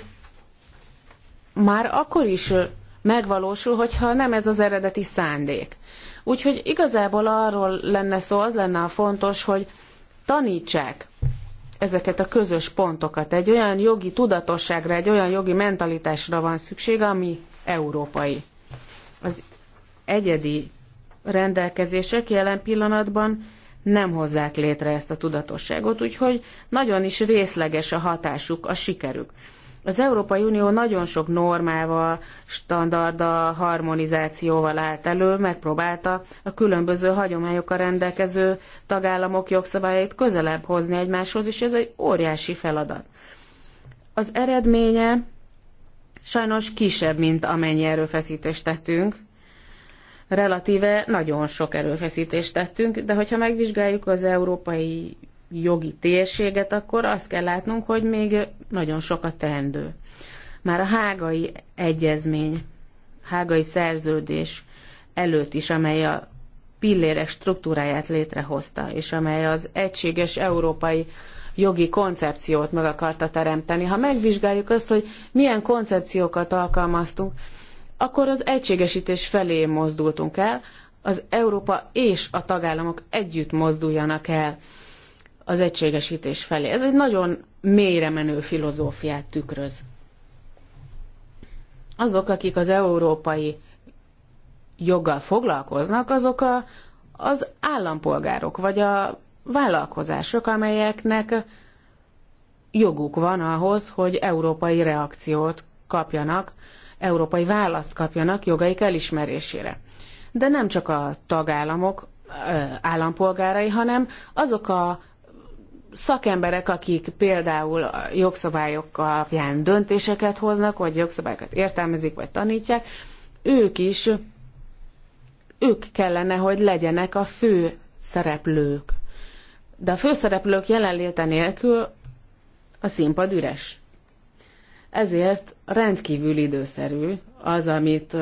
már akkor is megvalósul, hogyha nem ez az eredeti szándék. Úgyhogy igazából arról lenne szó, az lenne a fontos, hogy tanítsák ezeket a közös pontokat. Egy olyan jogi tudatosságra, egy olyan jogi mentalitásra van szükség, ami európai. Az egyedi rendelkezések jelen pillanatban nem hozzák létre ezt a tudatosságot, úgyhogy nagyon is részleges a hatásuk, a sikerük. Az Európai Unió nagyon sok normával, standarddal, harmonizációval állt elő, megpróbálta a különböző hagyományokkal rendelkező tagállamok jogszabályait közelebb hozni egymáshoz, és ez egy óriási feladat. Az eredménye sajnos kisebb, mint amennyi erőfeszítést tettünk, relatíve nagyon sok erőfeszítést tettünk, de hogyha megvizsgáljuk az európai jogi térséget, akkor azt kell látnunk, hogy még nagyon sokat teendő. Már a hágai egyezmény, hágai szerződés előtt is, amely a pillérek struktúráját létrehozta, és amely az egységes európai jogi koncepciót meg akarta teremteni. Ha megvizsgáljuk azt, hogy milyen koncepciókat alkalmaztunk, akkor az egységesítés felé mozdultunk el, az Európa és a tagállamok együtt mozduljanak el az egységesítés felé. Ez egy nagyon mélyre menő filozófiát tükröz. Azok, akik az európai joggal foglalkoznak, azok a, az állampolgárok, vagy a vállalkozások, amelyeknek joguk van ahhoz, hogy európai reakciót kapjanak, európai választ kapjanak jogaik elismerésére. De nem csak a tagállamok állampolgárai, hanem azok a szakemberek, akik például jogszabályok alapján döntéseket hoznak, vagy jogszabályokat értelmezik, vagy tanítják, ők is, ők kellene, hogy legyenek a fő szereplők. De a főszereplők jelenléte nélkül a színpad üres. Ezért rendkívül időszerű az, amit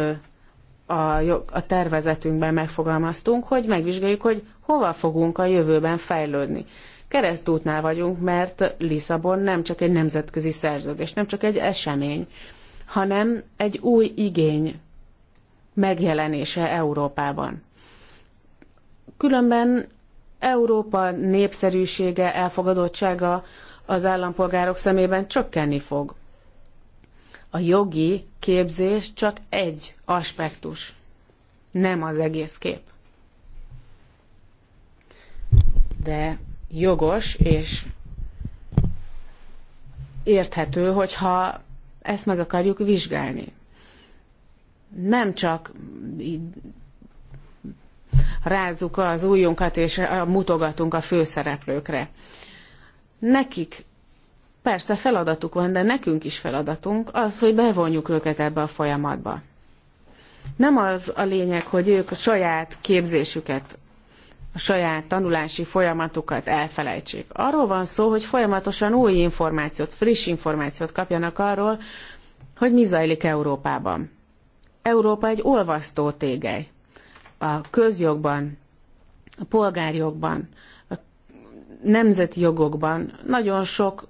a, jog, a tervezetünkben megfogalmaztunk, hogy megvizsgáljuk, hogy hova fogunk a jövőben fejlődni keresztútnál vagyunk, mert Lisszabon nem csak egy nemzetközi szerződés, nem csak egy esemény, hanem egy új igény megjelenése Európában. Különben Európa népszerűsége, elfogadottsága az állampolgárok szemében csökkenni fog. A jogi képzés csak egy aspektus, nem az egész kép. De jogos és érthető, hogyha ezt meg akarjuk vizsgálni. Nem csak rázzuk az ujjunkat és mutogatunk a főszereplőkre. Nekik persze feladatuk van, de nekünk is feladatunk az, hogy bevonjuk őket ebbe a folyamatba. Nem az a lényeg, hogy ők a saját képzésüket a saját tanulási folyamatukat elfelejtsék. Arról van szó, hogy folyamatosan új információt, friss információt kapjanak arról, hogy mi zajlik Európában. Európa egy olvasztó tégely. A közjogban, a polgárjogban, a nemzeti jogokban nagyon sok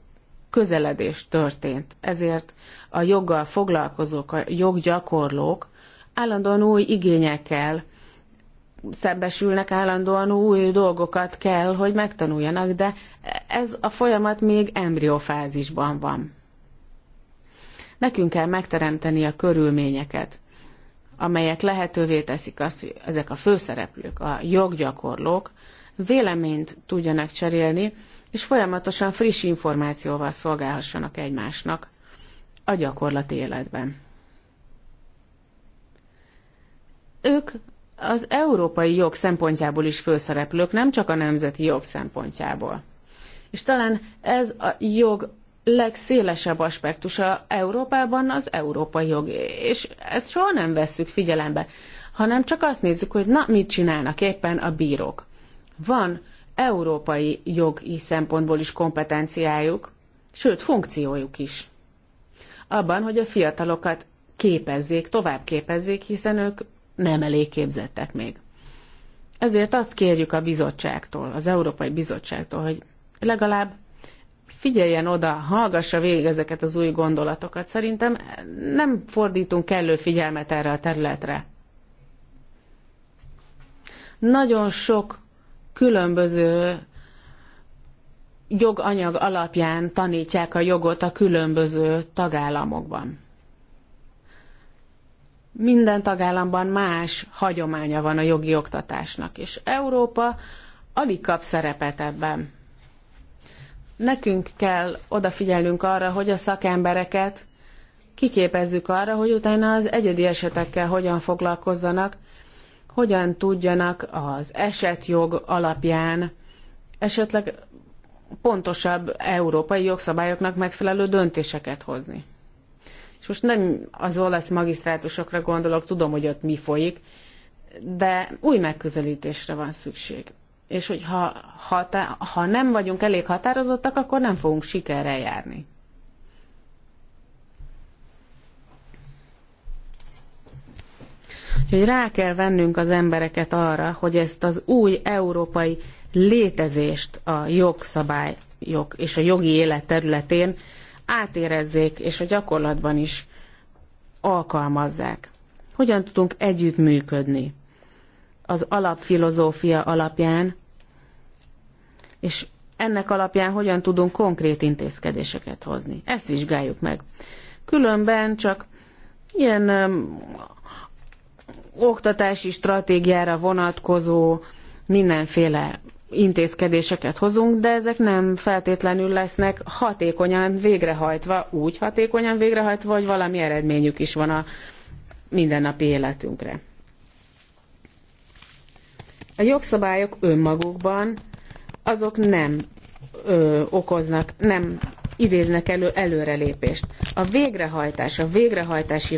közeledés történt. Ezért a joggal foglalkozók, a joggyakorlók állandóan új igényekkel, szembesülnek állandóan új dolgokat kell, hogy megtanuljanak, de ez a folyamat még embriofázisban van. Nekünk kell megteremteni a körülményeket, amelyek lehetővé teszik azt, hogy ezek a főszereplők, a joggyakorlók véleményt tudjanak cserélni, és folyamatosan friss információval szolgálhassanak egymásnak a gyakorlati életben. Ők az európai jog szempontjából is főszereplők, nem csak a nemzeti jog szempontjából. És talán ez a jog legszélesebb aspektusa Európában az európai jog, és ezt soha nem vesszük figyelembe, hanem csak azt nézzük, hogy na, mit csinálnak éppen a bírók. Van európai jogi szempontból is kompetenciájuk, sőt, funkciójuk is. Abban, hogy a fiatalokat képezzék, tovább képezzék, hiszen ők nem elég képzettek még. Ezért azt kérjük a bizottságtól, az Európai Bizottságtól, hogy legalább figyeljen oda, hallgassa végig ezeket az új gondolatokat. Szerintem nem fordítunk kellő figyelmet erre a területre. Nagyon sok különböző joganyag alapján tanítják a jogot a különböző tagállamokban. Minden tagállamban más hagyománya van a jogi oktatásnak, és Európa alig kap szerepet ebben. Nekünk kell odafigyelnünk arra, hogy a szakembereket kiképezzük arra, hogy utána az egyedi esetekkel hogyan foglalkozzanak, hogyan tudjanak az esetjog alapján esetleg pontosabb európai jogszabályoknak megfelelő döntéseket hozni. És most nem az olasz magisztrátusokra gondolok, tudom, hogy ott mi folyik, de új megközelítésre van szükség. És hogy ha, ha nem vagyunk elég határozottak, akkor nem fogunk sikerrel járni. Hogy rá kell vennünk az embereket arra, hogy ezt az új európai létezést a jogszabályok és a jogi élet területén átérezzék, és a gyakorlatban is alkalmazzák. Hogyan tudunk együttműködni az alapfilozófia alapján, és ennek alapján hogyan tudunk konkrét intézkedéseket hozni. Ezt vizsgáljuk meg. Különben csak ilyen öm, oktatási stratégiára vonatkozó mindenféle intézkedéseket hozunk, de ezek nem feltétlenül lesznek hatékonyan végrehajtva, úgy hatékonyan végrehajtva, hogy valami eredményük is van a mindennapi életünkre. A jogszabályok önmagukban azok nem ö, okoznak, nem idéznek elő előrelépést. A végrehajtás, a végrehajtási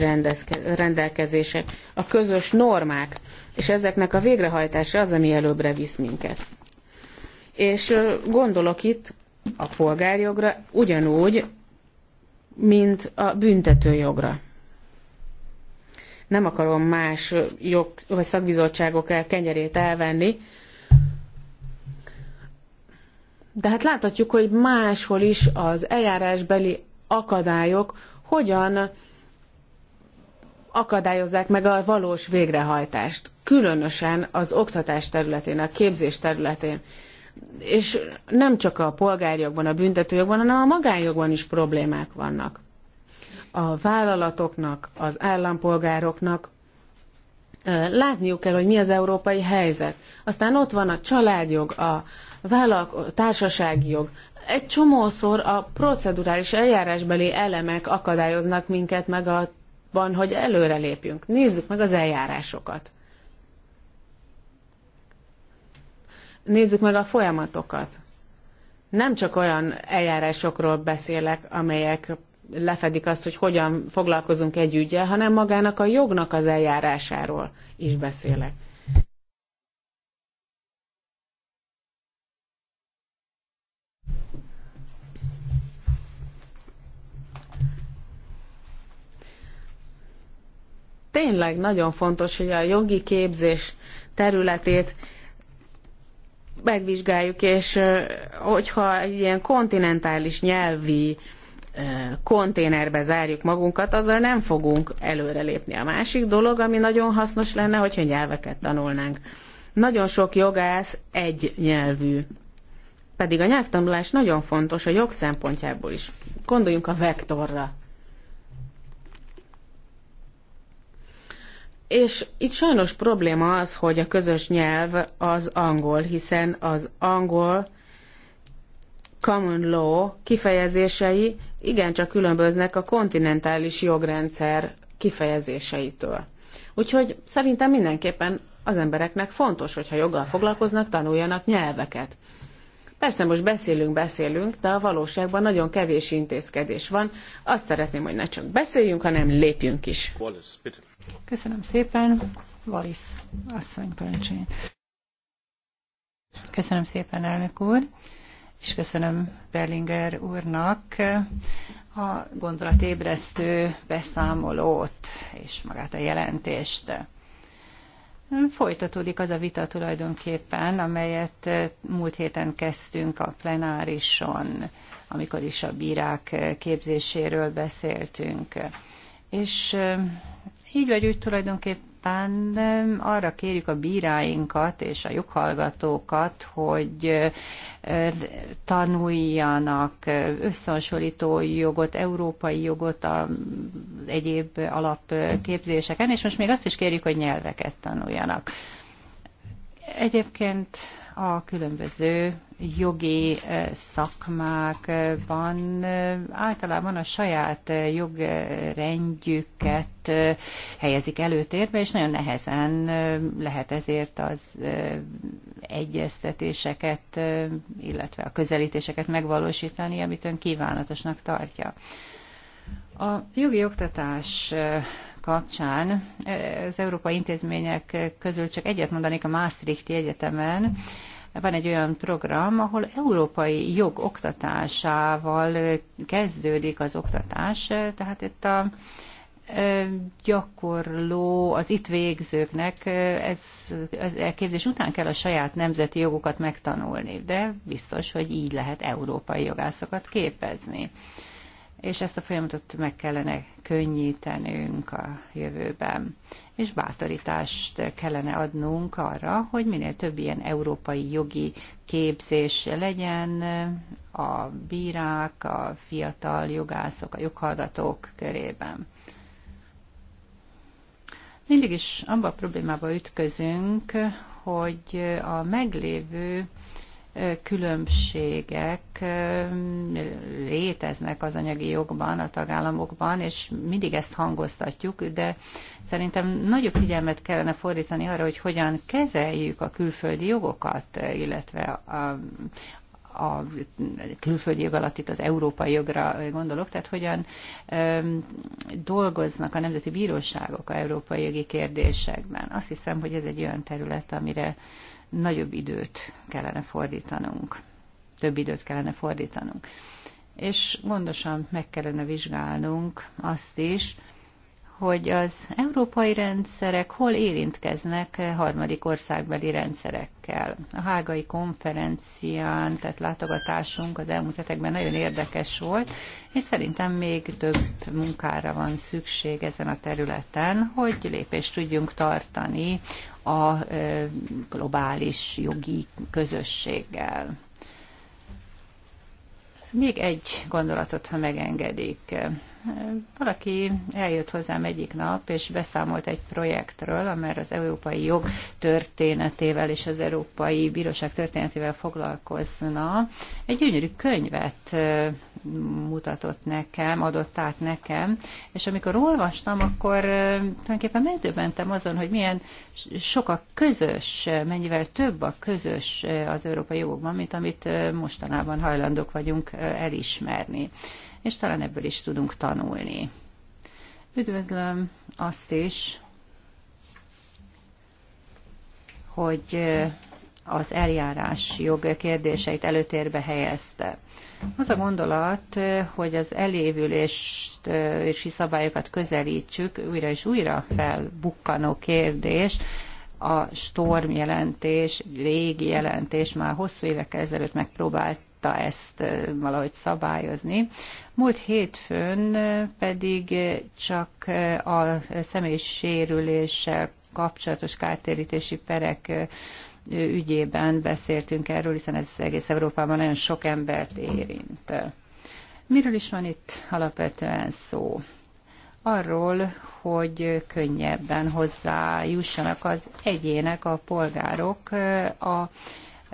rendelkezések, a közös normák, és ezeknek a végrehajtása az, ami előbbre visz minket. És gondolok itt a polgárjogra ugyanúgy, mint a büntetőjogra. Nem akarom más jog, vagy szakbizottságok kenyerét elvenni, de hát láthatjuk, hogy máshol is az eljárásbeli akadályok hogyan akadályozzák meg a valós végrehajtást, különösen az oktatás területén, a képzés területén és nem csak a polgárjogban, a büntetőjogban, hanem a magánjogban is problémák vannak. A vállalatoknak, az állampolgároknak látniuk kell, hogy mi az európai helyzet. Aztán ott van a családjog, a vállalk, társasági jog. Egy csomószor a procedurális eljárásbeli elemek akadályoznak minket meg abban, hogy előrelépjünk. Nézzük meg az eljárásokat. Nézzük meg a folyamatokat. Nem csak olyan eljárásokról beszélek, amelyek lefedik azt, hogy hogyan foglalkozunk egy ügyel, hanem magának a jognak az eljárásáról is beszélek. Tényleg nagyon fontos, hogy a jogi képzés területét megvizsgáljuk, és hogyha egy ilyen kontinentális nyelvi konténerbe zárjuk magunkat, azzal nem fogunk előrelépni. A másik dolog, ami nagyon hasznos lenne, hogyha nyelveket tanulnánk. Nagyon sok jogász egy nyelvű. Pedig a nyelvtanulás nagyon fontos a jog szempontjából is. Gondoljunk a vektorra. És itt sajnos probléma az, hogy a közös nyelv az angol, hiszen az angol common law kifejezései igencsak különböznek a kontinentális jogrendszer kifejezéseitől. Úgyhogy szerintem mindenképpen az embereknek fontos, hogyha joggal foglalkoznak, tanuljanak nyelveket. Persze most beszélünk, beszélünk, de a valóságban nagyon kevés intézkedés van. Azt szeretném, hogy ne csak beszéljünk, hanem lépjünk is. Wallace, bitte. Köszönöm szépen. Valisz asszony parancsoljon. Köszönöm szépen, elnök úr, és köszönöm Berlinger úrnak a gondolatébresztő beszámolót és magát a jelentést. Folytatódik az a vita tulajdonképpen, amelyet múlt héten kezdtünk a plenárison, amikor is a bírák képzéséről beszéltünk. És így vagy úgy tulajdonképpen arra kérjük a bíráinkat és a joghallgatókat, hogy tanuljanak összehasonlító jogot, európai jogot az egyéb alapképzéseken, és most még azt is kérjük, hogy nyelveket tanuljanak. Egyébként a különböző jogi eh, szakmákban eh, általában a saját eh, jogrendjüket helyezik előtérbe, és nagyon nehezen lehet ezért az egyeztetéseket, illetve a közelítéseket megvalósítani, amit ön kívánatosnak tartja. A jogi oktatás kapcsán az európai intézmények közül csak egyet mondanék a Maastrichti Egyetemen, van egy olyan program, ahol európai jog oktatásával kezdődik az oktatás, tehát itt a gyakorló, az itt végzőknek ez, ez elképzés után kell a saját nemzeti jogokat megtanulni, de biztos, hogy így lehet európai jogászokat képezni és ezt a folyamatot meg kellene könnyítenünk a jövőben, és bátorítást kellene adnunk arra, hogy minél több ilyen európai jogi képzés legyen a bírák, a fiatal jogászok, a joghallgatók körében. Mindig is abban a problémában ütközünk, hogy a meglévő különbségek léteznek az anyagi jogban, a tagállamokban, és mindig ezt hangoztatjuk, de szerintem nagyobb figyelmet kellene fordítani arra, hogy hogyan kezeljük a külföldi jogokat, illetve a, a külföldi jog alatt itt az európai jogra gondolok, tehát hogyan öm, dolgoznak a nemzeti bíróságok a európai jogi kérdésekben. Azt hiszem, hogy ez egy olyan terület, amire nagyobb időt kellene fordítanunk, több időt kellene fordítanunk. És gondosan meg kellene vizsgálnunk azt is, hogy az európai rendszerek hol érintkeznek harmadik országbeli rendszerekkel. A hágai konferencián, tehát látogatásunk az elmúlt hetekben nagyon érdekes volt, és szerintem még több munkára van szükség ezen a területen, hogy lépést tudjunk tartani a globális jogi közösséggel. Még egy gondolatot, ha megengedik valaki eljött hozzám egyik nap, és beszámolt egy projektről, amely az európai jog történetével és az európai bíróság történetével foglalkozna. Egy gyönyörű könyvet mutatott nekem, adott át nekem, és amikor olvastam, akkor tulajdonképpen megdöbbentem azon, hogy milyen sok a közös, mennyivel több a közös az európai jogokban, mint amit mostanában hajlandók vagyunk elismerni és talán ebből is tudunk tanulni. Üdvözlöm azt is, hogy az eljárás jog kérdéseit előtérbe helyezte. Az a gondolat, hogy az elévülést és szabályokat közelítsük, újra és újra felbukkanó kérdés, a storm jelentés, régi jelentés már hosszú évekkel ezelőtt megpróbált ezt valahogy szabályozni. Múlt hétfőn pedig csak a személy sérüléssel kapcsolatos kártérítési perek ügyében beszéltünk erről, hiszen ez egész Európában nagyon sok embert érint. Miről is van itt alapvetően szó? Arról, hogy könnyebben hozzájussanak az egyének, a polgárok a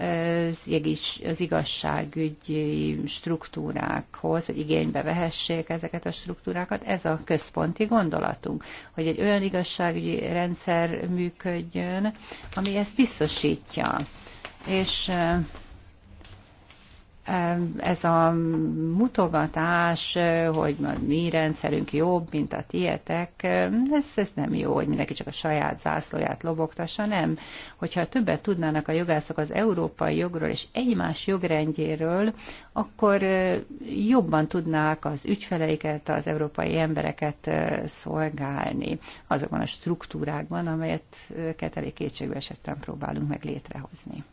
az igazságügyi struktúrákhoz, hogy igénybe vehessék ezeket a struktúrákat. Ez a központi gondolatunk, hogy egy olyan igazságügyi rendszer működjön, ami ezt biztosítja. És ez a mutogatás, hogy mi rendszerünk jobb, mint a tietek, ez, ez nem jó, hogy mindenki csak a saját zászlóját lobogtassa, nem. Hogyha többet tudnának a jogászok az európai jogról és egymás jogrendjéről, akkor jobban tudnák az ügyfeleiket, az európai embereket szolgálni azokban a struktúrákban, amelyet elég kétségbe esetben próbálunk meg létrehozni.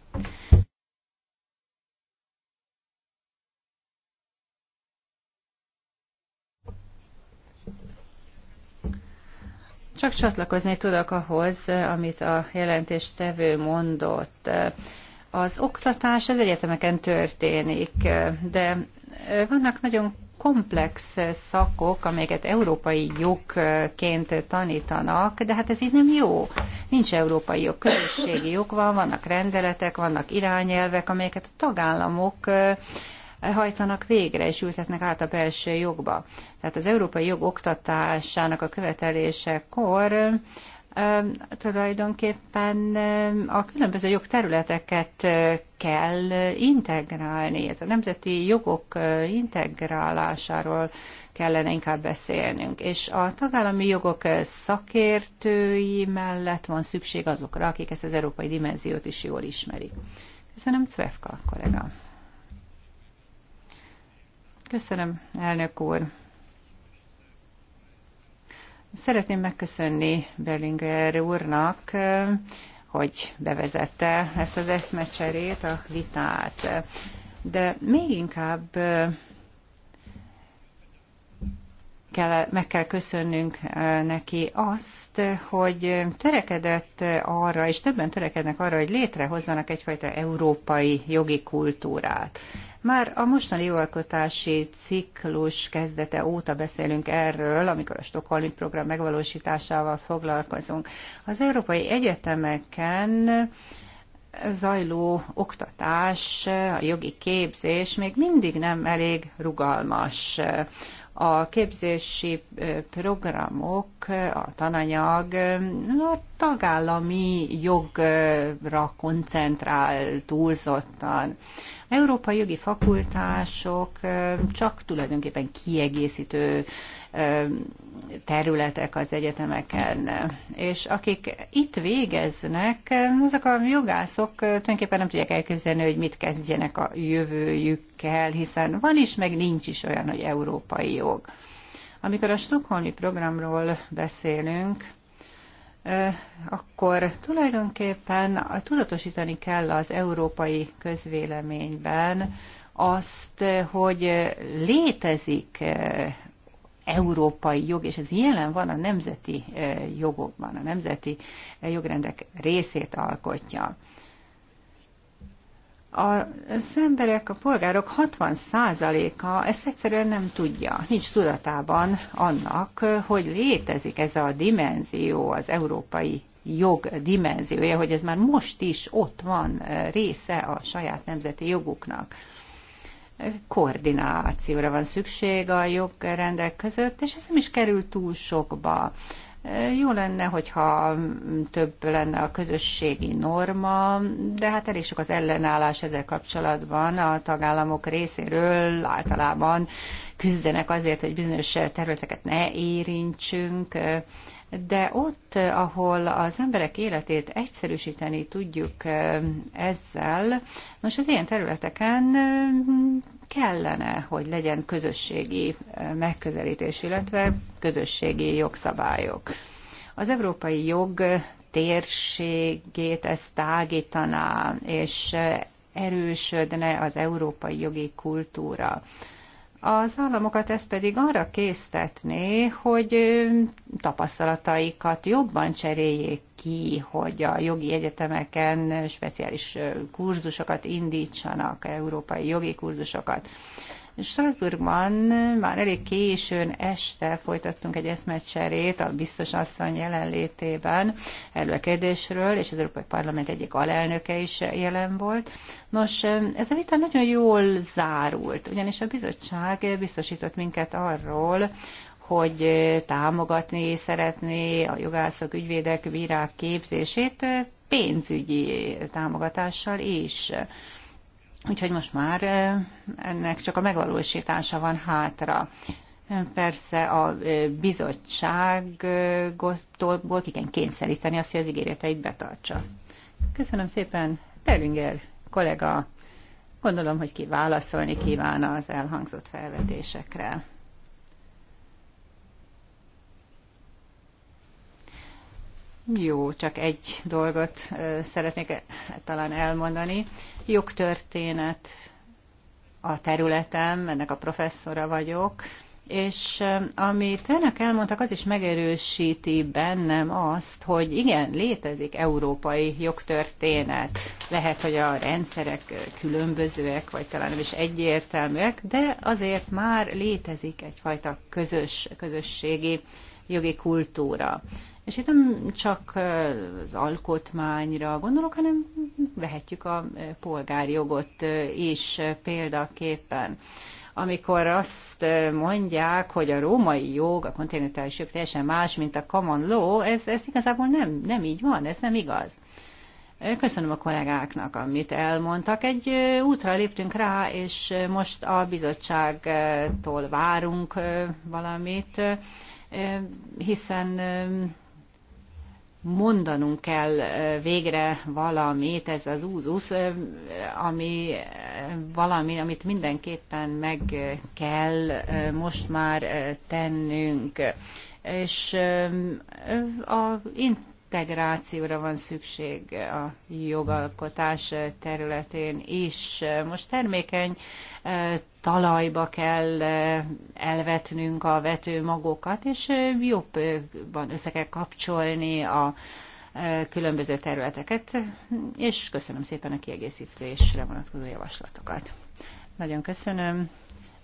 Csak csatlakozni tudok ahhoz, amit a jelentéstevő mondott. Az oktatás az egyetemeken történik, de vannak nagyon komplex szakok, amelyeket európai jogként tanítanak, de hát ez így nem jó. Nincs európai jog, közösségi jog van, vannak rendeletek, vannak irányelvek, amelyeket a tagállamok hajtanak végre, és ültetnek át a belső jogba. Tehát az európai jog oktatásának a követelésekor tulajdonképpen a különböző jogterületeket kell integrálni. Ez a nemzeti jogok integrálásáról kellene inkább beszélnünk. És a tagállami jogok szakértői mellett van szükség azokra, akik ezt az európai dimenziót is jól ismerik. Köszönöm, Cvefka kollega. Köszönöm, elnök úr. Szeretném megköszönni Bellinger úrnak, hogy bevezette ezt az eszmecserét, a vitát. De még inkább kell, meg kell köszönnünk neki azt, hogy törekedett arra, és többen törekednek arra, hogy létrehozzanak egyfajta európai jogi kultúrát. Már a mostani jogalkotási ciklus kezdete óta beszélünk erről, amikor a Stockholmi program megvalósításával foglalkozunk. Az európai egyetemeken zajló oktatás, a jogi képzés még mindig nem elég rugalmas. A képzési programok, a tananyag a tagállami jogra koncentrál túlzottan. Európai jogi fakultások csak tulajdonképpen kiegészítő területek az egyetemeken. És akik itt végeznek, azok a jogászok tulajdonképpen nem tudják elképzelni, hogy mit kezdjenek a jövőjükkel, hiszen van is, meg nincs is olyan, hogy európai jog. Amikor a Stockholmi programról beszélünk, akkor tulajdonképpen tudatosítani kell az európai közvéleményben azt, hogy létezik európai jog, és ez jelen van a nemzeti jogokban, a nemzeti jogrendek részét alkotja az emberek, a polgárok 60%-a ezt egyszerűen nem tudja, nincs tudatában annak, hogy létezik ez a dimenzió, az európai jog dimenziója, hogy ez már most is ott van eh, része a saját nemzeti joguknak. Koordinációra van szükség a jogrendek között, és ez nem is kerül túl sokba jó lenne, hogyha több lenne a közösségi norma, de hát elég sok az ellenállás ezzel kapcsolatban a tagállamok részéről általában küzdenek azért, hogy bizonyos területeket ne érintsünk, de ott, ahol az emberek életét egyszerűsíteni tudjuk eh, ezzel, most az ilyen területeken kellene, hogy legyen közösségi eh, megközelítés, illetve közösségi jogszabályok. Az európai jog térségét ezt tágítaná, és eh, erősödne az európai jogi kultúra. Az államokat ez pedig arra késztetné, hogy tapasztalataikat jobban cseréljék ki, hogy a jogi egyetemeken speciális kurzusokat indítsanak, európai jogi kurzusokat. Strasbourgban már elég későn este folytattunk egy eszmecserét a biztos asszony jelenlétében erről a kérdésről, és az Európai Parlament egyik alelnöke is jelen volt. Nos, ez a vita nagyon jól zárult, ugyanis a bizottság biztosított minket arról, hogy támogatni szeretné a jogászok, ügyvédek, bírák képzését pénzügyi támogatással is. Úgyhogy most már ennek csak a megvalósítása van hátra. Persze a bizottságtól ki kell kényszeríteni azt, hogy az ígéreteit betartsa. Köszönöm szépen, Perlinger kollega. Gondolom, hogy ki válaszolni kíván az elhangzott felvetésekre. Jó, csak egy dolgot szeretnék talán elmondani. Jogtörténet a területem, ennek a professzora vagyok, és amit önök elmondtak, az is megerősíti bennem azt, hogy igen, létezik európai jogtörténet. Lehet, hogy a rendszerek különbözőek, vagy talán nem is egyértelműek, de azért már létezik egyfajta közös, közösségi jogi kultúra. És itt nem csak az alkotmányra gondolok, hanem vehetjük a polgárjogot is példaképpen amikor azt mondják, hogy a római jog, a kontinentális jog teljesen más, mint a common law, ez, ez igazából nem, nem így van, ez nem igaz. Köszönöm a kollégáknak, amit elmondtak. Egy útra léptünk rá, és most a bizottságtól várunk valamit, hiszen mondanunk kell végre valamit, ez az úzus, ami valami, amit mindenképpen meg kell most már tennünk. És a integrációra van szükség a jogalkotás területén is. Most termékeny talajba kell elvetnünk a vetőmagokat, és jobban össze kell kapcsolni a különböző területeket, és köszönöm szépen a kiegészítésre vonatkozó javaslatokat. Nagyon köszönöm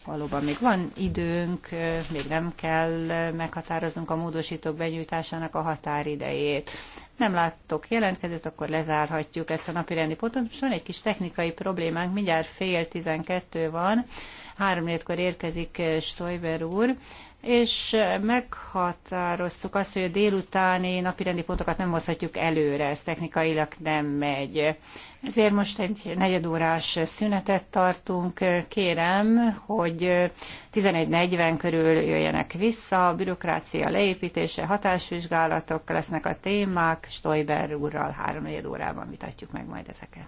valóban még van időnk, még nem kell meghatároznunk a módosítók benyújtásának a határidejét. Nem láttok jelentkezőt, akkor lezárhatjuk ezt a napirendi pontot. Most van egy kis technikai problémánk, mindjárt fél tizenkettő van, háromnégykor érkezik Stoiber úr, és meghatároztuk azt, hogy a délutáni napirendi pontokat nem hozhatjuk előre, ez technikailag nem megy. Ezért most egy negyedórás szünetet tartunk. Kérem, hogy 11.40 körül jöjjenek vissza, a bürokrácia leépítése, hatásvizsgálatok lesznek a témák, Stoiber úrral három órában vitatjuk meg majd ezeket.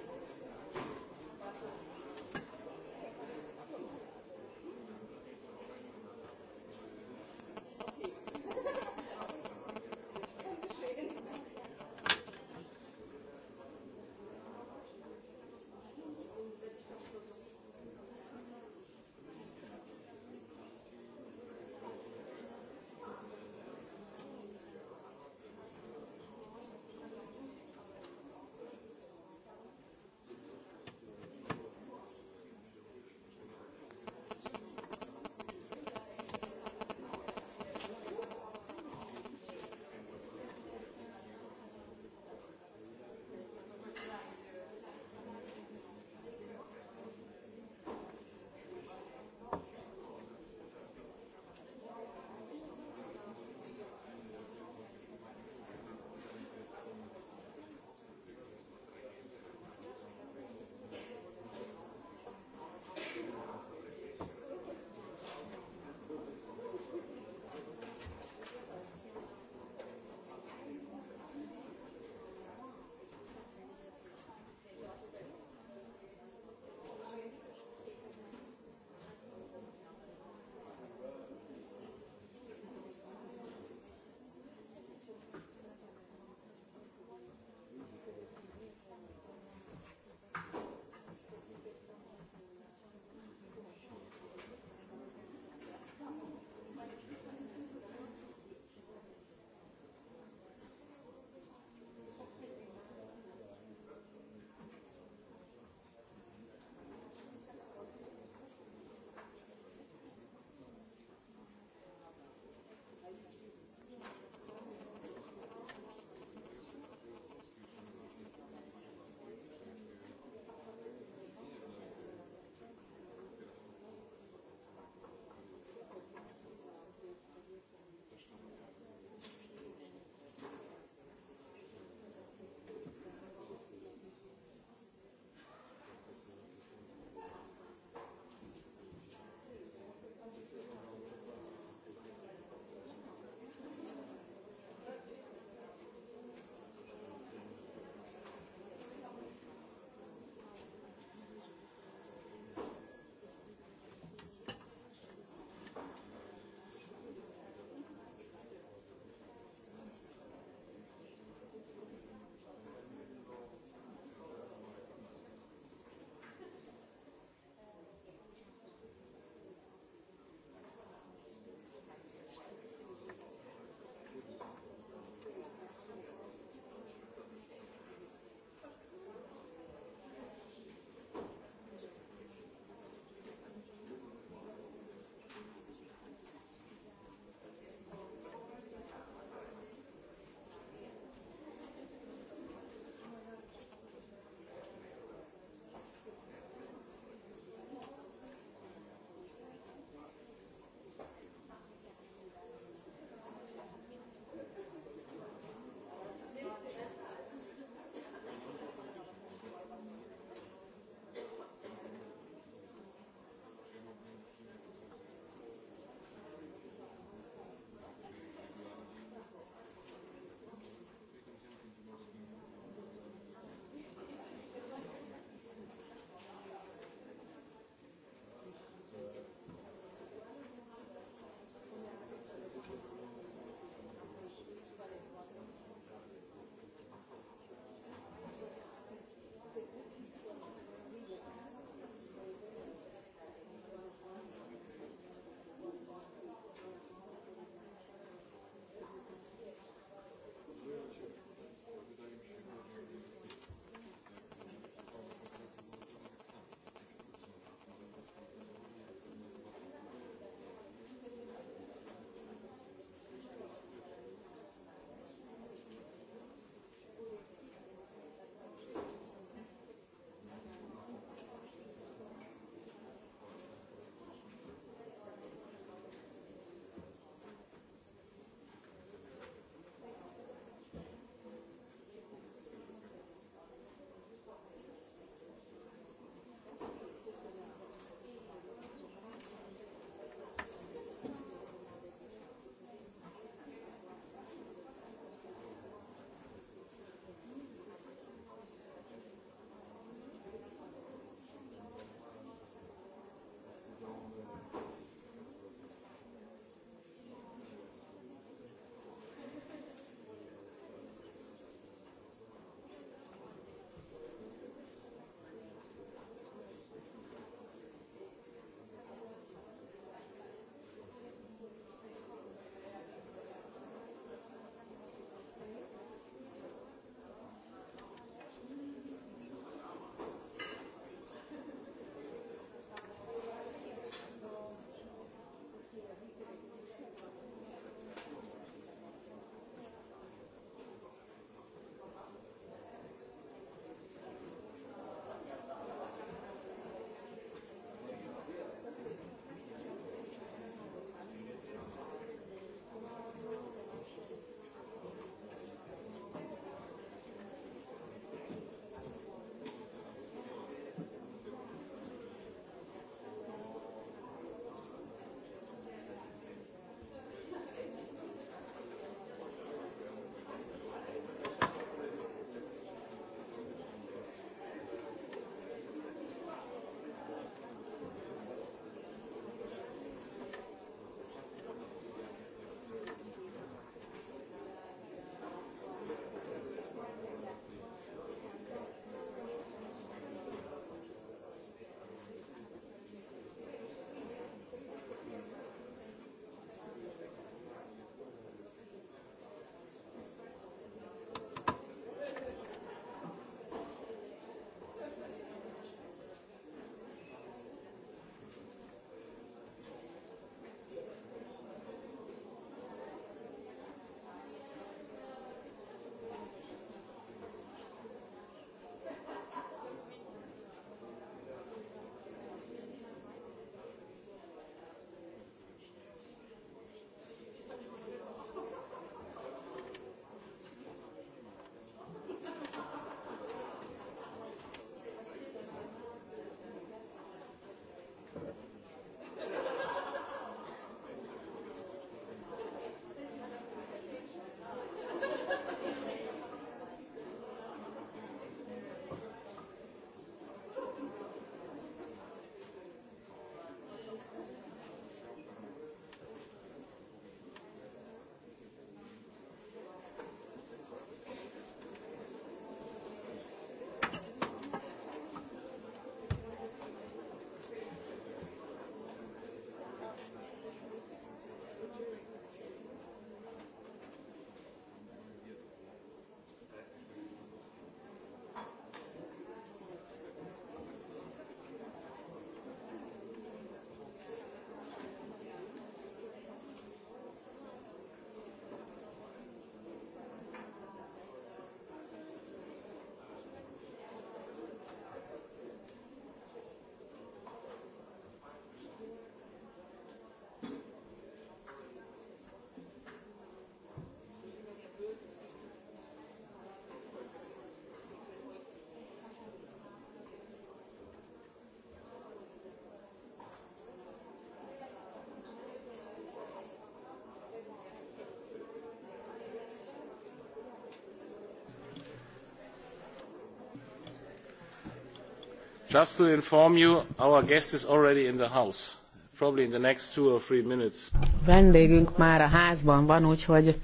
Just to inform you, our guest is already in the house. Probably in the next two or three minutes. Vendégünk már a házban van, úgyhogy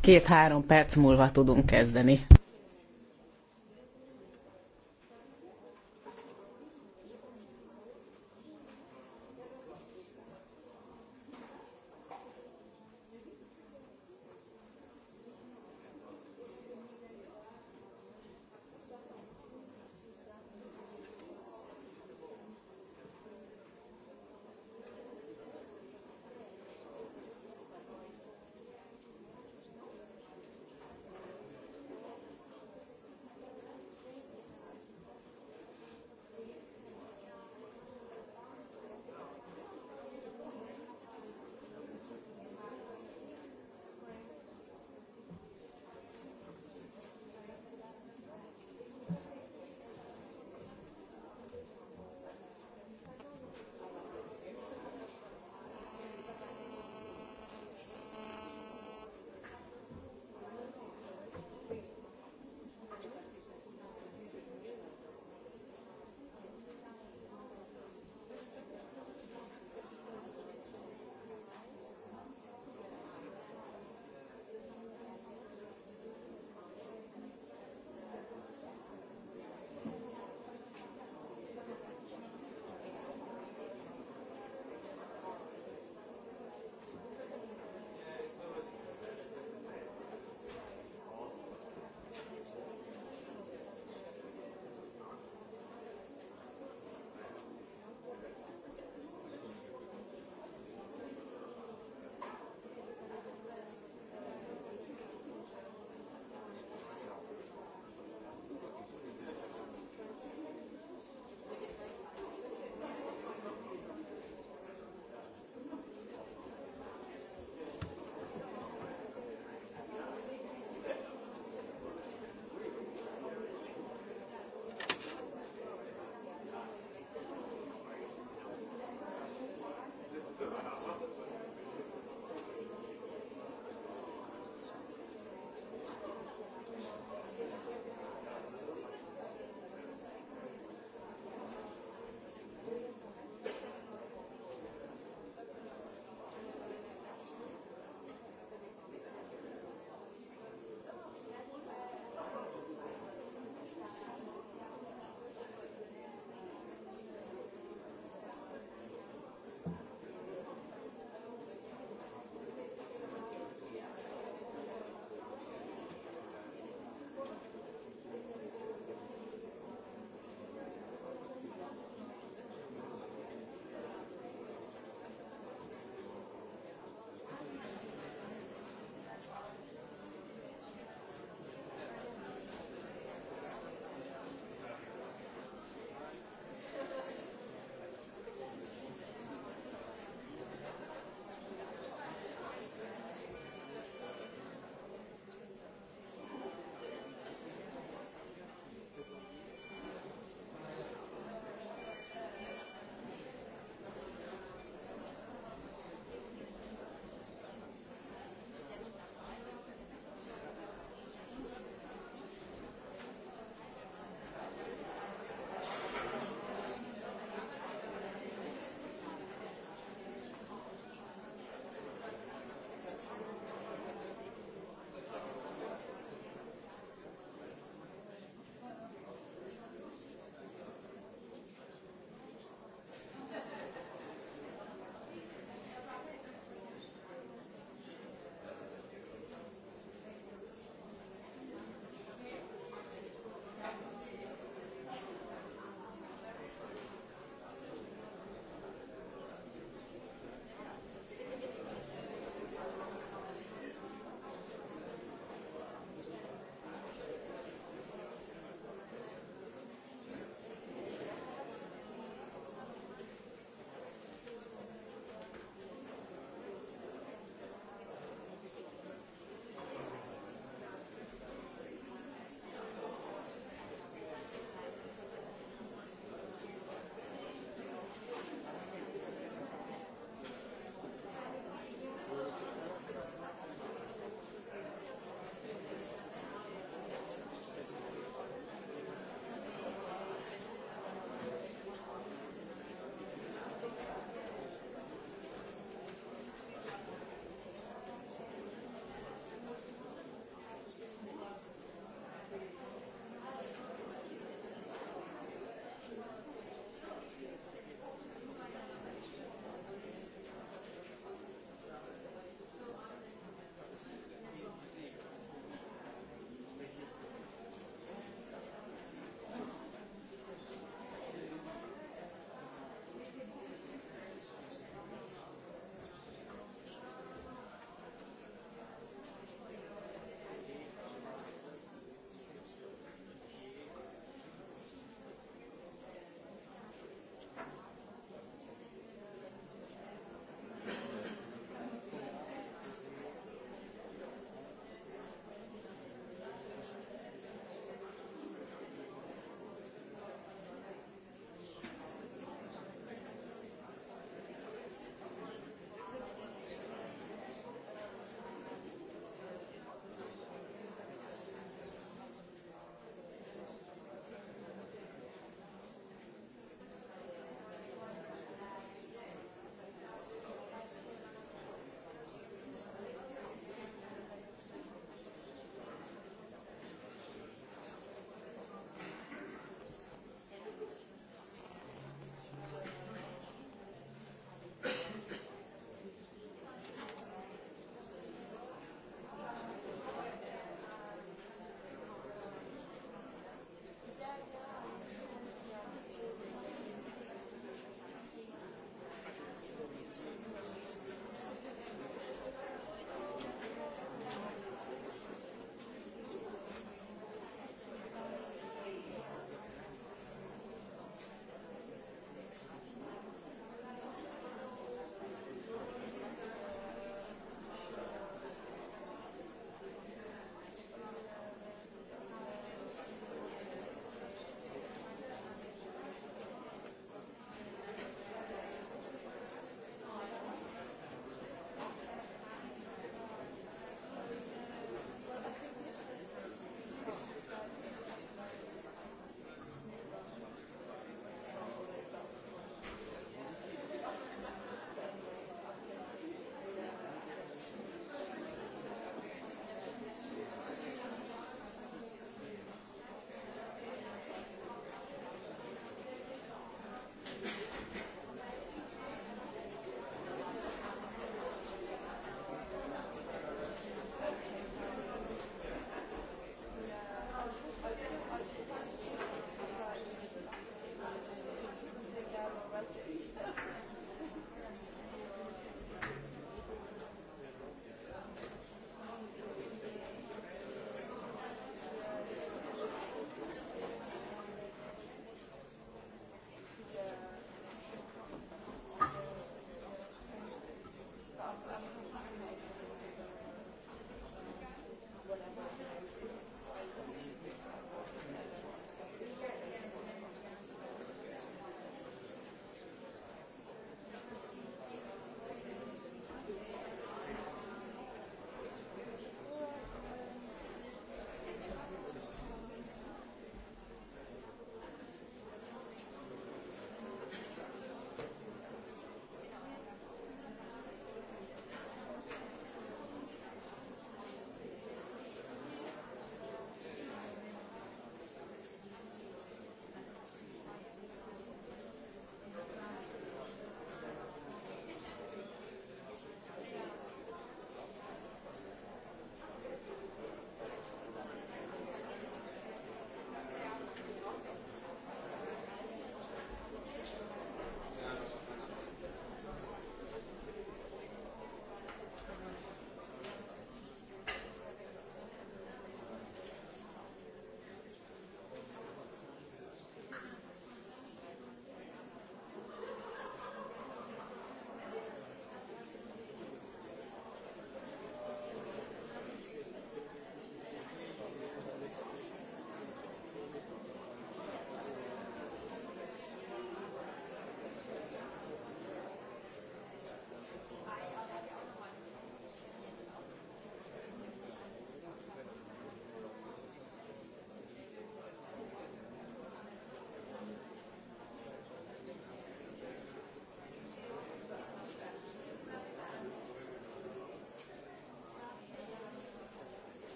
két-három perc múlva tudunk kezdeni.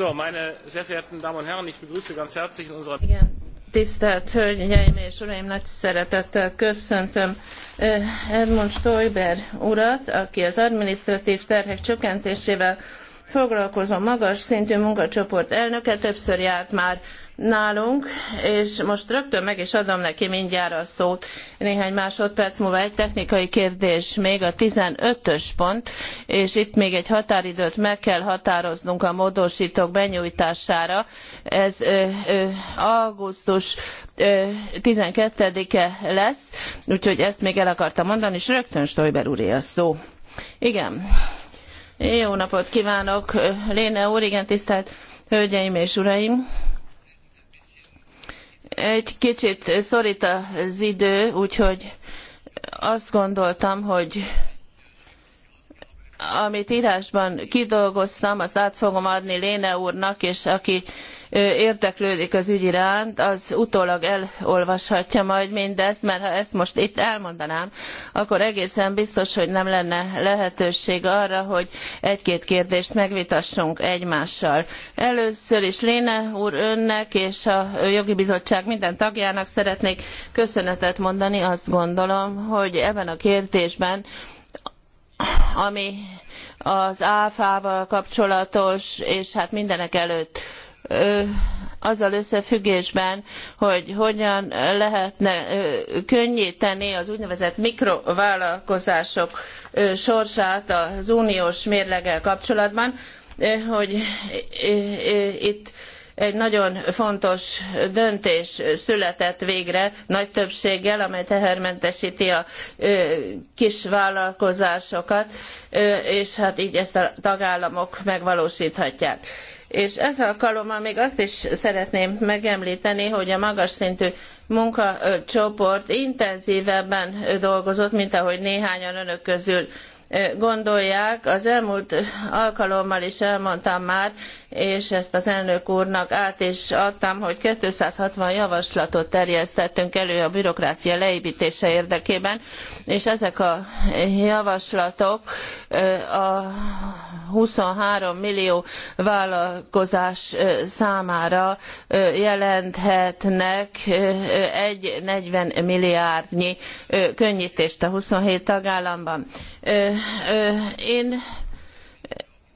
So, meine sehr verehrten Damen und Herren, ich begrüße ganz herzlich in unserer... Igen. Tisztelt Hölgyeim és Uraim, nagy szeretettel köszöntöm eh, Edmund Stoiber urat, aki az adminisztratív terhek csökkentésével foglalkozom magas szintű munkacsoport elnöke, többször járt már nálunk, és most rögtön meg is adom neki mindjárt a szót. Néhány másodperc múlva egy technikai kérdés még a 15-ös pont, és itt még egy határidőt meg kell határoznunk a módosítók benyújtására. Ez ö, ö, augusztus 12-e lesz, úgyhogy ezt még el akartam mondani, és rögtön Stoiber úré a szó. Igen. Jó napot kívánok, Léne úr, igen, tisztelt hölgyeim és uraim! Egy kicsit szorít az idő, úgyhogy azt gondoltam, hogy amit írásban kidolgoztam, azt át fogom adni Léne úrnak, és aki érdeklődik az ügy iránt, az utólag elolvashatja majd mindezt, mert ha ezt most itt elmondanám, akkor egészen biztos, hogy nem lenne lehetőség arra, hogy egy-két kérdést megvitassunk egymással. Először is Léne úr önnek és a jogi bizottság minden tagjának szeretnék köszönetet mondani. Azt gondolom, hogy ebben a kérdésben ami az áfával kapcsolatos, és hát mindenekelőtt azzal összefüggésben, hogy hogyan lehetne könnyíteni az úgynevezett mikrovállalkozások sorsát az uniós mérleggel kapcsolatban, hogy itt egy nagyon fontos döntés született végre nagy többséggel, amely tehermentesíti a kis vállalkozásokat, és hát így ezt a tagállamok megvalósíthatják és ez alkalommal még azt is szeretném megemlíteni, hogy a magas szintű munkacsoport intenzívebben dolgozott, mint ahogy néhányan önök közül eh, gondolják. Az elmúlt alkalommal is elmondtam már, és ezt az elnök úrnak át is adtam, hogy 260 javaslatot terjesztettünk elő a bürokrácia leépítése érdekében, és ezek a javaslatok a 23 millió vállalkozás számára jelenthetnek egy 40 milliárdnyi könnyítést a 27 tagállamban. Én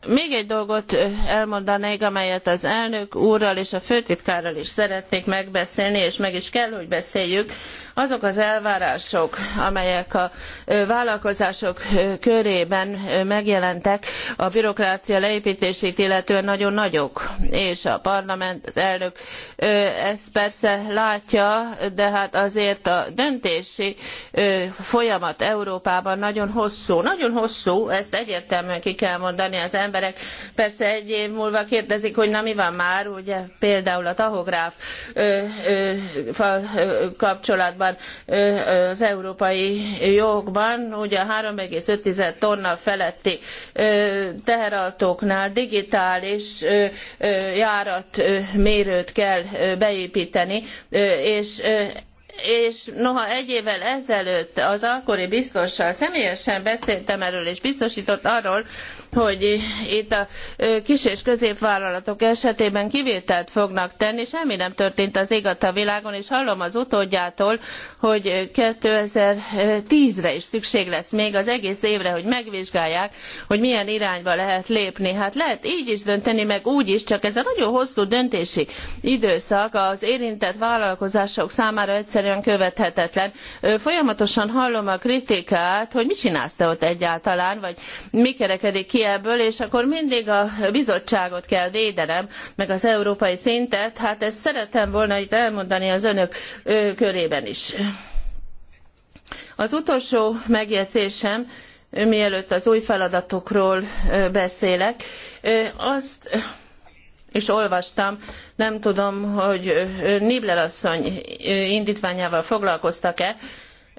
még egy dolgot elmondanék, amelyet az elnök úrral és a főtitkárral is szeretnék megbeszélni, és meg is kell, hogy beszéljük azok az elvárások, amelyek a vállalkozások körében megjelentek, a bürokrácia leépítését illetően nagyon nagyok, és a parlament, az elnök ezt persze látja, de hát azért a döntési folyamat Európában nagyon hosszú, nagyon hosszú, ezt egyértelműen ki kell mondani az emberek. Persze egy év múlva kérdezik, hogy na mi van már, ugye például a tahográf kapcsolatban korábban az európai jogban, ugye 3,5 tonna feletti teherautóknál digitális járatmérőt kell beépíteni, és és noha egy évvel ezelőtt az akkori biztossal személyesen beszéltem erről, és biztosított arról, hogy itt a kis és középvállalatok esetében kivételt fognak tenni, semmi nem történt az ég a világon, és hallom az utódjától, hogy 2010-re is szükség lesz még az egész évre, hogy megvizsgálják, hogy milyen irányba lehet lépni. Hát lehet így is dönteni, meg úgy is, csak ez a nagyon hosszú döntési időszak az érintett vállalkozások számára egyszerűen követhetetlen. Folyamatosan hallom a kritikát, hogy mit csinálsz te ott egyáltalán, vagy mi kerekedik ki ebből, és akkor mindig a bizottságot kell védenem, meg az európai szintet. Hát ezt szeretem volna itt elmondani az önök körében is. Az utolsó megjegyzésem, mielőtt az új feladatokról beszélek, azt és olvastam, nem tudom, hogy Nibler asszony indítványával foglalkoztak-e,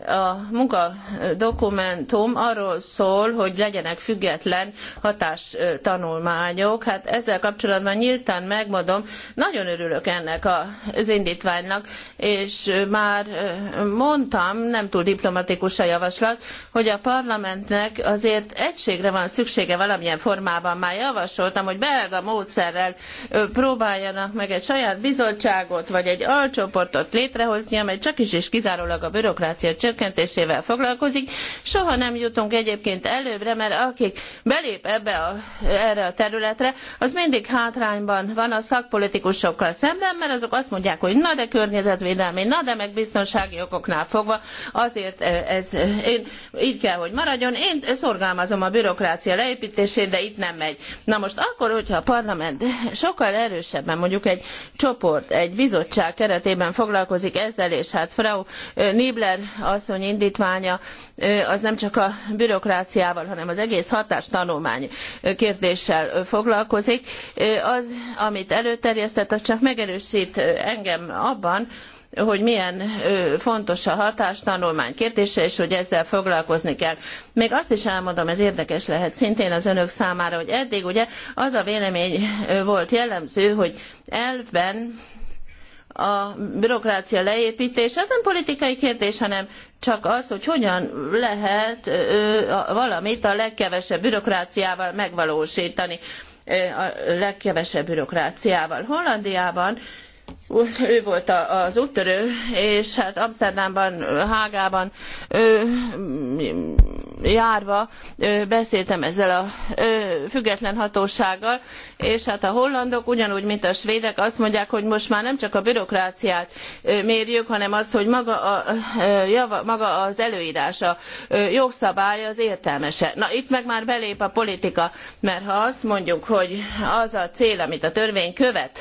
a munkadokumentum arról szól, hogy legyenek független hatástanulmányok. Hát ezzel kapcsolatban nyíltan megmondom, nagyon örülök ennek az indítványnak, és már mondtam, nem túl diplomatikus a javaslat, hogy a parlamentnek azért egységre van szüksége valamilyen formában. Már javasoltam, hogy belga módszerrel próbáljanak meg egy saját bizottságot, vagy egy alcsoportot létrehozni, amely csak is és kizárólag a bürokrácia csökkentésével foglalkozik. Soha nem jutunk egyébként előbbre, mert akik belép ebbe a, erre a területre, az mindig hátrányban van a szakpolitikusokkal szemben, mert azok azt mondják, hogy na de környezetvédelmi, na de meg biztonsági okoknál fogva, azért e, ez én, így kell, hogy maradjon. Én szorgalmazom a bürokrácia leépítését, de itt nem megy. Na most akkor, hogyha a parlament sokkal erősebben mondjuk egy csoport, egy bizottság keretében foglalkozik ezzel, és hát Frau Nibler asszony indítványa az nem csak a bürokráciával, hanem az egész hatástanulmány kérdéssel foglalkozik. Az, amit előterjesztett, az csak megerősít engem abban, hogy milyen fontos a hatástanulmány kérdése, és hogy ezzel foglalkozni kell. Még azt is elmondom, ez érdekes lehet szintén az önök számára, hogy eddig ugye az a vélemény volt jellemző, hogy elvben a bürokrácia leépítés, ez nem politikai kérdés, hanem csak az, hogy hogyan lehet valamit a legkevesebb bürokráciával megvalósítani, a legkevesebb bürokráciával. Hollandiában ő volt az úttörő, és hát Amsterdamban, Hágában ő, járva ő, beszéltem ezzel a ő, független hatósággal, és hát a hollandok ugyanúgy, mint a svédek azt mondják, hogy most már nem csak a bürokráciát mérjük, hanem azt, hogy maga, a, java, maga az előírás, a jogszabály az értelmese. Na itt meg már belép a politika, mert ha azt mondjuk, hogy az a cél, amit a törvény követ,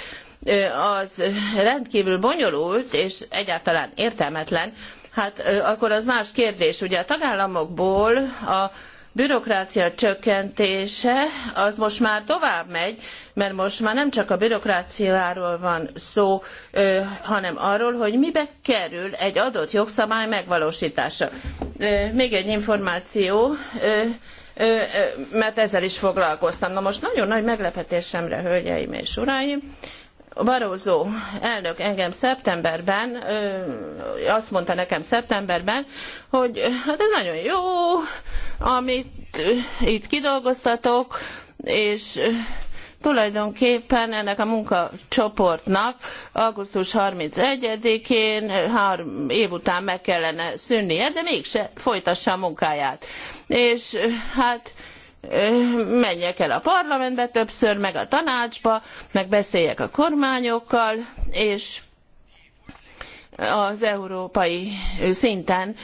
az rendkívül bonyolult és egyáltalán értelmetlen, hát akkor az más kérdés. Ugye a tagállamokból a bürokrácia csökkentése az most már tovább megy, mert most már nem csak a bürokráciáról van szó, hanem arról, hogy mibe kerül egy adott jogszabály megvalósítása. Még egy információ, mert ezzel is foglalkoztam. Na most nagyon nagy meglepetésemre, hölgyeim és uraim, Barózó elnök engem szeptemberben, ö, azt mondta nekem szeptemberben, hogy hát ez nagyon jó, amit itt kidolgoztatok, és tulajdonképpen ennek a munkacsoportnak augusztus 31-én, három év után meg kellene szűnnie, de mégse folytassa a munkáját. És hát menjek el a parlamentbe többször, meg a tanácsba, meg beszéljek a kormányokkal, és az európai szinten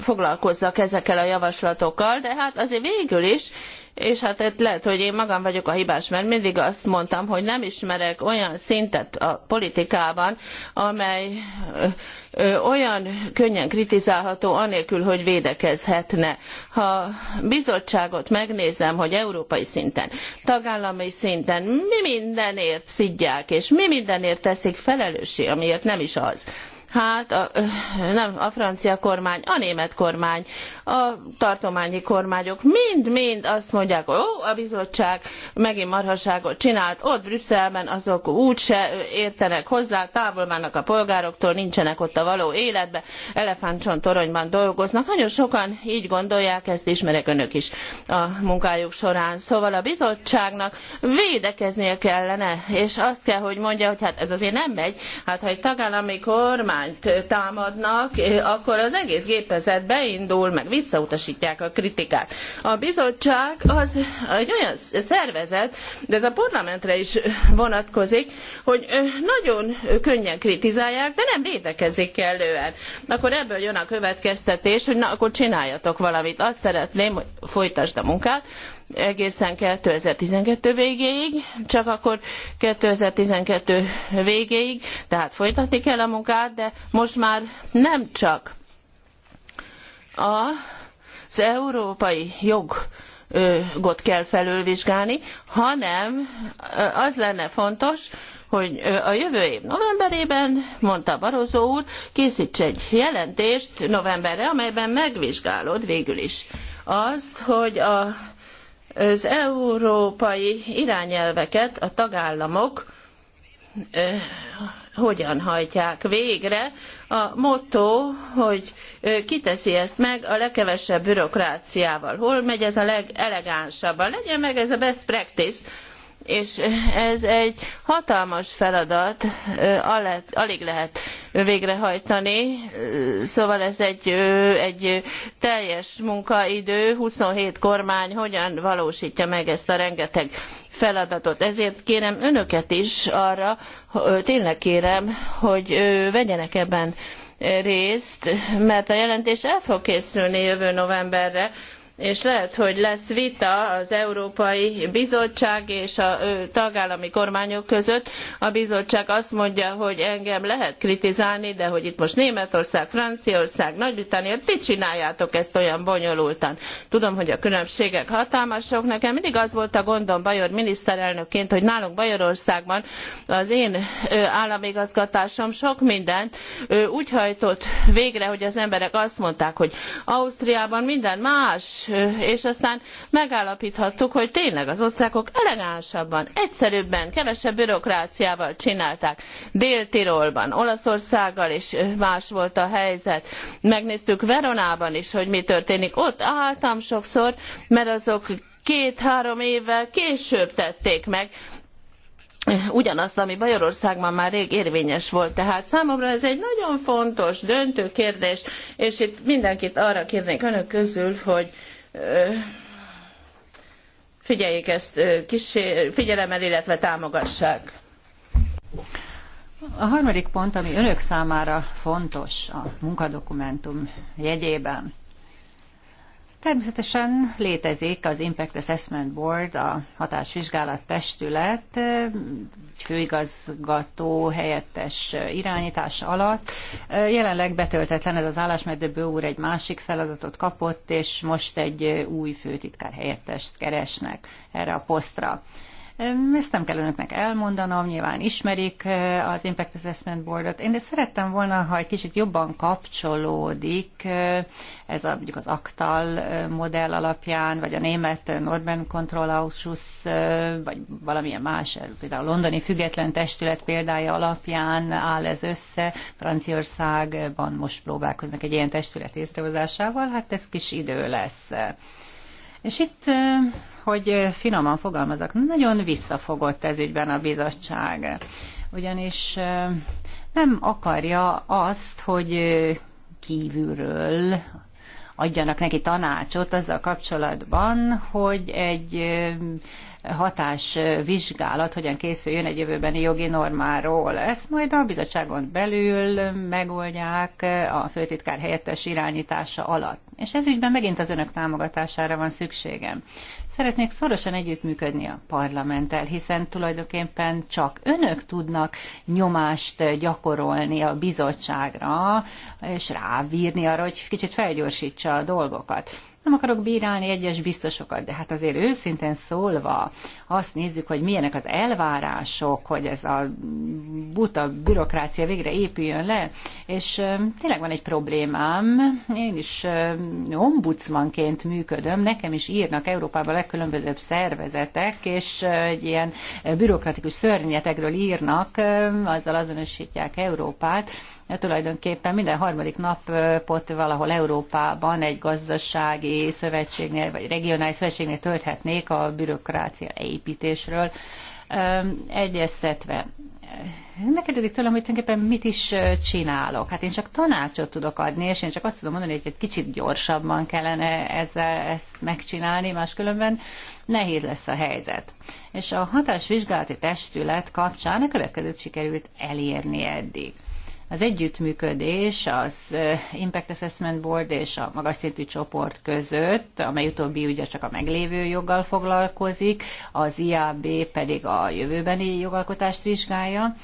foglalkozzak ezekkel a javaslatokkal, de hát azért végül is és hát itt lehet, hogy én magam vagyok a hibás, mert mindig azt mondtam, hogy nem ismerek olyan szintet a politikában, amely olyan könnyen kritizálható, anélkül, hogy védekezhetne. Ha bizottságot megnézem, hogy európai szinten, tagállami szinten mi mindenért szidják, és mi mindenért teszik felelőssé, amiért nem is az Hát a, nem a francia kormány, a német kormány, a tartományi kormányok mind-mind azt mondják, hogy ó, a bizottság megint marhaságot csinált, ott Brüsszelben azok úgyse értenek hozzá, távol vannak a polgároktól, nincsenek ott a való életbe, elefántson toronyban dolgoznak. Nagyon sokan így gondolják, ezt ismerek önök is a munkájuk során. Szóval a bizottságnak védekeznie kellene, és azt kell, hogy mondja, hogy hát ez azért nem megy, hát ha egy tagállami kormány kormányt támadnak, akkor az egész gépezet beindul, meg visszautasítják a kritikát. A bizottság az egy olyan szervezet, de ez a parlamentre is vonatkozik, hogy nagyon könnyen kritizálják, de nem védekezik kellően. Akkor ebből jön a következtetés, hogy na, akkor csináljatok valamit. Azt szeretném, hogy folytasd a munkát, egészen 2012 végéig, csak akkor 2012 végéig, tehát folytatni kell a munkát, de most már nem csak az európai jogot kell felülvizsgálni, hanem az lenne fontos, hogy a jövő év novemberében, mondta Barozó úr, készíts egy jelentést novemberre, amelyben megvizsgálod végül is azt, hogy a az európai irányelveket a tagállamok hogyan hajtják végre. A motto, hogy kiteszi ezt meg a legkevesebb bürokráciával. Hol megy ez a legelegánsabban? Legyen meg ez a best practice, és ez egy hatalmas feladat, alig lehet végrehajtani, szóval ez egy, egy teljes munkaidő, 27 kormány hogyan valósítja meg ezt a rengeteg feladatot. Ezért kérem önöket is arra, tényleg kérem, hogy vegyenek ebben részt, mert a jelentés el fog készülni jövő novemberre, és lehet, hogy lesz vita az Európai Bizottság és a tagállami kormányok között. A bizottság azt mondja, hogy engem lehet kritizálni, de hogy itt most Németország, Franciaország, Nagy-Britannia, ti csináljátok ezt olyan bonyolultan. Tudom, hogy a különbségek hatalmasok. Nekem mindig az volt a gondom Bajor miniszterelnökként, hogy nálunk Bajorországban az én államigazgatásom sok mindent úgy hajtott végre, hogy az emberek azt mondták, hogy Ausztriában minden más, és aztán megállapíthattuk, hogy tényleg az osztrákok elegánsabban, egyszerűbben, kevesebb bürokráciával csinálták. Dél-Tirolban, Olaszországgal is más volt a helyzet. Megnéztük Veronában is, hogy mi történik. Ott álltam sokszor, mert azok két-három évvel később tették meg, ugyanazt, ami Bajorországban már rég érvényes volt. Tehát számomra ez egy nagyon fontos, döntő kérdés, és itt mindenkit arra kérnék önök közül, hogy figyeljék ezt figyelemmel, illetve támogassák. A harmadik pont, ami önök számára fontos a munkadokumentum jegyében, Természetesen létezik az Impact Assessment Board, a hatásvizsgálat testület, főigazgató helyettes irányítás alatt. Jelenleg betöltetlen ez az állás, mert Döbő úr egy másik feladatot kapott, és most egy új főtitkár helyettest keresnek erre a posztra. Ezt nem kell önöknek elmondanom, nyilván ismerik eh, az Impact Assessment Boardot. Én de szerettem volna, ha egy kicsit jobban kapcsolódik eh, ez a, mondjuk az Aktal eh, modell alapján, vagy a német Control Ausschuss, vagy valamilyen más, például a londoni független testület példája alapján áll ez össze. Franciaországban most próbálkoznak egy ilyen testület létrehozásával, hát ez kis idő lesz. És itt hogy finoman fogalmazok, nagyon visszafogott ez ügyben a bizottság. Ugyanis nem akarja azt, hogy kívülről adjanak neki tanácsot azzal kapcsolatban, hogy egy hatás vizsgálat, hogyan készüljön egy jövőbeni jogi normáról. Ezt majd a bizottságon belül megoldják a főtitkár helyettes irányítása alatt. És ez ügyben megint az önök támogatására van szükségem. Szeretnék szorosan együttműködni a parlamenttel, hiszen tulajdonképpen csak önök tudnak nyomást gyakorolni a bizottságra, és rávírni arra, hogy kicsit felgyorsítsa a dolgokat. Nem akarok bírálni egyes biztosokat, de hát azért őszintén szólva azt nézzük, hogy milyenek az elvárások, hogy ez a buta bürokrácia végre épüljön le, és tényleg van egy problémám, én is ombudsmanként működöm, nekem is írnak Európában legkülönbözőbb szervezetek, és egy ilyen bürokratikus szörnyetekről írnak, azzal azonosítják Európát, tulajdonképpen minden harmadik napot valahol Európában egy gazdasági szövetségnél vagy regionális szövetségnél tölthetnék a bürokrácia építésről egyeztetve. Megkérdezik tőlem, hogy tulajdonképpen mit is csinálok. Hát én csak tanácsot tudok adni, és én csak azt tudom mondani, hogy egy kicsit gyorsabban kellene ezzel, ezt megcsinálni, máskülönben nehéz lesz a helyzet. És a hatásvizsgálati testület kapcsán a következőt sikerült elérni eddig. Az együttműködés az Impact Assessment Board és a magas szintű csoport között, amely utóbbi ugye csak a meglévő joggal foglalkozik, az IAB pedig a jövőbeni jogalkotást vizsgálja.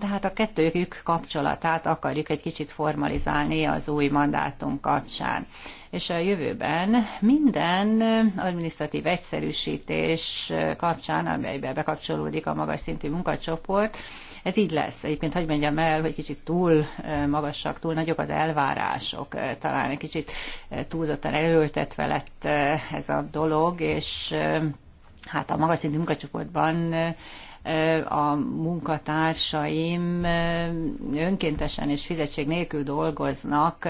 Tehát a kettőjük kapcsolatát akarjuk egy kicsit formalizálni az új mandátum kapcsán és a jövőben minden adminisztratív egyszerűsítés kapcsán, amelybe bekapcsolódik a magas szintű munkacsoport, ez így lesz. Egyébként hogy mondjam el, hogy kicsit túl magasak, túl nagyok az elvárások. Talán egy kicsit túlzottan erőltetve lett ez a dolog, és hát a magas szintű munkacsoportban a munkatársaim önkéntesen és fizetség nélkül dolgoznak,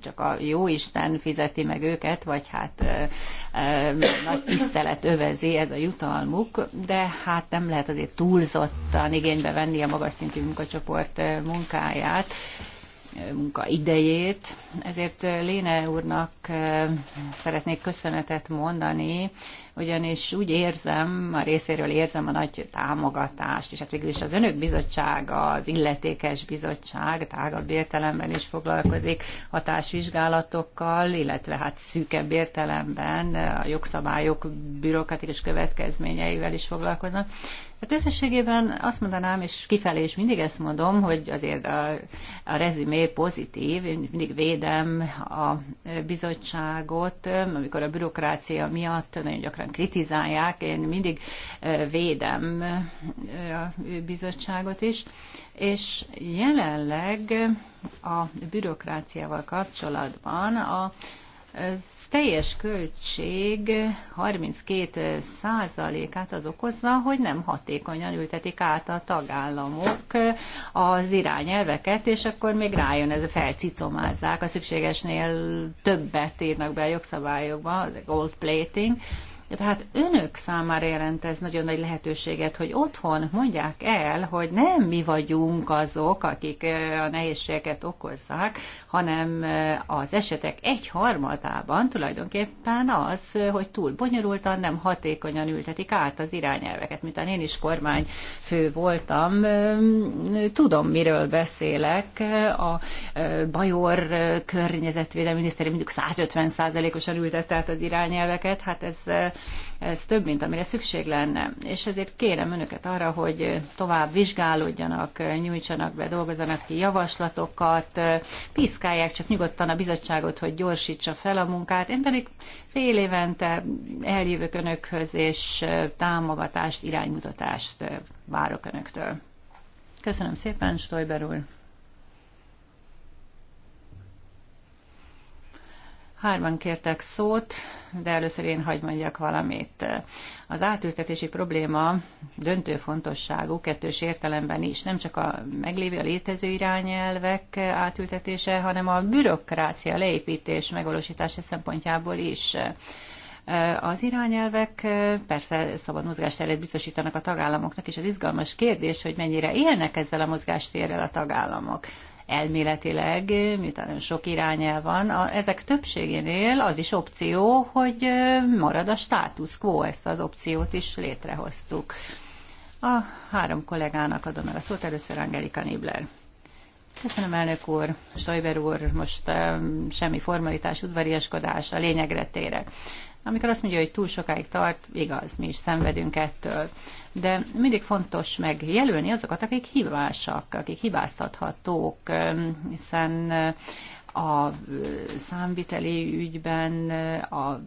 csak a jó Isten fizeti meg őket, vagy hát nagy tisztelet övezi ez a jutalmuk, de hát nem lehet azért túlzottan igénybe venni a magas szintű munkacsoport eh, munkáját, eh, munkaidejét. Ezért eh, Léne úrnak szeretnék köszönetet mondani, ugyanis úgy érzem, a részéről érzem a nagy támogatást, és hát végül is az önök bizottsága, az illetékes bizottság tágabb értelemben is foglalkozik hatásvizsgálatokkal, illetve hát szűkebb értelemben a jogszabályok bürokratikus következményeivel is foglalkoznak. Hát összességében azt mondanám, és kifelé is mindig ezt mondom, hogy azért a, a rezümé pozitív, én mindig védem a bizottságot, amikor a bürokrácia miatt nagyon gyakran kritizálják, én mindig védem a bizottságot is, és jelenleg a bürokráciával kapcsolatban a az teljes költség 32 százalékát az okozza, hogy nem hatékonyan ültetik át a tagállamok az irányelveket, és akkor még rájön ez a felcicomázzák, a szükségesnél többet írnak be a jogszabályokba, az gold plating, tehát önök számára jelent ez nagyon nagy lehetőséget, hogy otthon mondják el, hogy nem mi vagyunk azok, akik eh, a nehézségeket okozzák, hanem az esetek egyharmadában tulajdonképpen az, hogy túl bonyolultan, nem hatékonyan ültetik át az irányelveket. Mint én is kormányfő voltam, tudom, miről beszélek. A Bajor környezetvédelmi minisztérium mindig 150 osan ültette át az irányelveket, hát ez ez több, mint amire szükség lenne. És ezért kérem önöket arra, hogy tovább vizsgálódjanak, nyújtsanak be, dolgozzanak ki javaslatokat, piszkálják csak nyugodtan a bizottságot, hogy gyorsítsa fel a munkát. Én pedig fél évente eljövök önökhöz, és támogatást, iránymutatást várok önöktől. Köszönöm szépen, Stoiber úr! Hárman kértek szót, de először én hagy mondjak valamit. Az átültetési probléma döntő fontosságú kettős értelemben is, nem csak a meglévő, a létező irányelvek átültetése, hanem a bürokrácia leépítés megvalósítása szempontjából is. Az irányelvek persze szabad mozgásteret biztosítanak a tagállamoknak, és az izgalmas kérdés, hogy mennyire élnek ezzel a mozgástérrel a tagállamok elméletileg, miután sok irányel van, a, ezek többségénél az is opció, hogy marad a status quo, ezt az opciót is létrehoztuk. A három kollégának adom el a szót, először Angelika Nibler. Köszönöm, elnök úr, Stoiber úr, most um, semmi formalitás, udvariaskodás, a lényegre térek. Amikor azt mondja, hogy túl sokáig tart, igaz, mi is szenvedünk ettől. De mindig fontos megjelölni azokat, akik hibásak, akik hibáztathatók, hiszen a számviteli ügyben a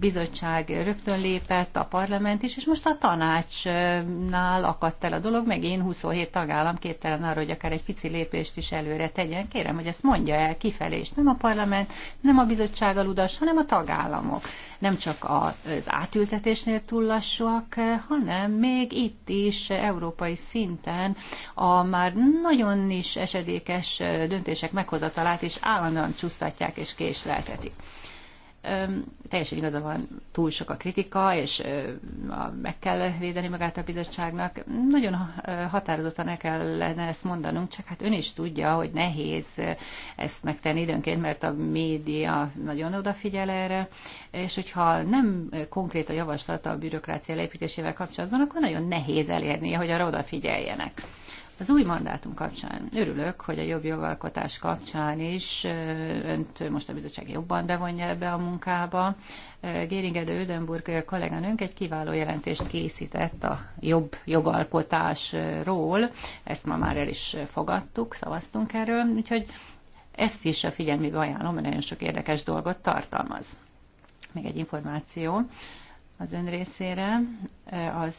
bizottság rögtön lépett, a parlament is, és most a tanácsnál akadt el a dolog, meg én 27 tagállam képtelen arra, hogy akár egy pici lépést is előre tegyen. Kérem, hogy ezt mondja el kifelé, és nem a parlament, nem a bizottság aludas, hanem a tagállamok nem csak az átültetésnél túl lassúak, hanem még itt is európai szinten a már nagyon is esedékes döntések meghozatalát is állandóan csúsztatják és késleltetik teljesen igaza van, túl sok a kritika, és meg kell védeni magát a bizottságnak. Nagyon határozottan el kellene ezt mondanunk, csak hát ön is tudja, hogy nehéz ezt megtenni időnként, mert a média nagyon odafigyel erre, és hogyha nem konkrét a javaslat a bürokrácia leépítésével kapcsolatban, akkor nagyon nehéz elérnie, hogy arra odafigyeljenek. Az új mandátum kapcsán örülök, hogy a jobb jogalkotás kapcsán is önt most a bizottság jobban bevonja ebbe a munkába. Géringedő Ödenburg kolléganőnk egy kiváló jelentést készített a jobb jogalkotásról. Ezt ma már el is fogadtuk, szavaztunk erről, úgyhogy ezt is a figyelmi ajánlom, mert nagyon sok érdekes dolgot tartalmaz. Még egy információ az ön részére. Az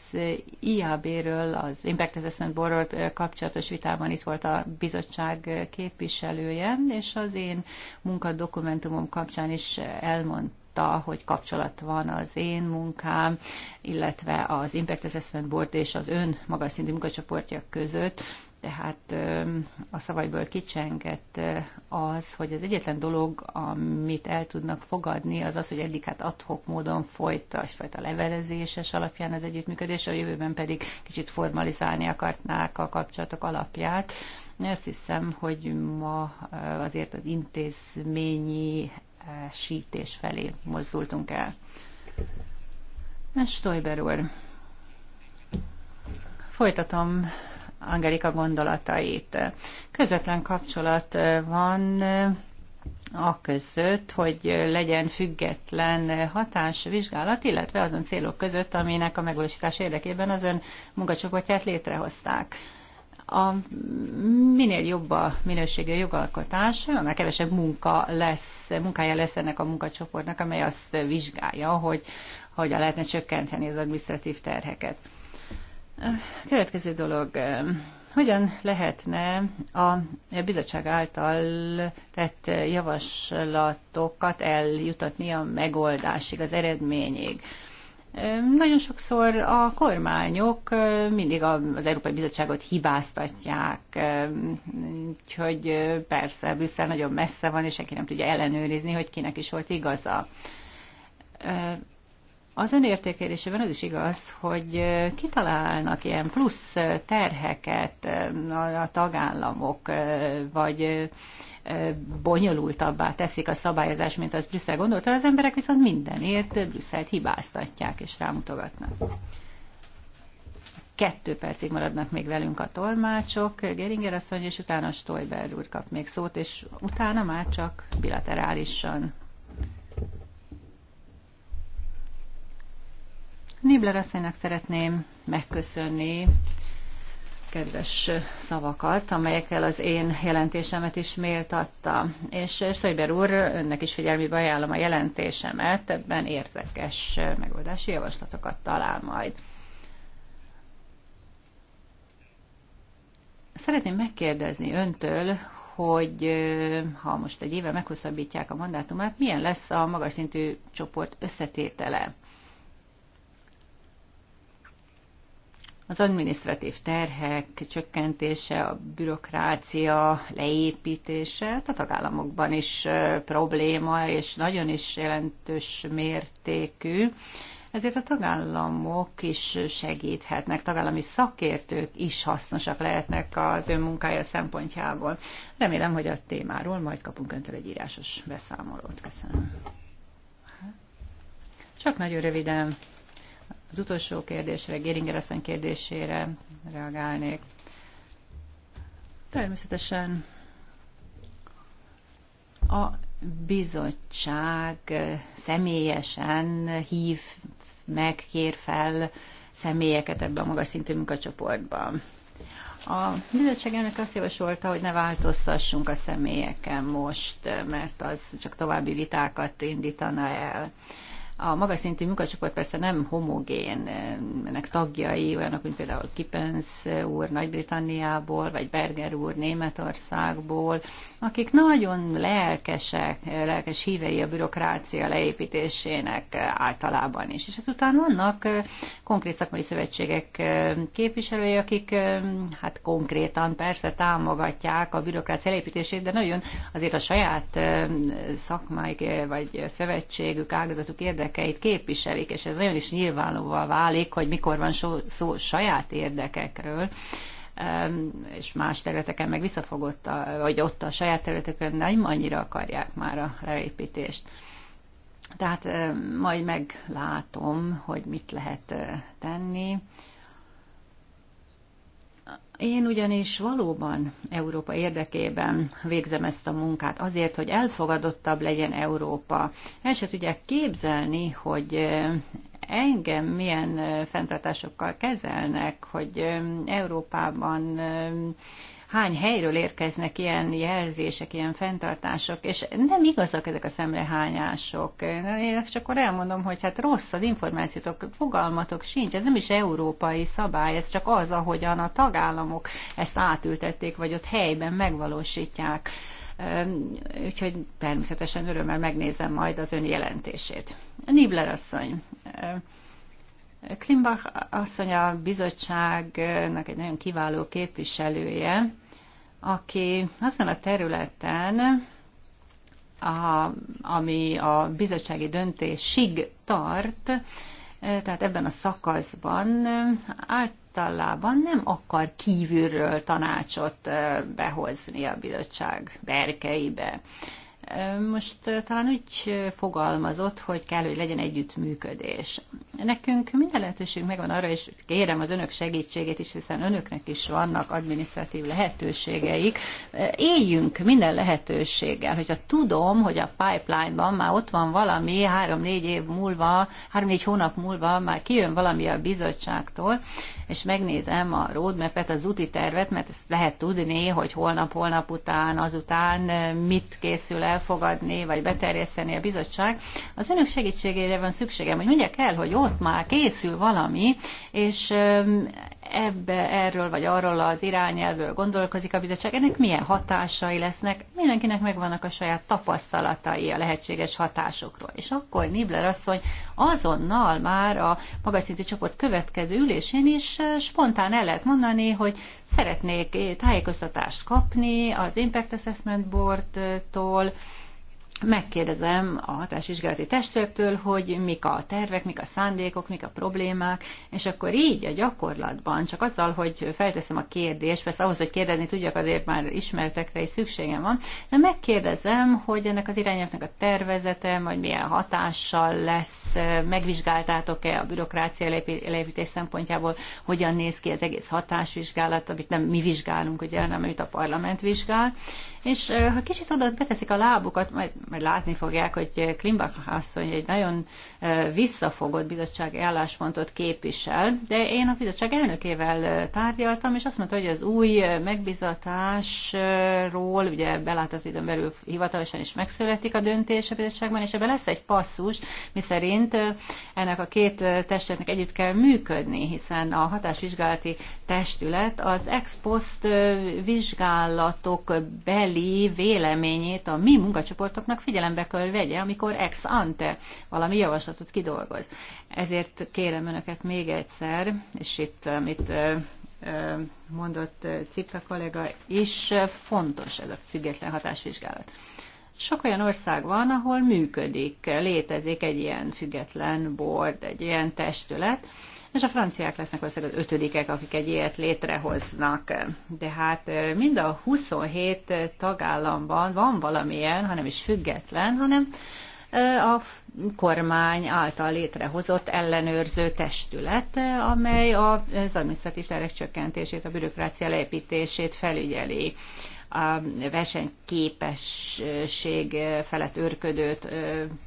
IAB-ről, az Impact Assessment Board-ról kapcsolatos vitában itt volt a bizottság képviselője, és az én munkadokumentumom kapcsán is elmondta, hogy kapcsolat van az én munkám, illetve az Impact Assessment Board és az ön magas szintű munkacsoportja között. Tehát a szavaiból kicsengett az, hogy az egyetlen dolog, amit el tudnak fogadni, az az, hogy eddig hát adhok módon folyt a levelezéses alapján az együttműködés, a jövőben pedig kicsit formalizálni akartnák a kapcsolatok alapját. Azt hiszem, hogy ma azért az intézményi sítés felé mozdultunk el. Stoiber úr, folytatom Angelika gondolatait. Közvetlen kapcsolat van a között, hogy legyen független hatásvizsgálat, illetve azon célok között, aminek a megvalósítás érdekében az ön munkacsoportját létrehozták. A minél jobb a minőségű jogalkotás, annál kevesebb munka lesz, munkája lesz ennek a munkacsoportnak, amely azt vizsgálja, hogy hogyan lehetne csökkenteni az administratív terheket. Következő dolog, hogyan lehetne a bizottság által tett javaslatokat eljutatni a megoldásig, az eredményig? Nagyon sokszor a kormányok mindig az Európai Bizottságot hibáztatják, úgyhogy persze Brüsszel nagyon messze van, és senki nem tudja ellenőrizni, hogy kinek is volt igaza az ön értékelésében az is igaz, hogy kitalálnak ilyen plusz terheket a tagállamok, vagy bonyolultabbá teszik a szabályozást, mint az Brüsszel gondolta, az emberek viszont mindenért Brüsszelt hibáztatják és rámutogatnak. Kettő percig maradnak még velünk a tolmácsok, Geringer asszony, és utána Stoiber úr kap még szót, és utána már csak bilaterálisan Nibler asszonynak szeretném megköszönni kedves szavakat, amelyekkel az én jelentésemet is méltatta. És Szöjber úr, önnek is figyelmébe ajánlom a jelentésemet, ebben érdekes megoldási javaslatokat talál majd. Szeretném megkérdezni öntől, hogy ha most egy éve meghosszabbítják a mandátumát, milyen lesz a magas szintű csoport összetétele? Az administratív terhek csökkentése, a bürokrácia leépítése, a tagállamokban is probléma, és nagyon is jelentős mértékű. Ezért a tagállamok is segíthetnek, tagállami szakértők is hasznosak lehetnek az ön munkája szempontjából. Remélem, hogy a témáról majd kapunk öntől egy írásos beszámolót. Köszönöm. Csak nagyon röviden az utolsó kérdésre, Géringer asszony kérdésére reagálnék. Természetesen a bizottság személyesen hív, megkér fel személyeket ebbe a magas szintű munkacsoportba. A bizottság elnök azt javasolta, hogy ne változtassunk a személyeken most, mert az csak további vitákat indítana el. A magas szintű munkacsoport persze nem homogén, ennek tagjai olyanok, mint például Kipens úr Nagy-Britanniából, vagy Berger úr Németországból, akik nagyon lelkesek, lelkes hívei a bürokrácia leépítésének általában is. És ezután vannak konkrét szakmai szövetségek képviselői, akik hát konkrétan persze támogatják a bürokrácia leépítését, de nagyon azért a saját szakmáik vagy szövetségük, ágazatuk érdek érdekeit képviselik, és ez nagyon is nyilvánulva válik, hogy mikor van szó, szó saját érdekekről, és más területeken meg visszafogott, a, vagy ott a saját területeken nem annyira akarják már a leépítést. Tehát majd meglátom, hogy mit lehet eh, tenni. Én ugyanis valóban Európa érdekében végzem ezt a munkát, azért, hogy elfogadottabb legyen Európa. El se tudják képzelni, hogy engem milyen fenntartásokkal kezelnek, hogy Európában hány helyről érkeznek ilyen jelzések, ilyen fenntartások, és nem igazak ezek a szemrehányások. Én csak akkor elmondom, hogy hát rossz az információtok, fogalmatok sincs, ez nem is európai szabály, ez csak az, ahogyan a tagállamok ezt átültették, vagy ott helyben megvalósítják. Úgyhogy természetesen örömmel megnézem majd az ön jelentését. Nibler asszony, Klimbach asszony a bizottságnak egy nagyon kiváló képviselője, aki azon a területen, a, ami a bizottsági döntésig tart, e, tehát ebben a szakaszban általában nem akar kívülről tanácsot e, behozni a bizottság berkeibe. E, most talán úgy fogalmazott, hogy kell, hogy legyen együttműködés. Nekünk minden lehetőség megvan arra, és kérem az önök segítségét is, hiszen önöknek is vannak adminisztratív lehetőségeik. Éljünk minden lehetőséggel. Hogyha tudom, hogy a pipeline-ban már ott van valami, három-négy év múlva, három-négy hónap múlva már kijön valami a bizottságtól, és megnézem a roadmap-et, az úti tervet, mert ezt lehet tudni, hogy holnap-holnap után, azután eh, mit készül elfogadni, vagy beterjeszteni a bizottság. Az önök segítségére van szükségem, hogy mondják el, hogy jó, ott már készül valami, és ebbe, erről vagy arról az irányelvről gondolkozik a bizottság, ennek milyen hatásai lesznek, mindenkinek megvannak a saját tapasztalatai a lehetséges hatásokról. És akkor Nibler asszony azonnal már a magas szintű csoport következő ülésén is spontán el lehet mondani, hogy szeretnék tájékoztatást kapni az Impact Assessment Board-tól, megkérdezem a hatásvizsgálati testőktől, hogy mik a tervek, mik a szándékok, mik a problémák, és akkor így a gyakorlatban, csak azzal, hogy felteszem a kérdést, persze ahhoz, hogy kérdezni tudjak, azért már ismertekre is szükségem van, de megkérdezem, hogy ennek az irányelvnek a tervezete, vagy milyen hatással lesz, megvizsgáltátok-e a bürokrácia leépítés szempontjából, hogyan néz ki az egész hatásvizsgálat, amit nem mi vizsgálunk, ugye, hanem amit a parlament vizsgál, és ha kicsit oda beteszik a lábukat, majd, majd látni fogják, hogy Klimbach asszony egy nagyon visszafogott bizottsági álláspontot képvisel, de én a bizottság elnökével tárgyaltam, és azt mondta, hogy az új megbizatásról, ugye belátható időn belül hivatalosan is megszületik a döntés a bizottságban, és ebben lesz egy passzus, miszerint ennek a két testületnek együtt kell működni, hiszen a hatásvizsgálati testület az ex post vizsgálatok beli véleményét a mi munkacsoportoknak figyelembe kell vegye, amikor ex ante valami javaslat javaslatot kidolgoz. Ezért kérem önöket még egyszer, és itt, amit mondott Cipka kollega, és fontos ez a független hatásvizsgálat. Sok olyan ország van, ahol működik, létezik egy ilyen független bord, egy ilyen testület, és a franciák lesznek valószínűleg az ötödikek, akik egy ilyet létrehoznak. De hát mind a 27 tagállamban van valamilyen, hanem is független, hanem a kormány által létrehozott ellenőrző testület, amely az administratív terek csökkentését, a bürokrácia leépítését felügyeli a versenyképesség felett őrködő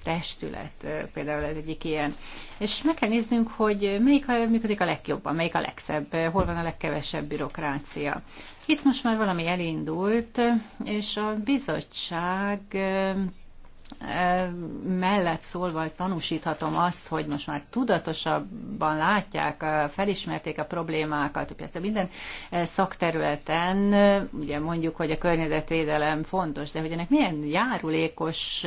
testület, például ez egyik ilyen. És meg kell néznünk, hogy melyik a működik a legjobban, melyik a legszebb, hol van a legkevesebb bürokrácia. Itt most már valami elindult, és a bizottság mellett szólva tanúsíthatom azt, hogy most már tudatosabban látják, felismerték a problémákat, hogy a minden szakterületen, ugye mondjuk, hogy a környezetvédelem fontos, de hogy ennek milyen járulékos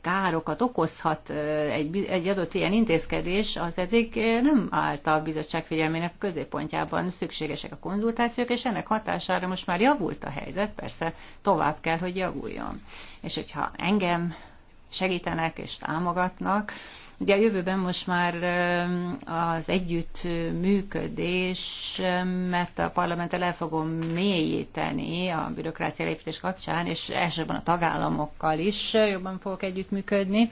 károkat okozhat egy, egy adott ilyen intézkedés, az eddig nem állt a bizottság figyelmének középpontjában szükségesek a konzultációk, és ennek hatására most már javult a helyzet, persze tovább kell, hogy javuljon. És hogyha engem segítenek és támogatnak, Ugye a jövőben most már az együttműködés, mert a parlamenttel el fogom mélyíteni a bürokrácia lépítés kapcsán, és elsősorban a tagállamokkal is jobban fogok együttműködni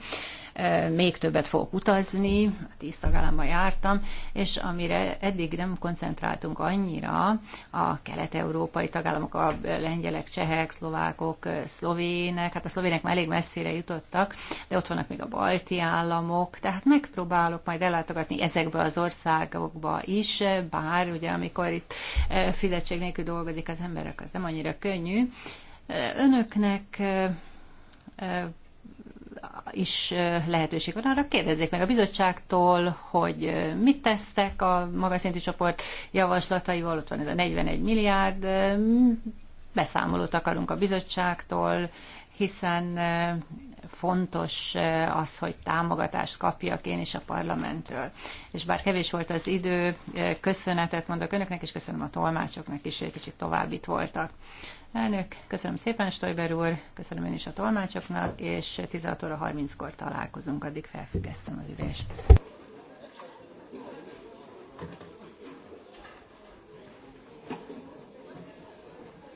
még többet fogok utazni, a tíz tagállamban jártam, és amire eddig nem koncentráltunk annyira, a kelet-európai tagállamok, a lengyelek, csehek, szlovákok, szlovének, hát a szlovének már elég messzire jutottak, de ott vannak még a balti államok, tehát megpróbálok majd ellátogatni ezekbe az országokba is, bár ugye amikor itt e, fizetség nélkül dolgozik az emberek, az nem annyira könnyű. E, önöknek e, is lehetőség van arra, kérdezzék meg a bizottságtól, hogy mit tesztek a magas szintű csoport javaslataival, ott van ez a 41 milliárd, beszámolót akarunk a bizottságtól, hiszen fontos az, hogy támogatást kapjak én is a parlamenttől. És bár kevés volt az idő, köszönetet mondok önöknek, és köszönöm a tolmácsoknak is, hogy egy kicsit tovább itt voltak. Elnök, köszönöm szépen, Stoiber úr, köszönöm én is a tolmácsoknak, és 16 óra 30-kor találkozunk, addig felfüggesztem az ülést.